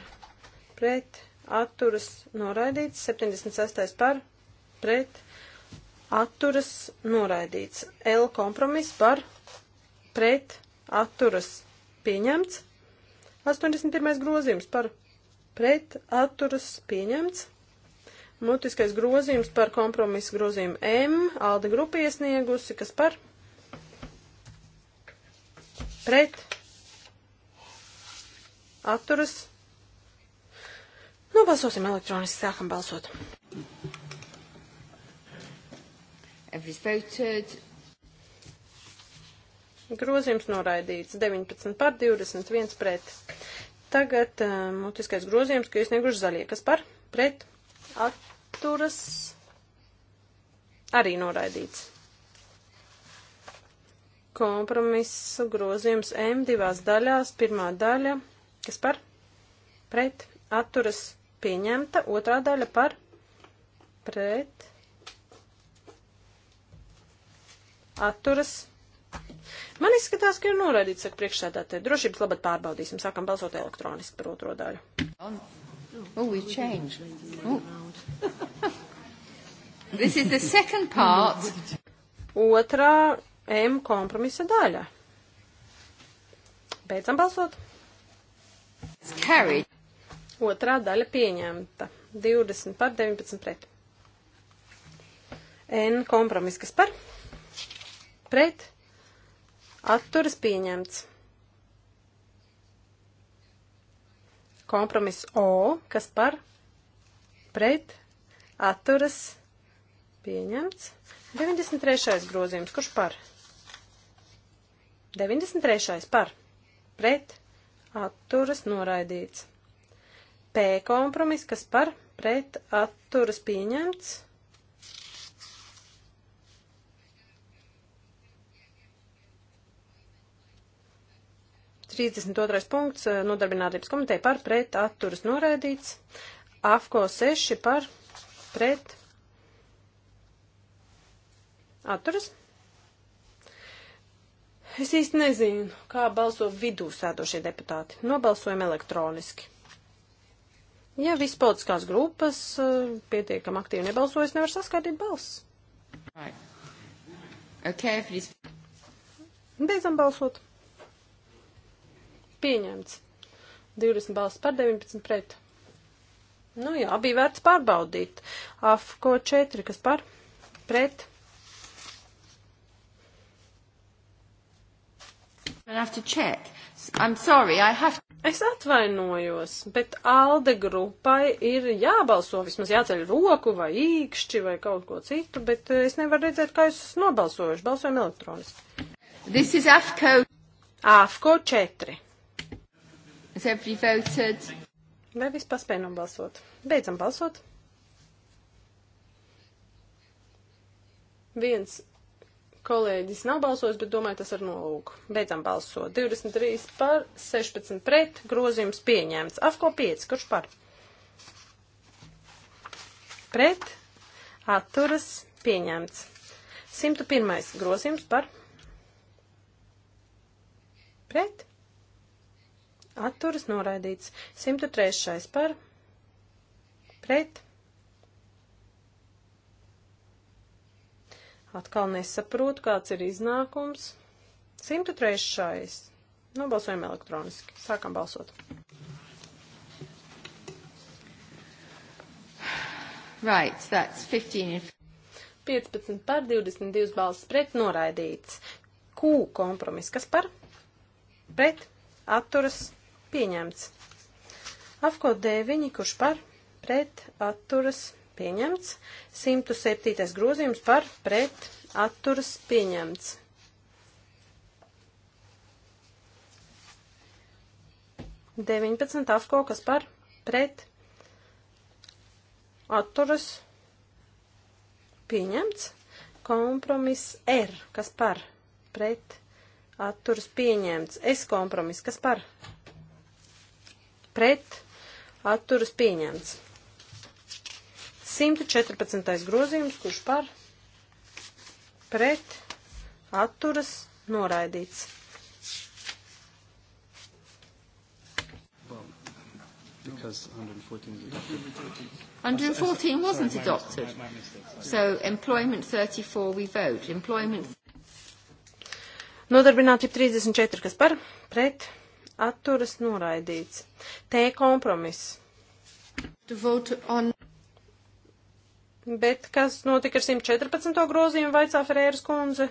pret atturas noraidīts. 76. par pret atturas noraidīts atturas noraidīts. L kompromiss par pret atturas pieņemts. 81. grozījums par pret atturas pieņemts. Mutiskais grozījums par kompromisu grozījumu M. Alda grupa iesniegusi, kas par pret atturas. Nu, balsosim elektroniski, sākam balsot. Every's voted. Grozījums noraidīts 19 par 21 pret. Tagad uh, mutiskais grozījums, ko iesnieguši zaļie, kas par pret atturas arī noraidīts. Kompromisu grozījums M divās daļās. Pirmā daļa, kas par pret atturas pieņemta, otrā daļa par pret atturas. Man izskatās, ka ir noraidīts, saka priekšsēdētāji. Drošības labad pārbaudīsim, sākam balsot elektroniski par otro daļu. Oh, we change. Oh. This is the second part. Otrā M kompromisa daļa. Beidzam balsot. It's carried. Otrā daļa pieņemta. 20 par 19 pret. N kompromis, kas par? pret, atturas pieņemts. Kompromiss O, kas par, pret, atturas pieņemts. 93. grozījums, kurš par? 93. par, pret, atturas noraidīts. P kompromiss, kas par, pret, atturas pieņemts. 32. punkts eh, nodarbinātības komiteja par pret atturas noraidīts. AFCO 6 par pret atturas. Es īsti nezinu, kā balso vidū sēdošie deputāti. Nobalsojam elektroniski. Ja viss politiskās grupas eh, pietiekam aktīvi nebalsojas, nevar saskaitīt balss. Right. Okay, please. Beidzam balsot. Pieņemts. 20 balsts par 19 pret. Nu jā, bija vērts pārbaudīt. AFCO 4, kas par pret. Sorry, have... Es atvainojos, bet ALDE grupai ir jābalso, vismaz jāceļ roku vai īkšķi vai kaut ko citu, bet eh, es nevaru redzēt, kā jūs nobalsojuši. Balsojam elektroniski. This is AFCO. AFCO 4. Vai viss paspēja nobalsot? Beidzam balsot. Viens kolēģis nav balsojis, bet domāju, tas ar nolūku. Beidzam balsot. 23 par, 16 pret, grozījums pieņemts. Afko 5, kurš par? Pret, atturas, pieņemts. 101. grozījums par? Pret, atturas noraidīts. 103. par pret. Atkal nesaprotu, kāds ir iznākums. 103. Nobalsojam elektroniski. Sākam balsot. Right, that's 15. 15 par 22 balsis pret noraidīts. Q kompromiss. Kas par? Pret. Atturas pieņemts. Afko 9, kurš par pret atturas pieņemts. 107. grozījums par pret atturas pieņemts. Deviņpadsmit afko, kas par pret atturas pieņemts. Kompromiss R, kas par pret atturas pieņemts. S kompromiss, kas par pret atturas pieņemts. 114. grozījums, kurš par pret atturas noraidīts. because 114 114 wasn't adopted. So employment 34 we vote. Employment Nodarbinātība 34, kas par, pret, atturas noraidīts. T kompromiss. On... Bet kas notika ar 114. grozījumu, vaicā Ferēras kundze?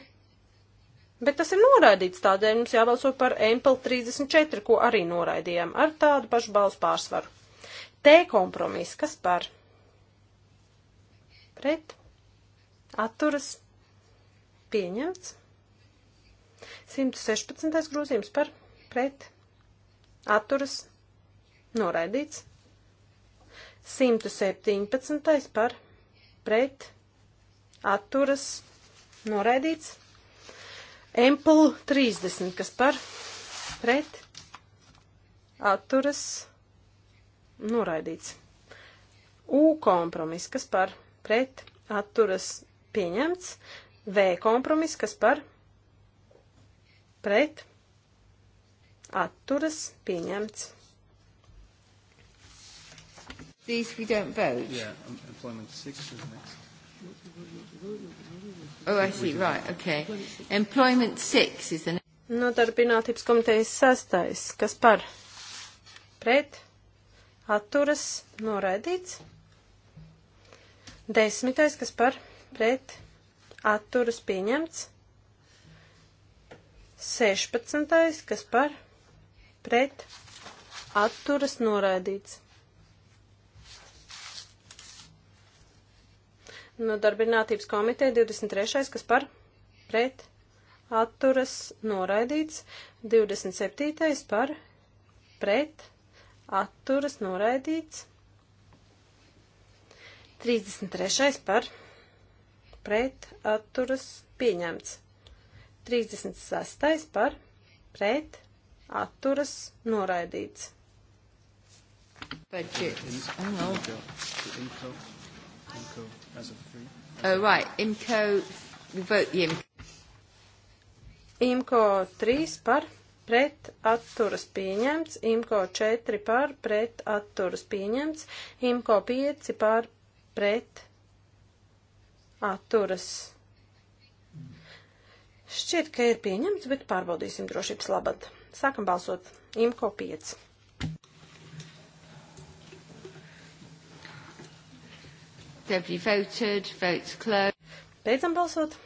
Bet tas ir noraidīts, tādēļ mums jābalso par MPL 34, ko arī noraidījām ar tādu pašu balsu pārsvaru. T kompromiss, kas par? Pret? Atturas? Pieņemts? 116. grozījums par? Pret? atturas noraidīts. 117. par pret atturas noraidīts. Empul 30, kas par pret atturas noraidīts. U kompromis, kas par pret atturas pieņemts. V kompromis, kas par pret atturas atturas pieņemts. These we don't vote. Yeah, employment six is next. Oh, I see, right, okay. Employment six is the next. Nodarbinātības komitejas sastais. Kas par? Pret? Atturas? Noraidīts? Desmitais. Kas par? Pret? Atturas pieņemts? Sešpadsmitais. Kas par? pret atturas noraidīts. No nu, darbinātības komiteja 23. kas par pret atturas noraidīts, 27. par pret atturas noraidīts, 33. par pret atturas pieņemts, 36. par pret atturas noraidīts. Budgets. Oh, no. IMCO. IMCO. As of three. Oh, right. IMCO. We vote the IMCO. IMCO 3 par pret atturas pieņemts, IMCO 4 par pret atturas pieņemts, IMCO 5 par pret atturas. Šķiet, ka ir pieņemts, bet pārbaudīsim drošības labad. Sākam balsot. Imko 5. Deputy voted. Votes closed. Beidzam balsot.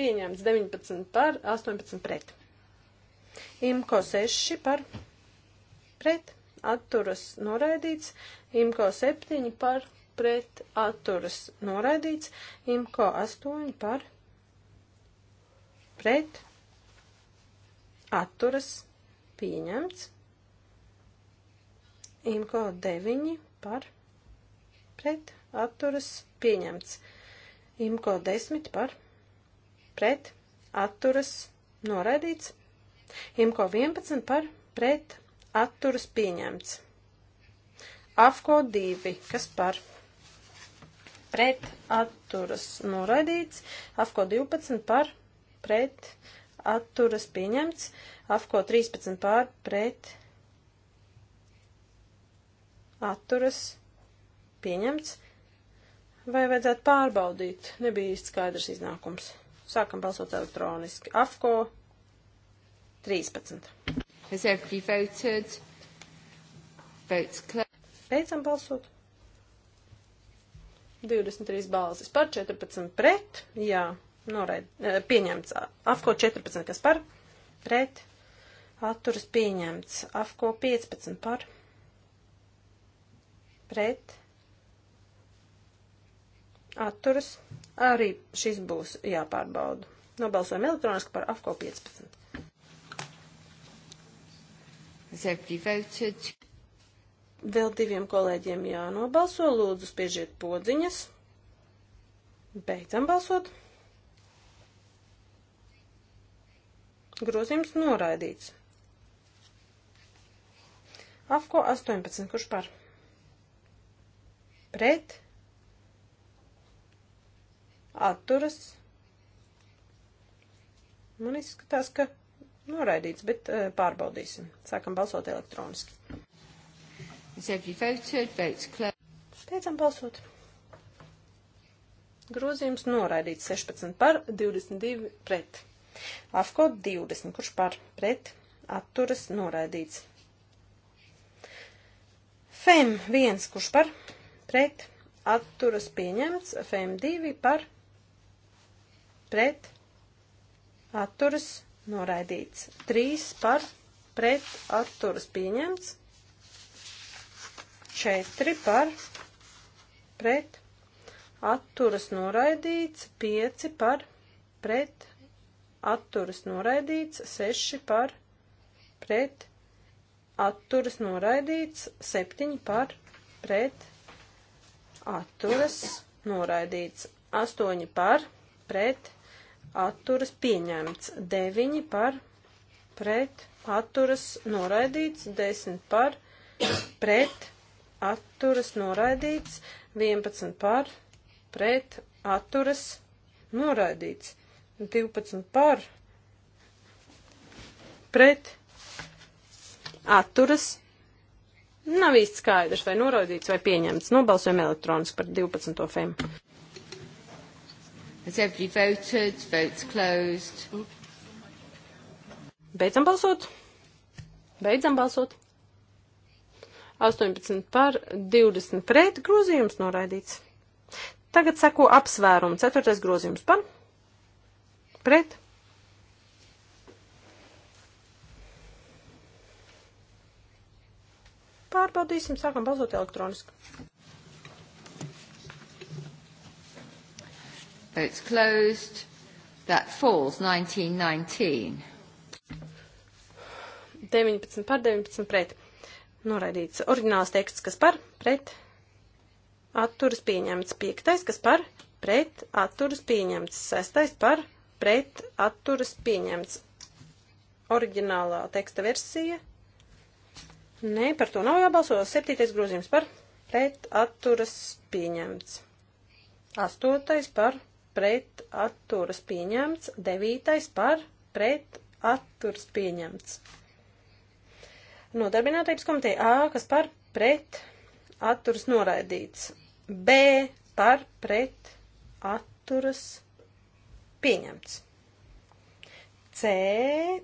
Pieņemts 19 par, 18 pret. Imko 6 par, pret, atturas noraidīts. Imko 7 par, pret, atturas noraidīts. Imko 8 par, pret, atturas pieņemts. Imko 9 par pret atturas pieņemts. Imko 10 par pret atturas noraidīts. Imko 11 par pret atturas pieņemts. Afko 2, kas par pret atturas noraidīts. Afko 12 par pret atturas atturas pieņemts, AFCO 13 pār pret atturas pieņemts. Vai vajadzētu pārbaudīt? Nebija īsti skaidrs iznākums. Sākam balsot elektroniski. AFCO 13. Has everybody voted? Votes closed. Beidzam balsot. 23 balsis par 14 pret. Jā, noraid, e, pieņemts. AFCO 14, kas par, pret, atturas pieņemts. AFCO 15 par, pret, atturas. Arī šis būs jāpārbauda. Nobalsojam elektroniski par AFCO 15. Zepti voted. Vēl diviem kolēģiem jānobalso. Lūdzu, spiežiet podziņas. Beidzam balsot. Grozījums noraidīts. Afko 18, kurš par? Pret. Atturas. Man izskatās, ka noraidīts, bet uh, pārbaudīsim. Sākam balsot elektroniski. Beidzam balsot. Grozījums noraidīts 16 par 22 pret. AFCO 20, kurš par pret atturas noraidīts. FEM 1, kurš par pret atturas pieņemts, FEM 2 par pret atturas noraidīts, 3 par pret atturas pieņemts, 4 par pret atturas noraidīts, 5 par pret atturas noraidīts, 6 par pret, atturas noraidīts, 7 par pret, atturas noraidīts, 8 par pret, atturas pieņemts, 9 par pret, atturas noraidīts, 10 par pret, atturas noraidīts, 11 par pret, atturas noraidīts. 12 par, pret, atturas, nav īsti skaidrs, vai noraidīts, vai pieņemts. Nobalsojam elektroniski par 12. fem. Has everybody voted? Votes closed. Beidzam balsot. Beidzam balsot. 18 par 20 pret grozījums noraidīts. Tagad seko apsvērumu. Ceturtais grozījums par pret. Pārbaudīsim, sākam balsot elektroniski. Votes closed. That falls 1919. 19 par 19 pret. Noraidīts oriģināls teksts, kas par pret atturas pieņemts. Piektais, kas par pret atturas pieņemts. Sestais par pret pret atturas pieņemts. Oriģinālā teksta versija. Nē, par to nav jābalso. Septītais grozījums par pret atturas pieņemts. Astotais par pret atturas pieņemts. Devītais par pret atturas pieņemts. Nodarbinātības komiteja A, kas par pret atturas noraidīts. B par pret atturas pieņemts atturas Pieņemts. C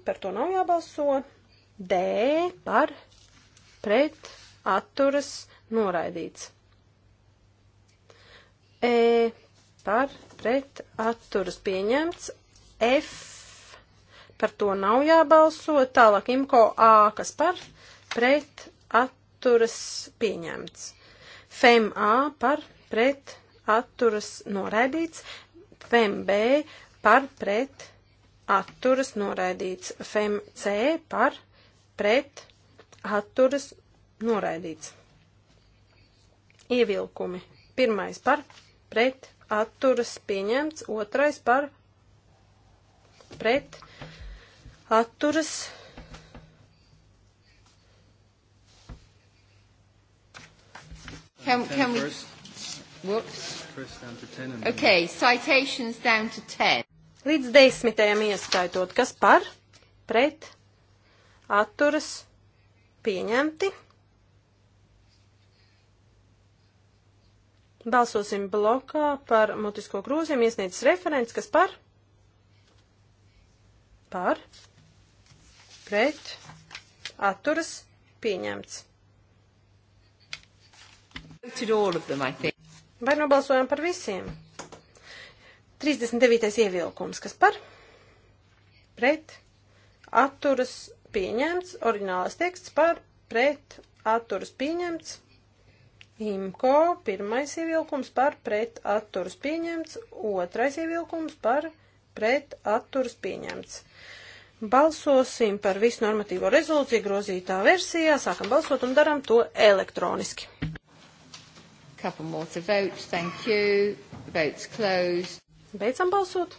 par to nav jābalso. D par pret atturas noraidīts. E par pret atturas pieņemts. F par to nav jābalso. Tālāk imko A, kas par pret atturas pieņemts. Fem A par pret atturas noraidīts. FEMB par pret atturas noraidīts. FEMC par pret atturas noraidīts. Ievilkumi. Pirmais par pret atturas pieņemts, otrais par pret atturas noraidīts. Can, can we, Whoops. Okay, citations down to 10. Līdz desmitajam ieskaitot, kas par, pret, atturas, pieņemti. Balsosim blokā par mutisko grūzījumu iesniedzis referents, kas par, par, pret, atturas, pieņemts. All of them, I think. Vai nobalsojam par visiem? 39. ievilkums, kas par? Pret. Atturas pieņemts. Oriģinālais teksts par pret. Atturas pieņemts. Imko. Pirmais ievilkums par pret. Atturas pieņemts. Otrais ievilkums par pret. Atturas pieņemts. Balsosim par visu normatīvo rezolūciju grozītā versijā. Sākam balsot un daram to elektroniski. Couple more to vote. Thank you. Votes closed. Beidzam balsot.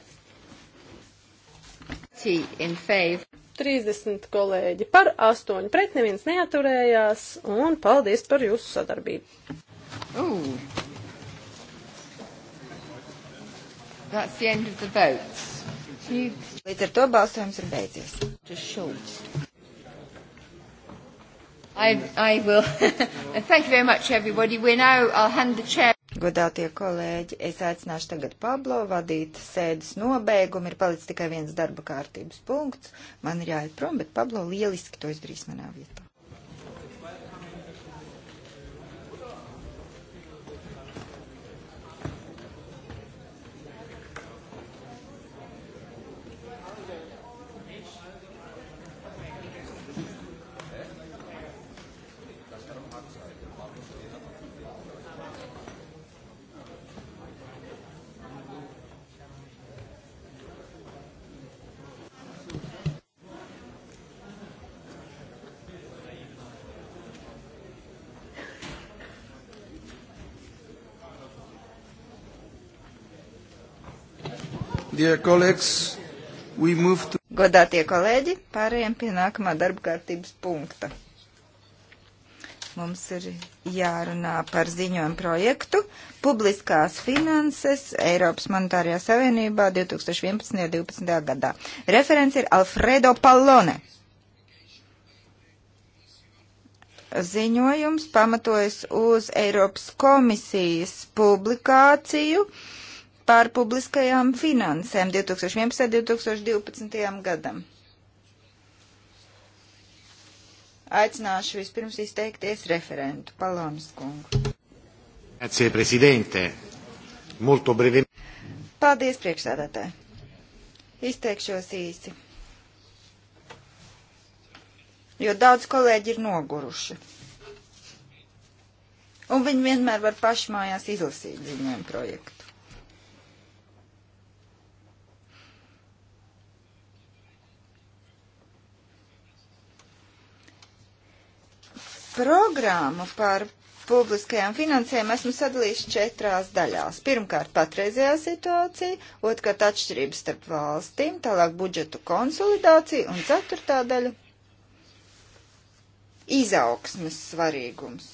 30 kolēģi par 8 pret neviens neaturējās un paldies par jūsu sadarbību. Ooh. That's the end of the votes. Līdz ar to balsojums ir beidzies. I, I will. [laughs] Thank you very much, everybody. We're now, I'll hand the chair. Godātie kolēģi, es aicināšu tagad Pablo vadīt sēdes nobeigumu. Ir palicis tikai viens darba kārtības punkts. Man ir jāiet prom, bet Pablo lieliski to izdarīs manā vietā. To... Godātie kolēģi, pārējiem pie nākamā darba kārtības punkta. Mums ir jārunā par ziņojumu projektu Publiskās finanses Eiropas monetārajā savienībā 2011. un 2012. gadā. Referents ir Alfredo Pallone. Ziņojums pamatojas uz Eiropas komisijas publikāciju uh, par publiskajām finansēm 2011-2012 gadam. Aicināšu vispirms izteikties referentu Palonas kungu. Grazie, prezidente. Molto brevi. Paldies, priekšsēdētāji. Izteikšos īsi, jo daudz kolēģi ir noguruši. Un viņi vienmēr var paši mājās izlasīt ziņojumu projektu. Programmu par publiskajām finansēm esmu sadalījis četrās daļās. Pirmkārt, patreizējā situācija, otrkārt, atšķirības starp valstīm, tālāk budžetu konsolidācija un ceturtā daļa - izaugsmes svarīgums.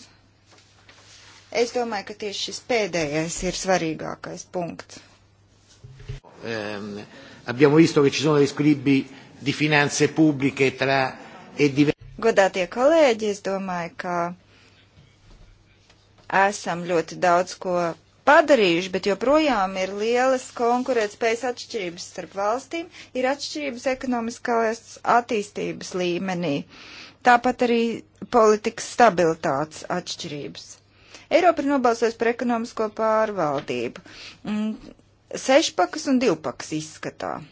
Es domāju, ka tieši šis pēdējais ir svarīgākais punkts. Um, abbiamo visto che ci sono dei squilibri di finanze pubbliche tra e diverse Godātie kolēģi, es domāju, ka esam ļoti daudz ko padarījuši, bet joprojām ir lielas konkurētspējas atšķirības starp valstīm, ir atšķirības ekonomiskās attīstības līmenī, tāpat arī politikas stabilitātes atšķirības. Eiropa ir nobalsojusi par ekonomisko pārvaldību. Mm, sešpakas un divpakas izskatās.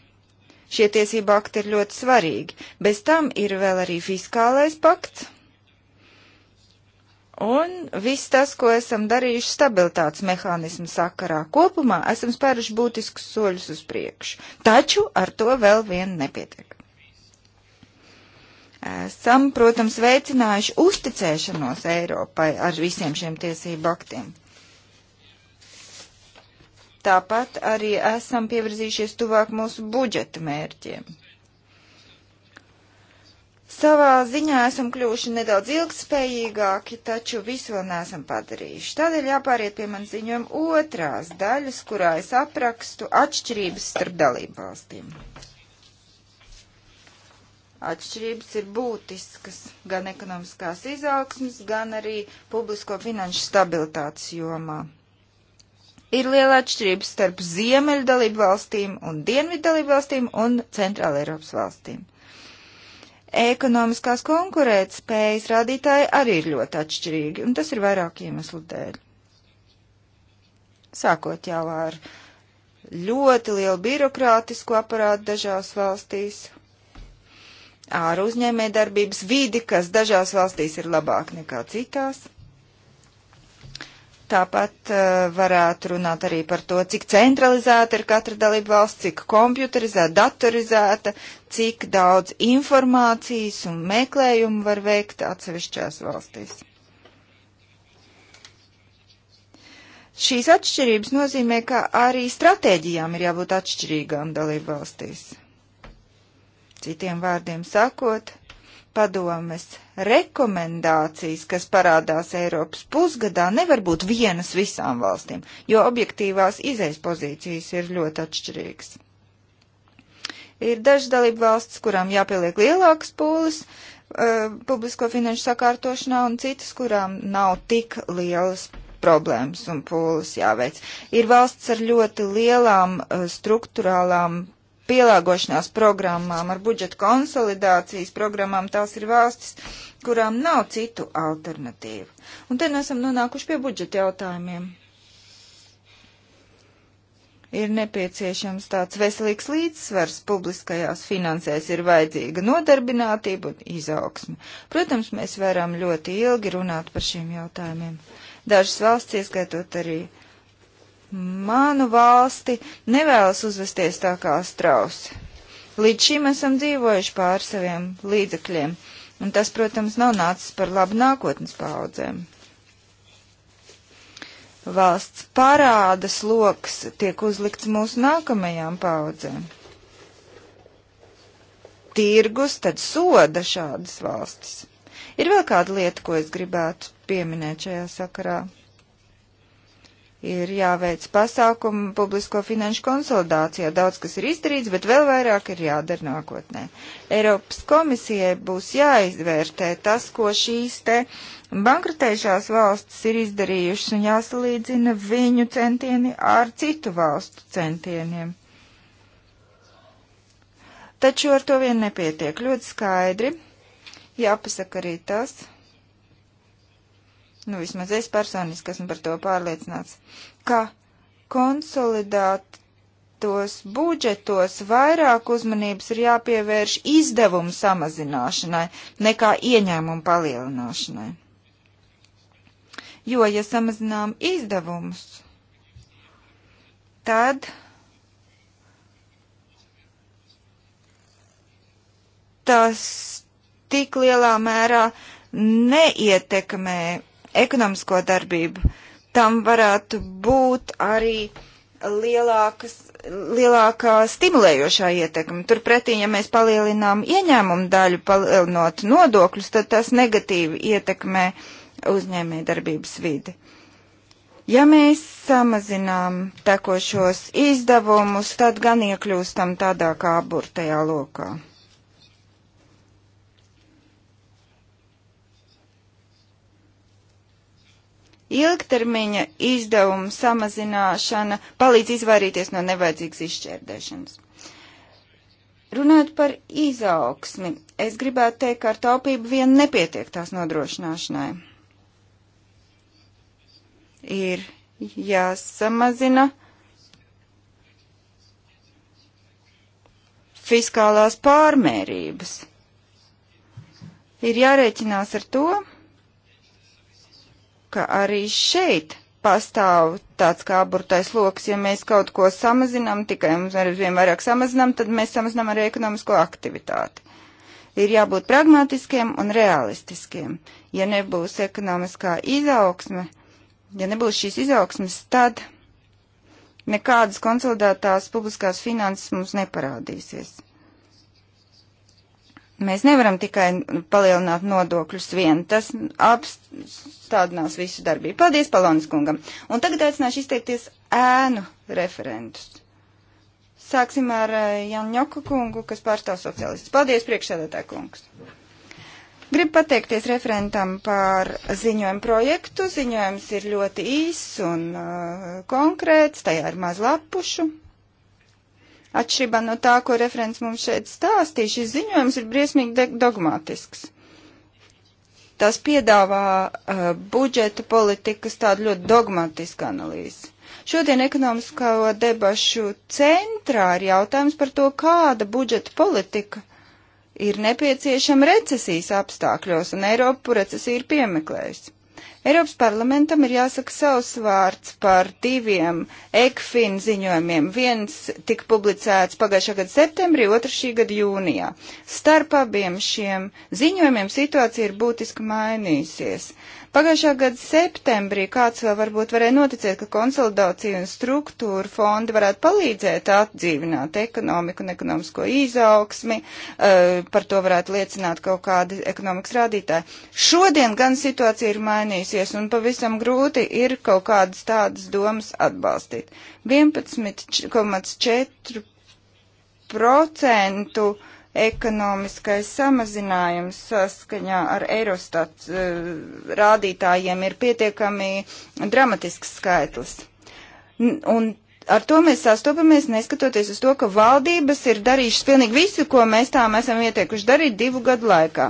Šie tiesību akti ir ļoti svarīgi. Bez tam ir vēl arī fiskālais pakts. Un viss tas, ko esam darījuši stabilitātes mehānismu sakarā kopumā, esam spēruši būtiskus soļus uz priekšu. Taču ar to vēl vien nepietiek. Esam, protams, veicinājuši uzticēšanos Eiropai ar visiem šiem tiesību aktiem. Tāpat arī esam pievirzījušies tuvāk mūsu budžeta mērķiem. Savā ziņā esam kļuvuši nedaudz ilgspējīgāki, taču visu vēl neesam padarījuši. Tādēļ jāpāriet pie man ziņojuma otrās daļas, kurā es aprakstu atšķirības starp dalību valstīm. Atšķirības ir būtiskas gan ekonomiskās izaugsmas, gan arī publisko finanšu stabilitātes jomā ir liela atšķirība starp ziemeļu dalību valstīm un dienvidu dalību valstīm un centrāla Eiropas valstīm. Ekonomiskās konkurētspējas rādītāji arī ir ļoti atšķirīgi, un tas ir vairāk iemeslu dēļ. Sākot jau ar ļoti lielu birokrātisku aparātu dažās valstīs, ar uzņēmē darbības vidi, kas dažās valstīs ir labāk nekā citās. Tāpat uh, varētu runāt arī par to, cik centralizēta ir katra dalība valsts, cik kompjuterizēta, datorizēta, cik daudz informācijas un meklējumu var veikt atsevišķās valstīs. Šīs atšķirības nozīmē, ka arī stratēģijām ir jābūt atšķirīgām dalību valstīs. Citiem vārdiem sakot, padomes rekomendācijas, kas parādās Eiropas pusgadā, nevar būt vienas visām valstīm, jo objektīvās izejas pozīcijas ir ļoti atšķirīgas. Ir dažas dalību valstis, kurām jāpieliek lielākas pūles uh, publisko finanšu sakārtošanā, un citas, kurām nav tik lielas problēmas un pūles jāveic. Ir valsts ar ļoti lielām uh, struktūrālām pielāgošanās programmām, ar budžeta konsolidācijas programmām, tās ir valstis, kurām nav citu alternatīvu. Un te nesam nu nonākuši pie budžeta jautājumiem. Ir nepieciešams tāds veselīgs līdzsvars publiskajās finansēs, ir vajadzīga nodarbinātība un izaugsme. Protams, mēs varam ļoti ilgi runāt par šiem jautājumiem. Dažas valsts, ieskaitot arī manu valsti nevēlas uzvesties tā kā strausi. Līdz šim esam dzīvojuši pār saviem līdzekļiem, un tas, protams, nav nācis par labu nākotnes paudzēm. Valsts parādas loks tiek uzlikts mūsu nākamajām paudzēm. Tirgus tad soda šādas valstis. Ir vēl kāda lieta, ko es gribētu pieminēt šajā sakarā ir jāveic pasākumu publisko finanšu konsolidācijā. Daudz kas ir izdarīts, bet vēl vairāk ir jādara nākotnē. Eiropas komisijai būs jāizvērtē tas, ko šīs te bankrutējušās valstis ir izdarījušas un jāsalīdzina viņu centieni ar citu valstu centieniem. Taču ar to vien nepietiek. Ļoti skaidri jāpasaka arī tas, nu vismaz es personiski esmu par to pārliecināts, ka konsolidētos budžetos vairāk uzmanības ir jāpievērš izdevumu samazināšanai nekā ieņēmumu palielināšanai. Jo, ja samazinām izdevumus, tad tas tik lielā mērā neietekmē ekonomisko darbību, tam varētu būt arī lielākas, lielākā stimulējošā ietekme. Turpretī, ja mēs palielinām ieņēmumu daļu, palielinot nodokļus, tad tas negatīvi ietekmē uzņēmē darbības vidi. Ja mēs samazinām tekošos izdevumus, tad gan iekļūstam tādā kā burtajā lokā. Ilgtermiņa izdevumu samazināšana palīdz izvairīties no nevajadzīgas izšķērdēšanas. Runājot par izaugsmi, es gribētu teikt, ka ar taupību vien nepietiek tās nodrošināšanai. Ir jāsamazina fiskālās pārmērības. Ir jārēķinās ar to, ka arī šeit pastāv tāds kā aburtais lokus. Ja mēs kaut ko samazinām, tikai mums ar vien vairāk samazinām, tad mēs samazinām arī ekonomisko aktivitāti. Ir jābūt pragmatiskiem un realistiskiem. Ja nebūs ekonomiskā izaugsme, ja nebūs šīs izaugsmes, tad nekādas konsolidētās publiskās finanses mums neparādīsies. Mēs nevaram tikai palielināt nodokļus vien. Tas apstādinās visu darbību. Paldies Palonis kungam. Un tagad aicināšu izteikties ēnu referentus. Sāksim ar eh, Janu Ņoku kungu, kas pārstāv socialistus. Paldies priekšsēdētā kungs. Gribu pateikties referentam par ziņojumu projektu. Ziņojums ir ļoti īss un uh, konkrēts, tajā ir maz lapušu. Atšķirībā no tā, ko referents mums šeit stāstīja, šis ziņojums ir briesmīgi dogmatisks. Tas piedāvā uh, budžeta politikas tādu ļoti dogmatisku analīzi. Šodien ekonomiskā debašu centrā ir jautājums par to, kāda budžeta politika ir nepieciešama recesijas apstākļos, un Eiropu recesija ir piemeklējusi. Eiropas parlamentam ir jāsaka savs vārds par diviem ECFIN ziņojumiem. Viens tika publicēts pagājušā gada septembrī, otrs šī gada jūnijā. Starp abiem šiem ziņojumiem situācija ir būtiski mainījusies. Uh, Pagājušā gada septembrī kāds vēl varbūt varēja noticēt, ka konsolidācija un struktūra fondi varētu palīdzēt atdzīvināt ekonomiku un ekonomisko izaugsmi, eh, par to varētu liecināt kaut kādi ekonomikas rādītāji. Šodien gan situācija ir mainījusies un pavisam grūti ir kaut kādas tādas domas atbalstīt. 11,4% ekonomiskais samazinājums saskaņā ar Eurostat eh, rādītājiem ir pietiekami dramatisks skaitlis. Un ar to mēs sastopamies, neskatoties uz to, ka valdības ir darījušas pilnīgi visu, ko mēs tām esam ieteikuši darīt divu gadu laikā.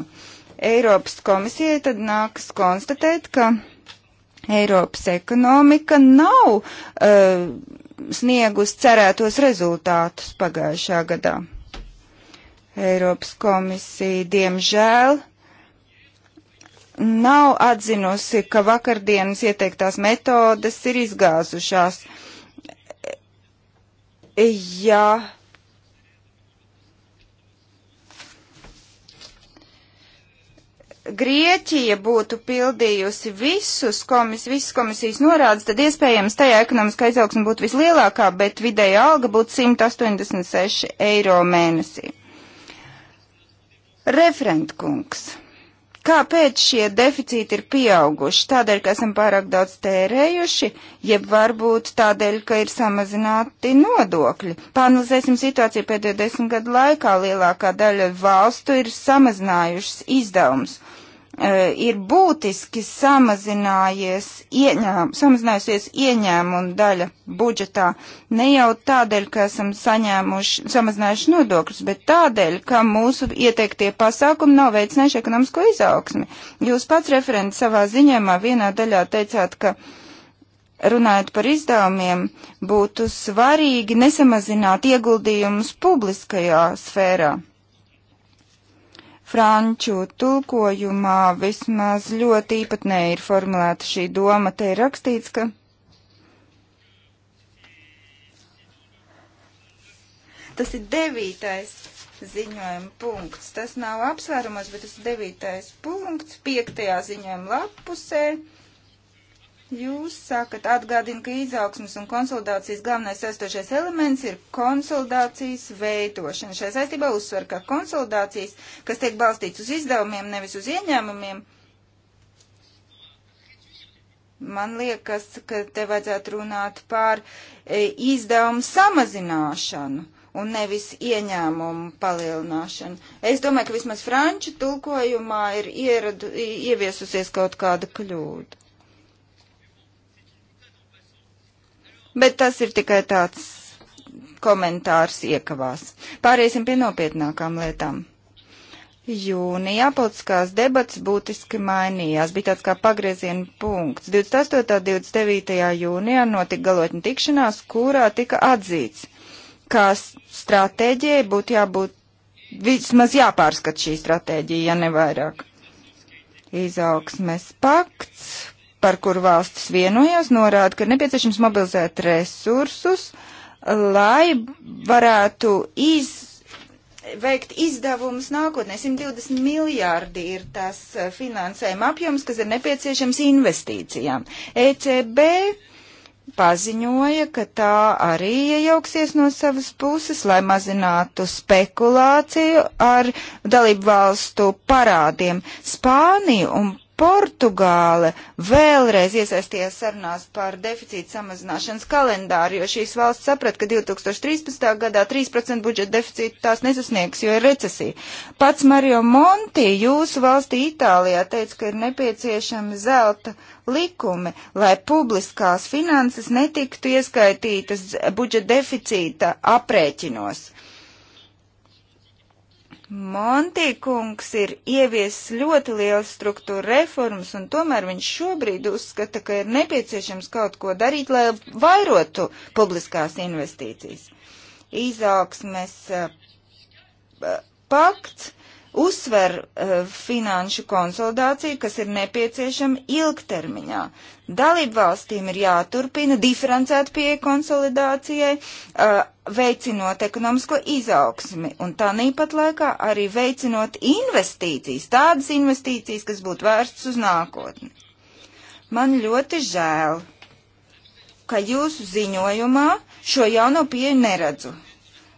Eiropas komisijai tad nākas konstatēt, ka Eiropas ekonomika nav uh, sniegus cerētos rezultātus pagājušā gadā. Eiropas komisija, diemžēl, nav atzinusi, ka vakardienas ieteiktās metodes ir izgāzušās. Ja Grieķija būtu pildījusi visus komis, visas komisijas norādes, tad iespējams tajā ekonomiskā izaugsme būtu vislielākā, bet vidēja alga būtu 186 eiro mēnesī. Referentkungs, kāpēc šie deficīti ir pieauguši? Tādēļ, ka esam pārāk daudz tērējuši, jeb varbūt tādēļ, ka ir samazināti nodokļi. Pāanalizēsim situāciju pēdējo desmit gadu laikā. Lielākā daļa valstu ir samazinājušas izdevumus E, ir būtiski samazinājies ieņēm, samazinājusies ieņēmuma daļa budžetā. Ne jau tādēļ, ka esam saņēmuši, samazinājuši nodokļus, bet tādēļ, ka mūsu ieteiktie pasākumi nav veicinājuši ekonomisko izaugsmi. Jūs pats referents savā ziņēmā vienā daļā teicāt, ka runājot par izdevumiem, būtu svarīgi nesamazināt ieguldījumus publiskajā sfērā franču tulkojumā vismaz ļoti īpatnēji ir formulēta šī doma. Te ir rakstīts, ka. Tas ir devītais ziņojuma punkts. Tas nav apsvērumos, bet tas ir devītais punkts piektajā ziņojuma lapusē. Jūs sakat, atgādina, ka izaugsmas un konsolidācijas galvenais aizstošais elements ir konsolidācijas veidošana. Šai saistībā uzsver, ka konsolidācijas, kas tiek balstīts uz izdevumiem, nevis uz ieņēmumiem, man liekas, ka te vajadzētu runāt par e, izdevumu samazināšanu un nevis ieņēmumu palielināšanu. Es domāju, ka vismaz franču tulkojumā ir ieradu, ieviesusies kaut kāda kļūda. bet tas ir tikai tāds komentārs iekavās. Pāriesim pie nopietnākām lietām. Jūnijā politiskās debats būtiski mainījās, bija tāds kā pagrieziena punkts. 28. un 29. jūnijā notika galotņa tikšanās, kurā tika atzīts, ka stratēģijai būtu jābūt, vismaz jāpārskat šī stratēģija, ja nevairāk. Izaugsmes pakts par kuru valstis vienojās, norāda, ka nepieciešams mobilizēt resursus, lai varētu iz, veikt izdevumus nākotnē. 120 miljārdi ir tas eh, finansējuma apjoms, kas ir nepieciešams investīcijām. ECB paziņoja, ka tā arī iejauksies no savas puses, lai mazinātu spekulāciju ar dalību valstu parādiem. Spāniju un Portugāle vēlreiz iesaistījās sarunās par deficīta samazināšanas kalendāru, jo šīs valsts saprat, ka 2013. gadā 3% budžeta deficīta tās nesasniegs, jo ir recesija. Pats Mario Monti jūsu valstī Itālijā teica, ka ir nepieciešami zelta likumi, lai publiskās finanses netiktu ieskaitītas budžeta deficīta aprēķinos. Uh, Montīkungs ir ieviesis ļoti liels struktūra reformas, un tomēr viņš šobrīd uzskata, ka ir nepieciešams kaut ko darīt, lai vairotu publiskās investīcijas. Izaugsmes eh, eh, pakts uzsver uh, finanšu konsolidāciju, kas ir nepieciešama ilgtermiņā. Dalību valstīm ir jāturpina diferencēt pieeja konsolidācijai, uh, veicinot ekonomisko izaugsmi un tā nīpat laikā arī veicinot investīcijas, tādas investīcijas, kas būtu vērstas uz nākotni. Man ļoti žēl, ka jūsu ziņojumā šo jauno pieeju neredzu.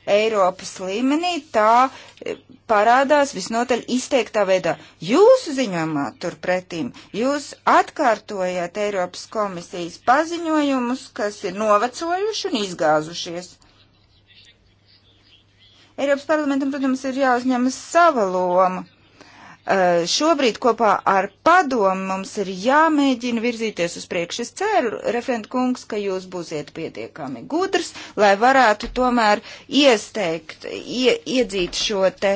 Eiropas līmenī tā e, parādās visnotaļ izteiktā veidā. Jūsu ziņojumā turpretīm jūs atkārtojāt Eiropas komisijas paziņojumus, kas ir novecojuši un izgāzušies. Eiropas parlamentam, protams, ir jāuzņemas sava loma Eh, šobrīd kopā ar padomu mums ir jāmēģina virzīties uz priekšu. Es ceru, referent kungs, ka jūs būsiet pietiekami gudrs, lai varētu tomēr iesteikt, ie, iedzīt šo te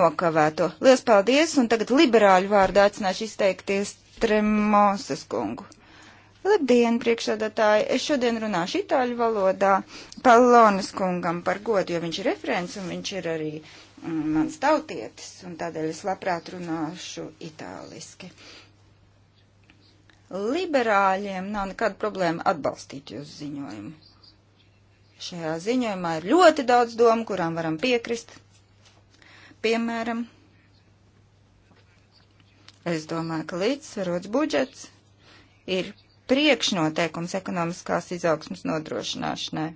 nokavēto. Lielas paldies, un tagad liberāļu vārdā aicināšu izteikties Tremosas kungu. Labdien, priekšsādātāji! Es šodien runāšu itāļu valodā Pallonas kungam par godu, jo viņš ir referents un viņš ir arī mans tautietis, un tādēļ es labprāt runāšu itāliski. Liberāļiem nav nekāda problēma atbalstīt jūsu ziņojumu. Šajā ziņojumā ir ļoti daudz domu, kurām varam piekrist. Piemēram, es domāju, ka līdzsvarots budžets ir priekšnoteikums ekonomiskās izaugsmas nodrošināšanai.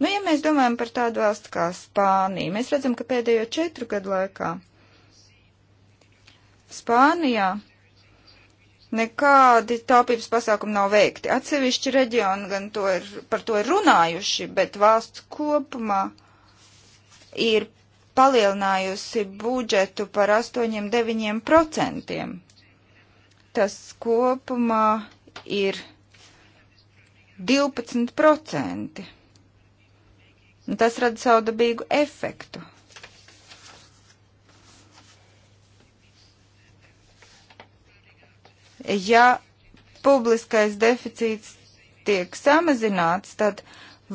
Nu, ja mēs domājam par tādu valstu kā Spānija, mēs redzam, ka pēdējo četru gadu laikā Spānijā nekādi taupības pasākumi nav veikti. Atsevišķi reģioni gan to ir, par to ir runājuši, bet valsts kopumā ir palielinājusi budžetu par 8-9%. Tas kopumā ir 12%. Un nu, tas rada savu dabīgu efektu. Ja publiskais deficīts tiek samazināts, tad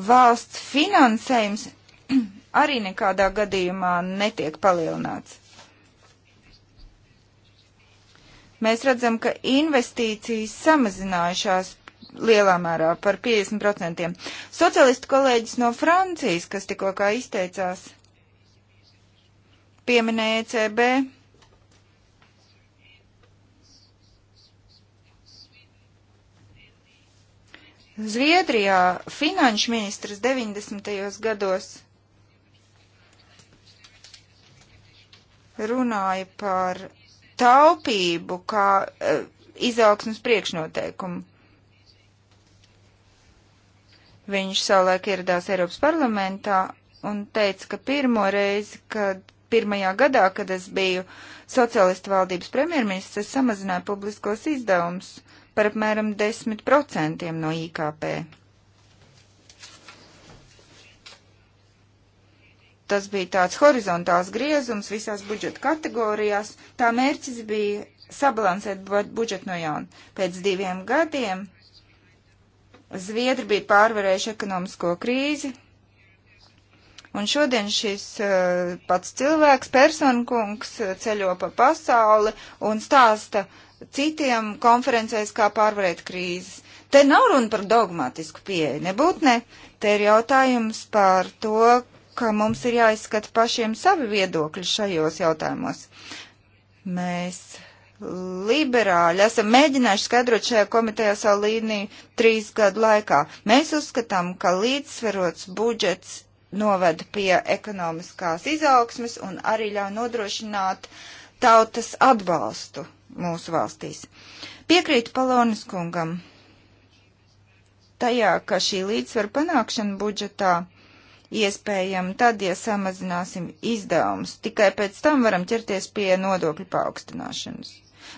valsts finansējums [clears throat] arī nekādā gadījumā netiek palielināts. Mēs redzam, ka investīcijas samazinājušās lielā mērā par 50%. Socialistu kolēģis no Francijas, kas tikko kā izteicās, pieminēja ECB. Zviedrijā finanšu ministrs 90. gados runāja par taupību kā uh, izaugsmas priekšnoteikumu. Viņš savulaik ieradās Eiropas parlamentā un teica, ka pirmo reizi, kad pirmajā gadā, kad es biju socialistu valdības premjerministrs, es samazināju publiskos izdevumus par apmēram 10% no IKP. Tas bija tāds horizontāls griezums visās budžeta kategorijās. Tā mērķis bija sabalansēt budžetu no jauna. Pēc diviem gadiem Zviedri bija pārvarējuši ekonomisko krīzi, un šodien šis uh, pats cilvēks, personkungs, eh, ceļo pa pasauli un stāsta citiem konferencēs, kā pārvarēt krīzes. Te nav runa par dogmatisku pieeju, nebūt ne. Te ir jautājums par to, ka mums ir jāizskata pašiem savi viedokļi šajos jautājumos. Mēs liberāļi esam mēģinājuši skaidrot šajā komitejā savu līniju trīs gadu laikā. Mēs uzskatām, ka līdzsverots budžets noved pie ekonomiskās izaugsmes un arī ļauj nodrošināt tautas atbalstu mūsu valstīs. Piekrītu Palonis kungam tajā, ka šī līdzsvera panākšana budžetā iespējama tad, ja samazināsim izdevumus. Tikai pēc tam varam ķerties pie nodokļu paaugstināšanas.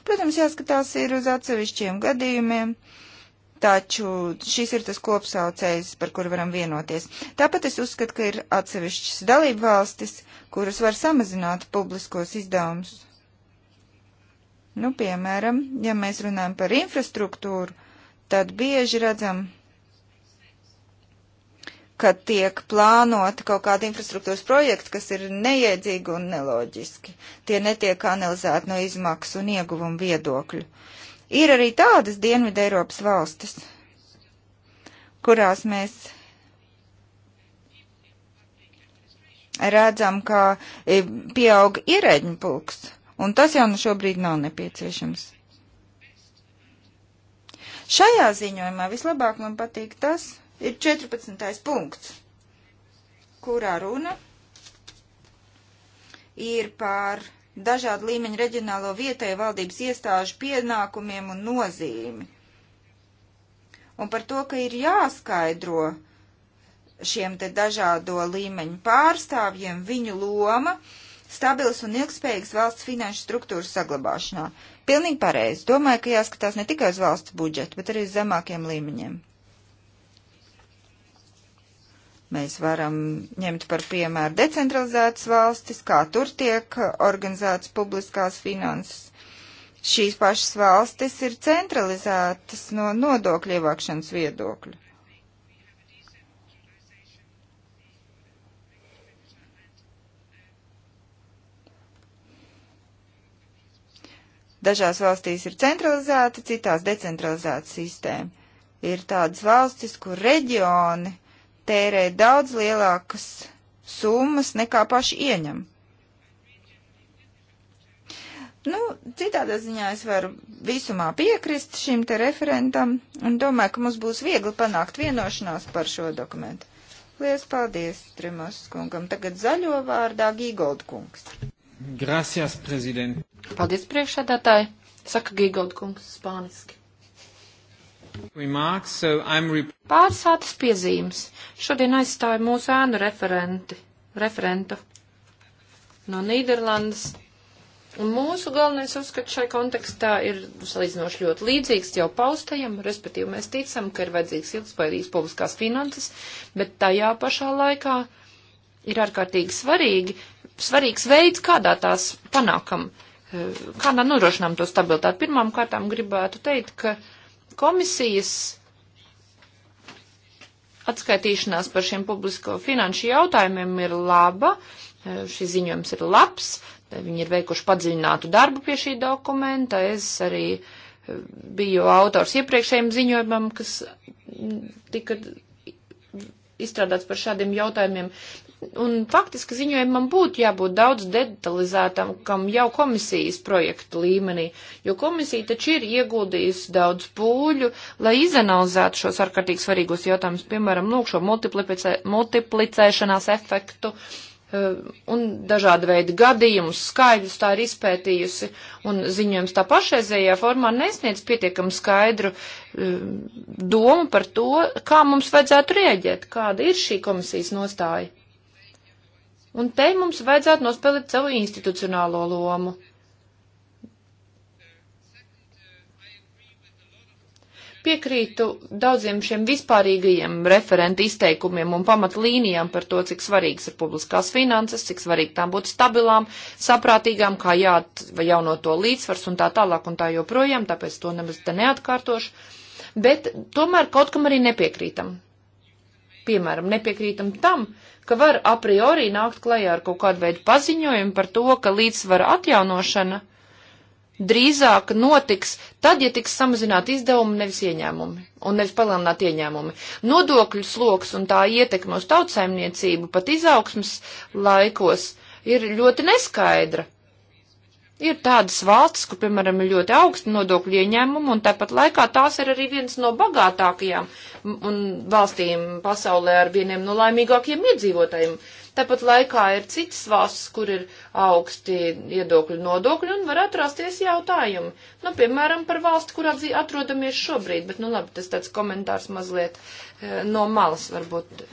Protams, jāskatās ir uz atsevišķiem gadījumiem. Taču šis ir tas kopsaucējs, par kuru varam vienoties. Tāpat es uzskatu, ka ir atsevišķas dalību valstis, kuras var samazināt publiskos izdevumus. Nu, piemēram, ja mēs runājam par infrastruktūru, tad bieži redzam ka tiek plānoti kaut kādi infrastruktūras projekti, kas ir neiedzīgi un neloģiski. Tie netiek analizēti no izmaksu un ieguvumu viedokļu. Ir arī tādas Dienvidē Eiropas valstis, kurās mēs redzam, ka e, pieaug ierēģņu pulks, un tas jau nu šobrīd nav nepieciešams. Šajā ziņojumā vislabāk man patīk tas, Ir 14. punkts, kurā runa ir par dažādu līmeņu reģionālo vietēju valdības iestāžu pienākumiem un nozīmi. Un par to, ka ir jāskaidro šiem te dažādo līmeņu pārstāvjiem viņu loma stabils un ilgspējīgs valsts finanšu struktūras saglabāšanā. Pilnīgi pareizi. Domāju, ka jāskatās ne tikai uz valsts budžetu, bet arī uz zemākiem līmeņiem. Mēs varam ņemt par piemēru decentralizētas valstis, kā tur tiek organizētas publiskās finanses. Šīs pašas valstis ir centralizētas no nodokļu ievākšanas viedokļa. Dažās valstīs ir centralizēta, citās decentralizēta sistēma. Ir tādas valstis, kur reģioni uh, tērē daudz lielākas summas nekā paši ieņem. Nu, citādā ziņā es varu visumā piekrist šim te referentam un domāju, ka mums būs viegli panākt vienošanās par šo dokumentu. Lielas paldies Tremos kungam. Tagad zaļo vārdā Gīgold kungs. Gracias, prezident. Paldies priekšsēdētāji. Saka Gīgold kungs spāniski. Pāris ātras piezīmes. Šodien aizstāju mūsu ēnu referenti, referentu no Nīderlandes. Un mūsu galvenais uzskats šai kontekstā ir salīdzinoši ļoti līdzīgs jau paustajam, respektīvi mēs ticam, ka ir vajadzīgs ilgspējīgs publiskās finanses, bet tajā pašā laikā ir ārkārtīgi svarīgi, svarīgs veids, kādā tās panākam, eh, kādā nodrošinām to stabilitāti. Pirmām kārtām gribētu teikt, ka. Uh, komisijas atskaitīšanās par šiem publisko finanšu jautājumiem ir laba, šis ziņojums ir labs, viņi ir veikuši padziļinātu darbu pie šī dokumenta, es arī eh, biju autors iepriekšējiem ziņojumam, kas tika izstrādāts par šādiem jautājumiem, Un faktiski ziņojumam būtu jābūt daudz detalizētam, kam jau komisijas projekta līmenī, jo komisija taču ir ieguldījusi daudz pūļu, lai izanalizētu šos ārkārtīgi svarīgos jautājumus, piemēram, lūk, šo multiplicē, multiplicēšanās efektu eh, un dažādu veidu gadījumus, skaidrus tā ir izpētījusi, un ziņojums tā pašreizējā formā nesniedz pietiekam skaidru eh, domu par to, kā mums vajadzētu rieģēt, kāda ir šī komisijas nostāja. Un te mums vajadzētu nospēlēt savu institucionālo lomu. Piekrītu daudziem šiem vispārīgajiem referenta izteikumiem un pamatlīnijām par to, cik svarīgas ir publiskās finanses, cik svarīgi tām būt stabilām, saprātīgām, kā jāatjauno to līdzsvars un tā tālāk un tā joprojām, tāpēc to nemaz te neatkārtošu. Bet tomēr kaut kam arī nepiekrītam. Piemēram, nepiekrītam tam, ka var a priori nākt klajā ar kaut kādu veidu paziņojumu par to, ka līdzsvara atjaunošana drīzāk notiks tad, ja tiks samazināt izdevumi, nevis ieņēmumi, un nevis palielināt ieņēmumi. Nodokļu sloks un tā ietekme uz tautsaimniecību pat izaugsmas laikos ir ļoti neskaidra. Ir tādas valstis, kur, piemēram, ir ļoti augsti nodokļu ieņēmumi, un tāpat laikā tās ir arī viens no bagātākajām un valstīm pasaulē ar vieniem no laimīgākiem iedzīvotājiem. Tāpat laikā ir citas valstis, kur ir augsti iedokļu nodokļi un var atrasties jautājumi. Nu, piemēram, par valsti, kurā atrodamies šobrīd, bet, nu labi, tas tāds komentārs mazliet eh, no malas varbūt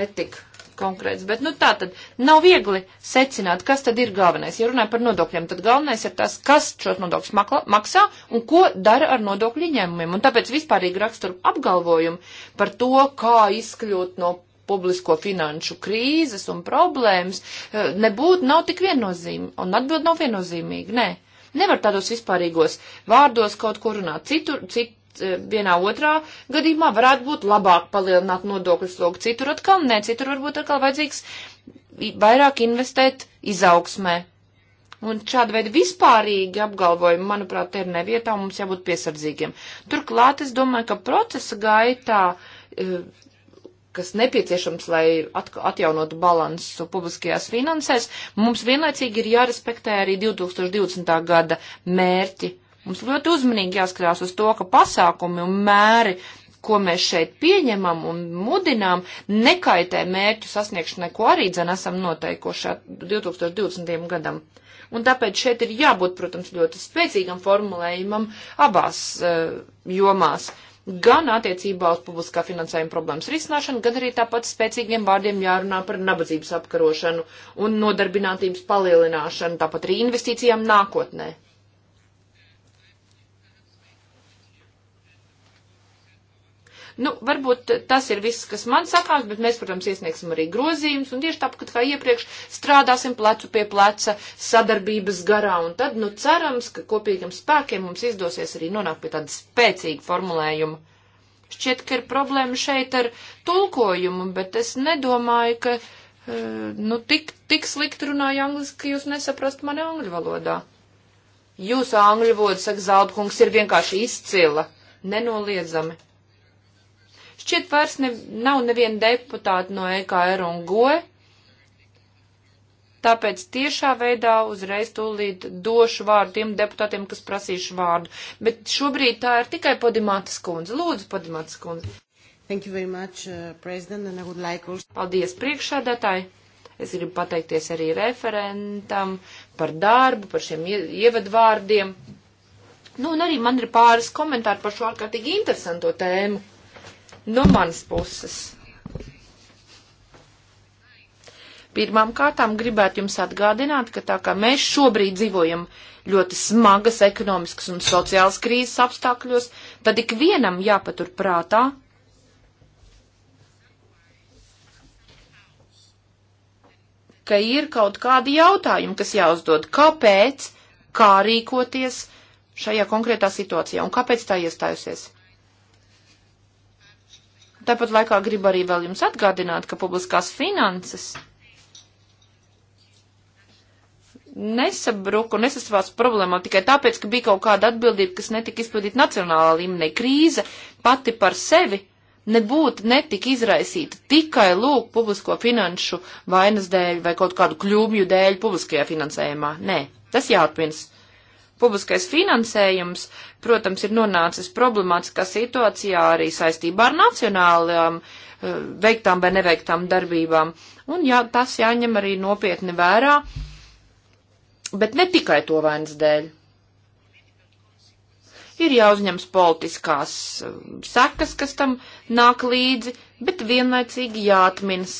netik konkrēts, bet nu tā tad nav viegli secināt, kas tad ir galvenais. Ja runājam par nodokļiem, tad galvenais ir tas, kas šos nodokļus maksā un ko dara ar nodokļu ieņēmumiem. Un tāpēc vispārīgi raksturu apgalvojumu par to, kā izkļūt no publisko finanšu krīzes un problēmas, eh, nebūtu nav tik viennozīmīgi, un atbild nav viennozīmīgi, nē. Nevar tādos vispārīgos vārdos kaut ko runāt. Citur, cit, Eh, vienā otrā gadījumā varētu būt labāk palielināt nodokļu slogu, citur atkal nē, citur varbūt atkal vajadzīgs vairāk investēt izaugsmē. Un šāda veida vispārīgi apgalvojumi, manuprāt, ir nevietā, mums jābūt piesardzīgiem. Turklāt es domāju, ka procesa gaitā, eh, kas nepieciešams, lai atjaunotu balansu publiskajās finansēs, mums vienlaicīgi ir jārespektē arī 2020. gada mērķi Mums ļoti uzmanīgi jāskatās uz to, ka pasākumi un mēri, ko mēs šeit pieņemam un mudinām, nekaitē mērķu sasniegšanai, ko arī dzen esam noteikušā 2020. gadam. Un tāpēc šeit ir jābūt, protams, ļoti spēcīgam formulējumam abās uh, jomās gan attiecībā uz publiskā finansējuma problēmas risināšanu, gan arī tāpat spēcīgiem vārdiem jārunā par nabadzības apkarošanu un nodarbinātības palielināšanu, tāpat arī investīcijām nākotnē. Nu, varbūt tas ir viss, kas man sakās, bet mēs, protams, iesniegsim arī grozījumus un tieši tāpat kā iepriekš strādāsim plecu pie pleca sadarbības garā un tad, nu, cerams, ka kopīgiem spēkiem mums izdosies arī nonākt pie tāda spēcīga formulējuma. Šķiet, ka ir problēma šeit ar tulkojumu, bet es nedomāju, ka, eh, nu, tik, tik slikti runāju angliski, ka jūs nesaprast mani angļu valodā. Jūsu angļu valoda, saka Zaldkungs, ir vienkārši izcila, nenoliedzami. Šķiet vairs ne, nav neviena deputāta no EKR un GOE, tāpēc tiešā veidā uzreiz tūlīt došu vārdu tiem deputātiem, kas prasīšu vārdu. Bet šobrīd tā ir tikai Podimātas kundze. Lūdzu, Podimātas kundze. Thank you very much, uh, President, and I would like also... Paldies priekšādātāji. Es gribu pateikties arī referentam par darbu, par šiem ievadvārdiem. Nu, un arī man ir pāris komentāri par šo ārkārtīgi interesanto tēmu no manas puses. Pirmām kārtām gribētu jums atgādināt, ka tā kā mēs šobrīd dzīvojam ļoti smagas ekonomiskas un sociālas krīzes apstākļos, tad ikvienam jāpatur prātā, ka ir kaut kādi jautājumi, kas jāuzdod, kāpēc, kā rīkoties šajā konkrētā situācijā un kāpēc tā iestājusies. Tāpat laikā gribu arī vēl jums atgādināt, ka publiskās finanses nesabruka un nesastāvās problēmā tikai tāpēc, ka bija kaut kāda atbildība, kas netika izpildīta nacionālā līmenī. Krīze pati par sevi nebūtu netika izraisīta tikai lūk publisko finanšu vainas dēļ vai kaut kādu kļūmju dēļ publiskajā finansējumā. Nē, tas jāatpins publiskais finansējums, protams, ir nonācis problemātiskā situācijā arī saistībā ar nacionālām eh, veiktām vai neveiktām darbībām. Un jā, tas jāņem arī nopietni vērā, bet ne tikai to vainas dēļ. Ir jāuzņems politiskās eh, sekas, kas tam nāk līdzi, bet vienlaicīgi jāatminas,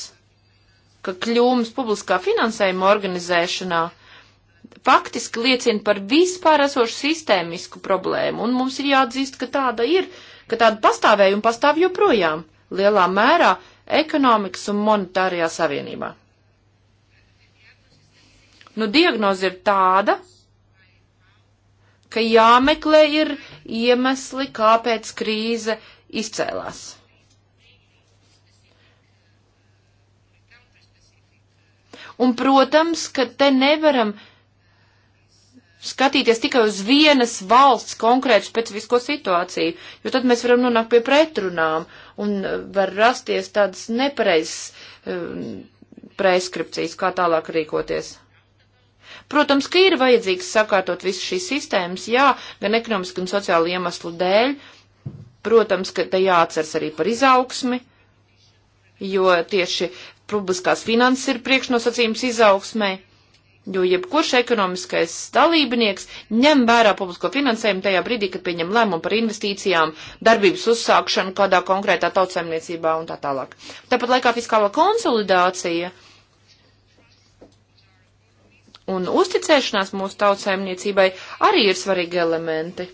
ka kļūmes publiskā finansējuma organizēšanā uh, faktiski liecina par vispār esošu sistēmisku problēmu, un mums ir jāatzīst, ka tāda ir, ka tāda pastāvēja un pastāv joprojām lielā mērā ekonomikas un monetārajā savienībā. Nu, diagnoze ir tāda, ka jāmeklē ir iemesli, kāpēc krīze izcēlās. Un, protams, ka te nevaram uh, skatīties tikai uz vienas valsts konkrētu specifisko situāciju, jo tad mēs varam nonākt pie pretrunām un e, var rasties tādas nepareizas um, preskripcijas, kā tālāk rīkoties. Protams, ka ir vajadzīgs sakārtot visu šīs sistēmas, jā, gan ekonomiski, gan sociāli iemeslu dēļ. Protams, ka te jāatceras arī par izaugsmi, jo tieši publiskās finanses ir priekšnosacījums izaugsmai Jo jebkurš ekonomiskais dalībnieks ņem vērā publisko finansējumu tajā brīdī, kad pieņem lēmumu par investīcijām, darbības uzsākšanu kādā konkrētā tautsēmniecībā un tā tālāk. Tāpat laikā fiskālā konsolidācija un uzticēšanās mūsu tautsēmniecībai arī ir svarīgi elementi.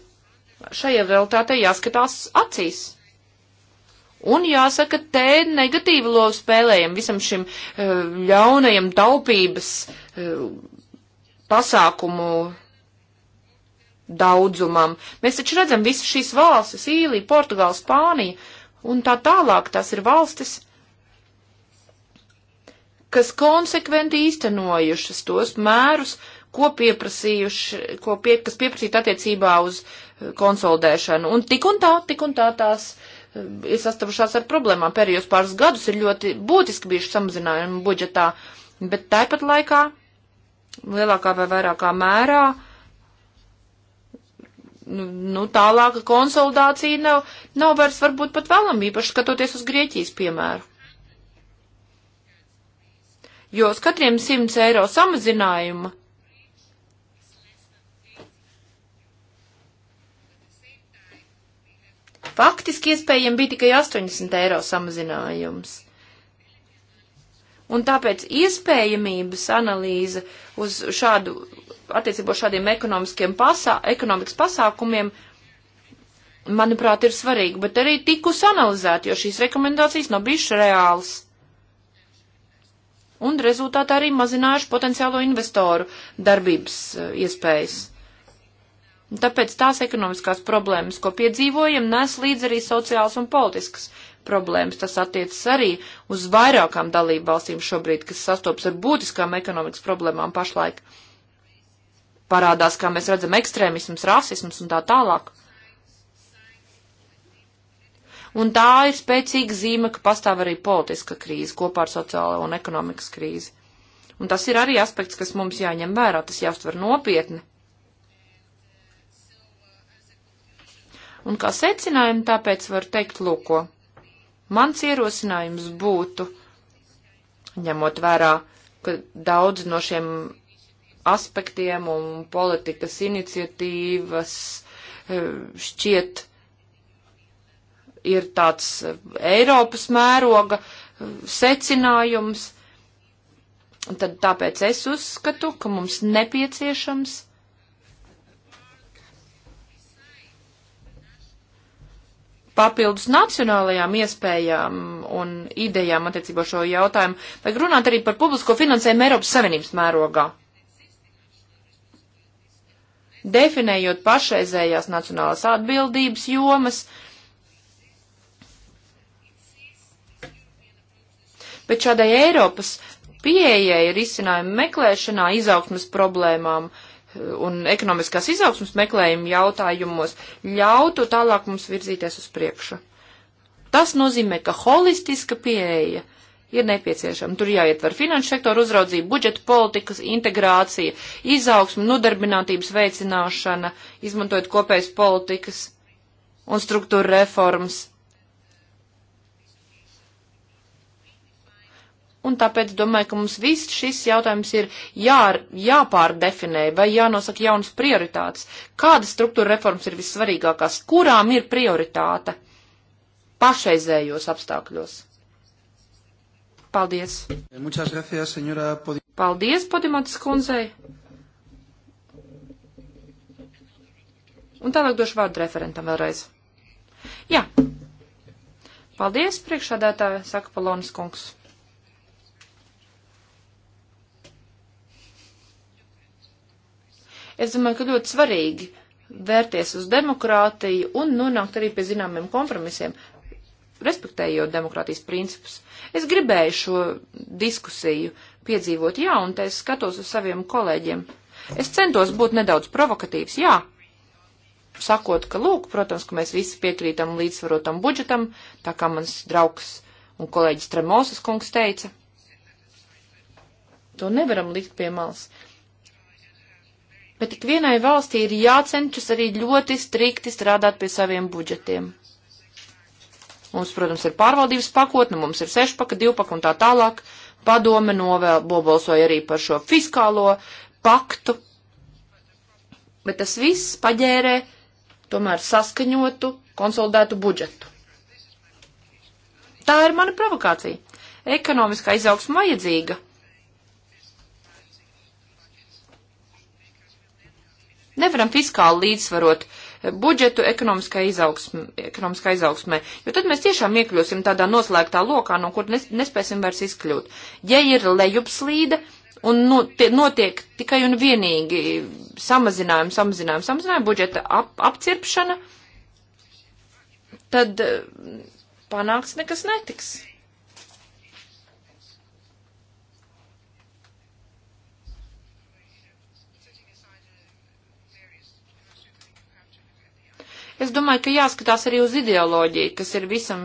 Šajā realitātei jāskatās acīs. Un jāsaka, te negatīvi lovu spēlējam visam šim eh, ļaunajam taupības uh, pasākumu daudzumam. Mēs taču redzam visas šīs valstis - Īlija, Portugāla, Spānija un tā tālāk. Tās ir valstis, kas konsekventi īstenojušas tos mērus, ko pieprasījuši, ko pie, kas pieprasīt attiecībā uz eh, konsolidēšanu. Un tik un tā, tik un tā tās eh, ir sastapušās ar problēmām. Pēdējos pāris gadus ir ļoti būtiski bijuši samazinājumi budžetā, bet tāpat laikā lielākā vai vairākā mērā nu, nu, tālāka konsolidācija nav, nav vairs varbūt pat vēlam, īpaši skatoties uz Grieķijas piemēru. Jo uz katriem 100 eiro samazinājuma faktiski iespējami bija tikai 80 eiro samazinājums. Un tāpēc iespējamības analīze uz šādu, attiecībā šādiem ekonomiskiem pasā, ekonomikas pasākumiem, manuprāt, ir svarīga, bet arī tikus analizēt, jo šīs rekomendācijas nav bijušas reālas. Un rezultātā arī mazinājuši potenciālo investoru darbības eh, iespējas. Tāpēc tās ekonomiskās problēmas, ko piedzīvojam, nes līdz arī sociāls un politisks problēmas. Tas attiecas arī uz vairākām dalību valstīm šobrīd, kas sastopas ar būtiskām ekonomikas problēmām pašlaik. Parādās, kā mēs redzam, ekstrēmisms, rasisms un tā tālāk. Un tā ir spēcīga zīme, ka pastāv arī politiska krīze kopā ar sociālo un ekonomikas krīzi. Un tas ir arī aspekts, kas mums jāņem vērā, tas jāuztver nopietni. Un kā secinājumu tāpēc var teikt, lūko. Mans ierosinājums būtu, ņemot vērā, ka daudz no šiem aspektiem un politikas iniciatīvas eh, šķiet ir tāds eh, Eiropas mēroga eh, secinājums, tad tāpēc es uzskatu, ka mums nepieciešams papildus nacionālajām iespējām un idejām attiecībā šo jautājumu, vajag runāt arī par publisko finansējumu Eiropas Savienības mērogā. Definējot pašreizējās nacionālās atbildības jomas, bet šādai Eiropas pieejai risinājumu meklēšanā izaugsmas problēmām uh, un ekonomiskās izaugsmas meklējumu jautājumos ļautu tālāk mums virzīties uz priekšu. Tas nozīmē, ka holistiska pieeja ir nepieciešama. Tur jāietver finanšu sektoru uzraudzību, budžeta politikas integrācija, izaugsmu, nodarbinātības veicināšana, izmantojot kopējas politikas un struktūra reformas Un tāpēc domāju, ka mums viss šis jautājums ir jā, jāpārdefinē vai jānosaka jaunas prioritātes. Kādas struktūra reformas ir vissvarīgākās? Kurām ir prioritāte pašreizējos apstākļos? Paldies. Gracias, Podi Paldies, Podimotas kundzei. Un tālāk došu vārdu referentam vēlreiz. Jā. Paldies, priekšādātāja, saka Palonis kungs. Es domāju, ka ļoti svarīgi vērties uz demokrātiju un nonākt arī pie zināmiem kompromisiem, respektējot demokrātijas principus. Es gribēju šo diskusiju piedzīvot, jā, un te es skatos uz saviem kolēģiem. Es centos būt nedaudz provokatīvs, jā, sakot, ka lūk, protams, ka mēs visi piekrītam līdzsvarotam budžetam, tā kā mans draugs un kolēģis Tremosas kungs teica. To nevaram likt pie malas bet tik vienai valstī ir jācenšas arī ļoti strikti strādāt pie saviem budžetiem. Mums, protams, ir pārvaldības pakotne, mums ir sešpaka, divpaka un tā tālāk. Padome novēl, bobalsoja arī par šo fiskālo paktu. Bet tas viss paģērē tomēr saskaņotu, konsolidētu budžetu. Tā ir mana provokācija. Ekonomiskā izaugsma vajadzīga Nevaram fiskāli līdzsvarot eh, budžetu ekonomiskai izaugsmē, ekonomiskā izaugsmē, jo tad mēs tiešām iekļūsim tādā noslēgtā lokā, no kur nespēsim vairs izkļūt. Ja ir lejupslīde un notiek tikai un vienīgi samazinājumi, samazinājumi, samazinājumi, budžeta ap, apcirpšana, tad eh, panāks nekas netiks. Es domāju, ka jāskatās arī uz ideoloģiju, kas ir visam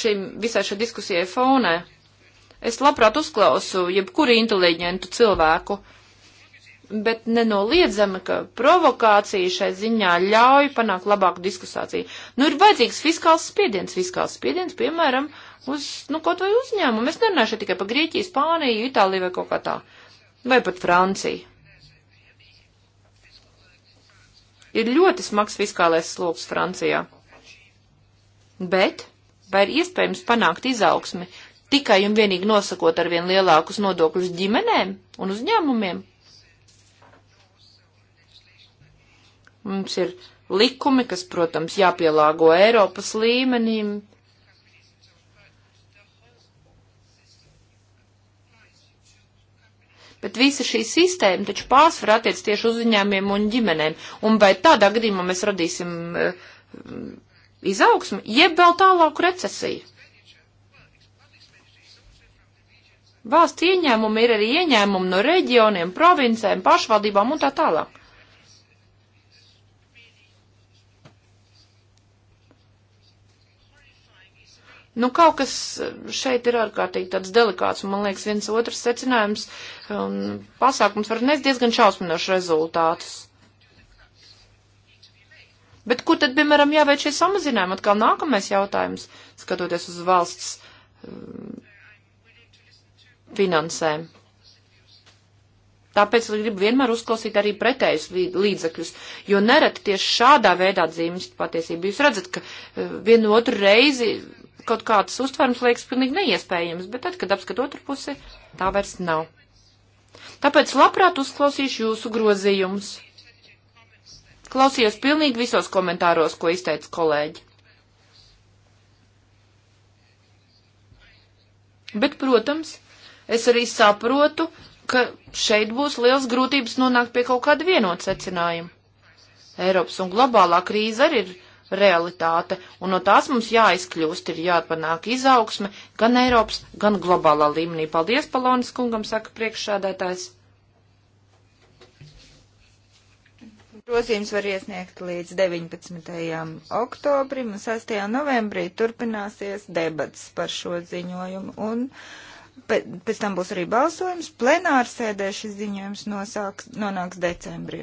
šim, visai šai diskusijai fonē. Es labprāt uzklausu jebkuru inteliģentu cilvēku, bet nenoliedzami, ka provokācija šai ziņā ļauj panākt labāku diskusāciju. Nu, ir vajadzīgs fiskāls spiediens, fiskāls spiediens, piemēram, uz, nu, kaut vai uzņēmumu. Es nerunāju šeit tikai par Grieķiju, Spāniju, Itāliju vai kaut kā tā. Vai pat Franciju. Ir ļoti smags fiskālais sloks Francijā. Bet vai ir iespējams panākt izaugsmi tikai un vienīgi nosakot ar vien lielākus nodokļus ģimenēm un uzņēmumiem? Mums ir likumi, kas, protams, jāpielāgo Eiropas līmenim, bet visa šī sistēma taču pārsvarā attiec tieši uzņēmiem un ģimenēm. Un vai tādā gadījumā mēs radīsim uh, izaugsmu, jeb vēl tālāku recesiju? Valsts ieņēmumi ir arī ieņēmumi no reģioniem, provincēm, pašvaldībām un tā tālāk. Nu, kaut kas eh, šeit ir ārkārtīgi tāds delikāts, un man liekas, viens otrs secinājums un um, pasākums var nes diezgan šausminošs rezultātus. Bet kur tad, piemēram, jāveic šie samazinājumi? Atkal nākamais jautājums, skatoties uz valsts um, finansēm. Tāpēc gribu vienmēr uzklausīt arī pretējus līdzekļus, jo nereti tieši šādā veidā dzīves patiesība. Jūs redzat, ka uh, vienu otru reizi kaut kāds uztverums liekas pilnīgi neiespējams, bet tad, kad apskat otru pusi, tā vairs nav. Tāpēc labprāt uzklausīšu jūsu grozījumus. Klausījos pilnīgi visos komentāros, ko izteica kolēģi. Bet, protams, es arī saprotu, ka šeit būs liels grūtības nonākt pie kaut kāda vienota secinājuma. Eiropas un globālā krīze arī ir realitāte, un no tās mums jāizkļūst, ir jāpanāk izaugsme gan Eiropas, gan globālā līmenī. Paldies, Palonis kungam, saka priekšsādētājs. Grozījums var iesniegt līdz 19. oktobrim, un 6. novembrī turpināsies debats par šo ziņojumu, un pēc tam būs arī balsojums. Plenārsēdē šis ziņojums nosāks, nonāks decembrī.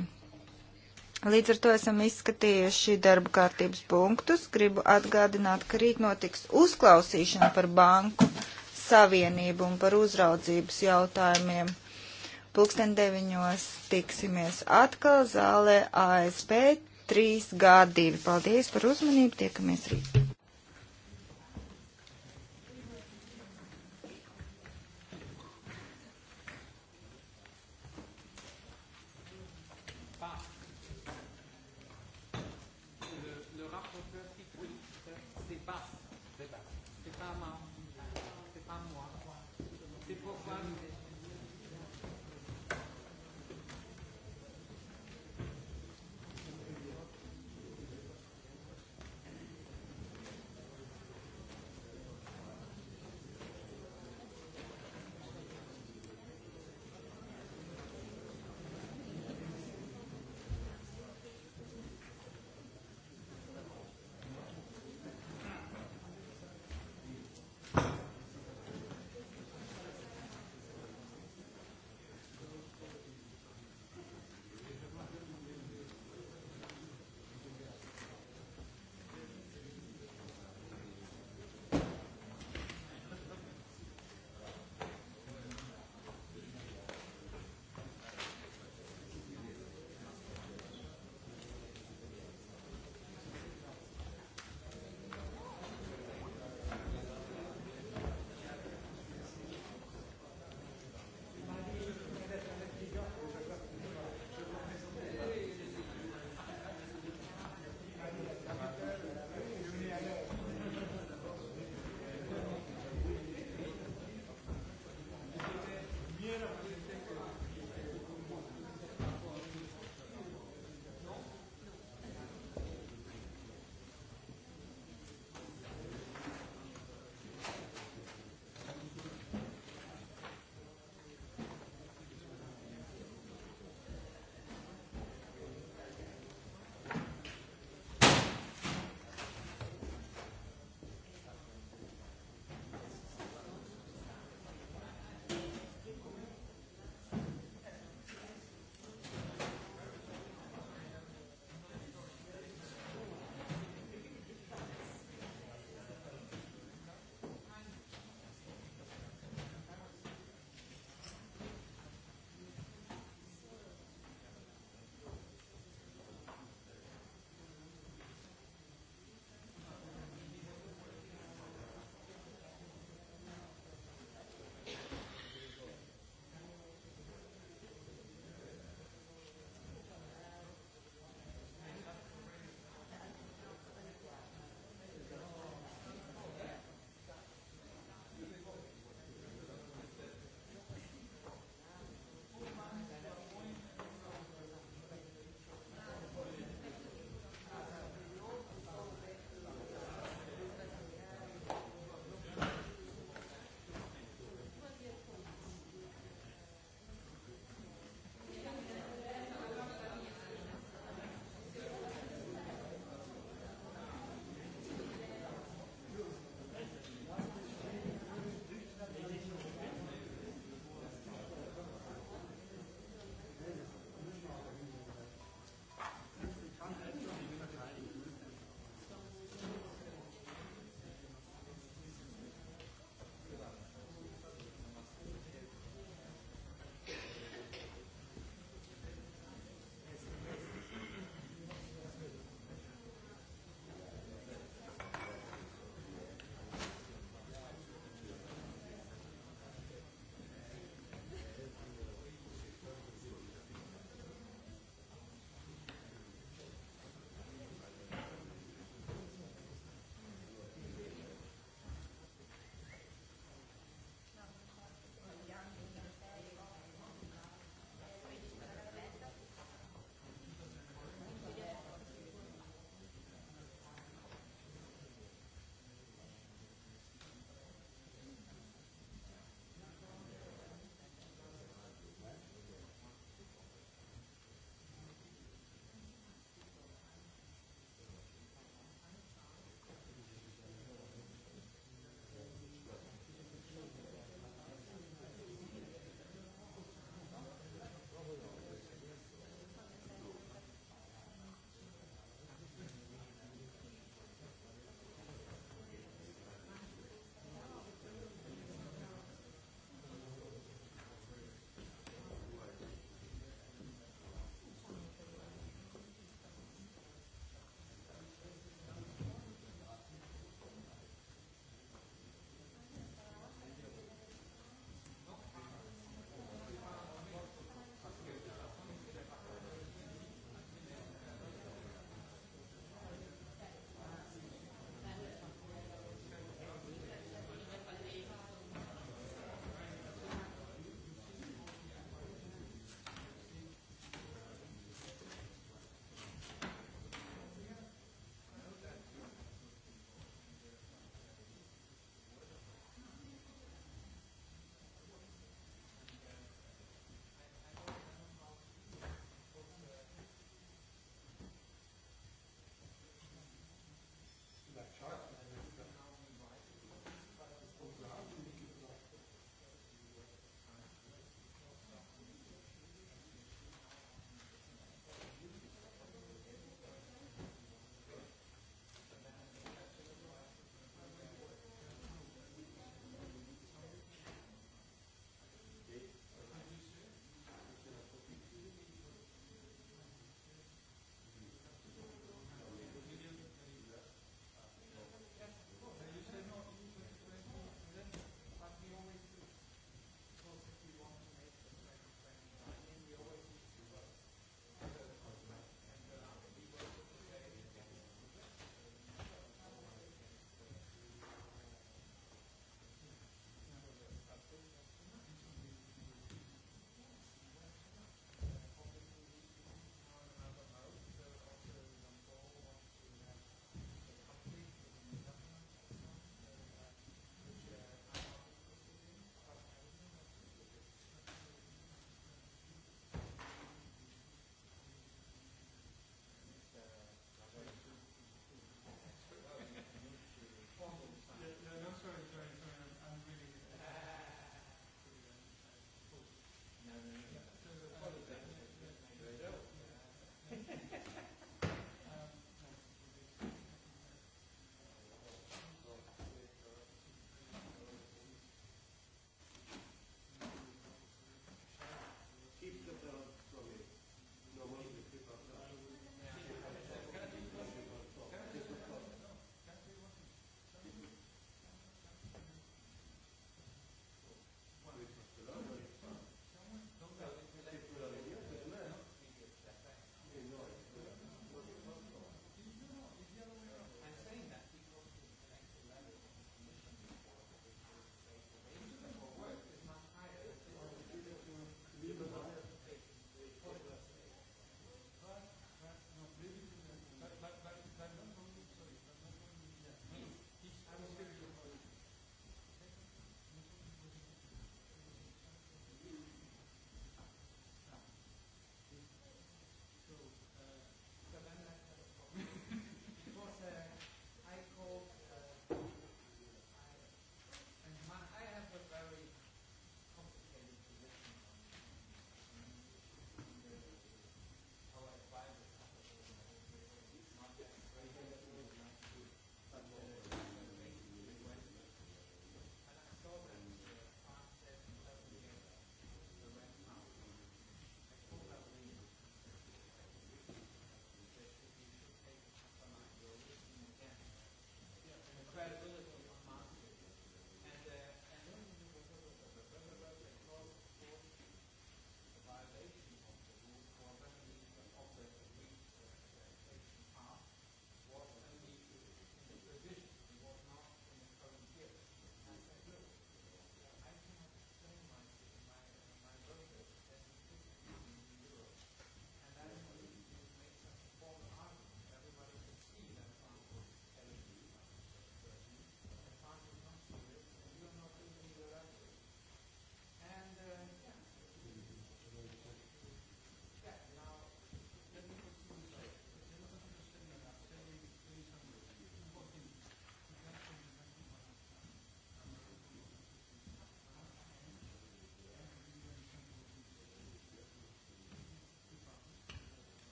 Līdz ar to esam izskatījuši darba kārtības punktus. Gribu atgādināt, ka rīt notiks uzklausīšana par banku savienību un par uzraudzības jautājumiem. Pulksten deviņos tiksimies atkal zālē ASP 3G2. Paldies par uzmanību, tiekamies rīt!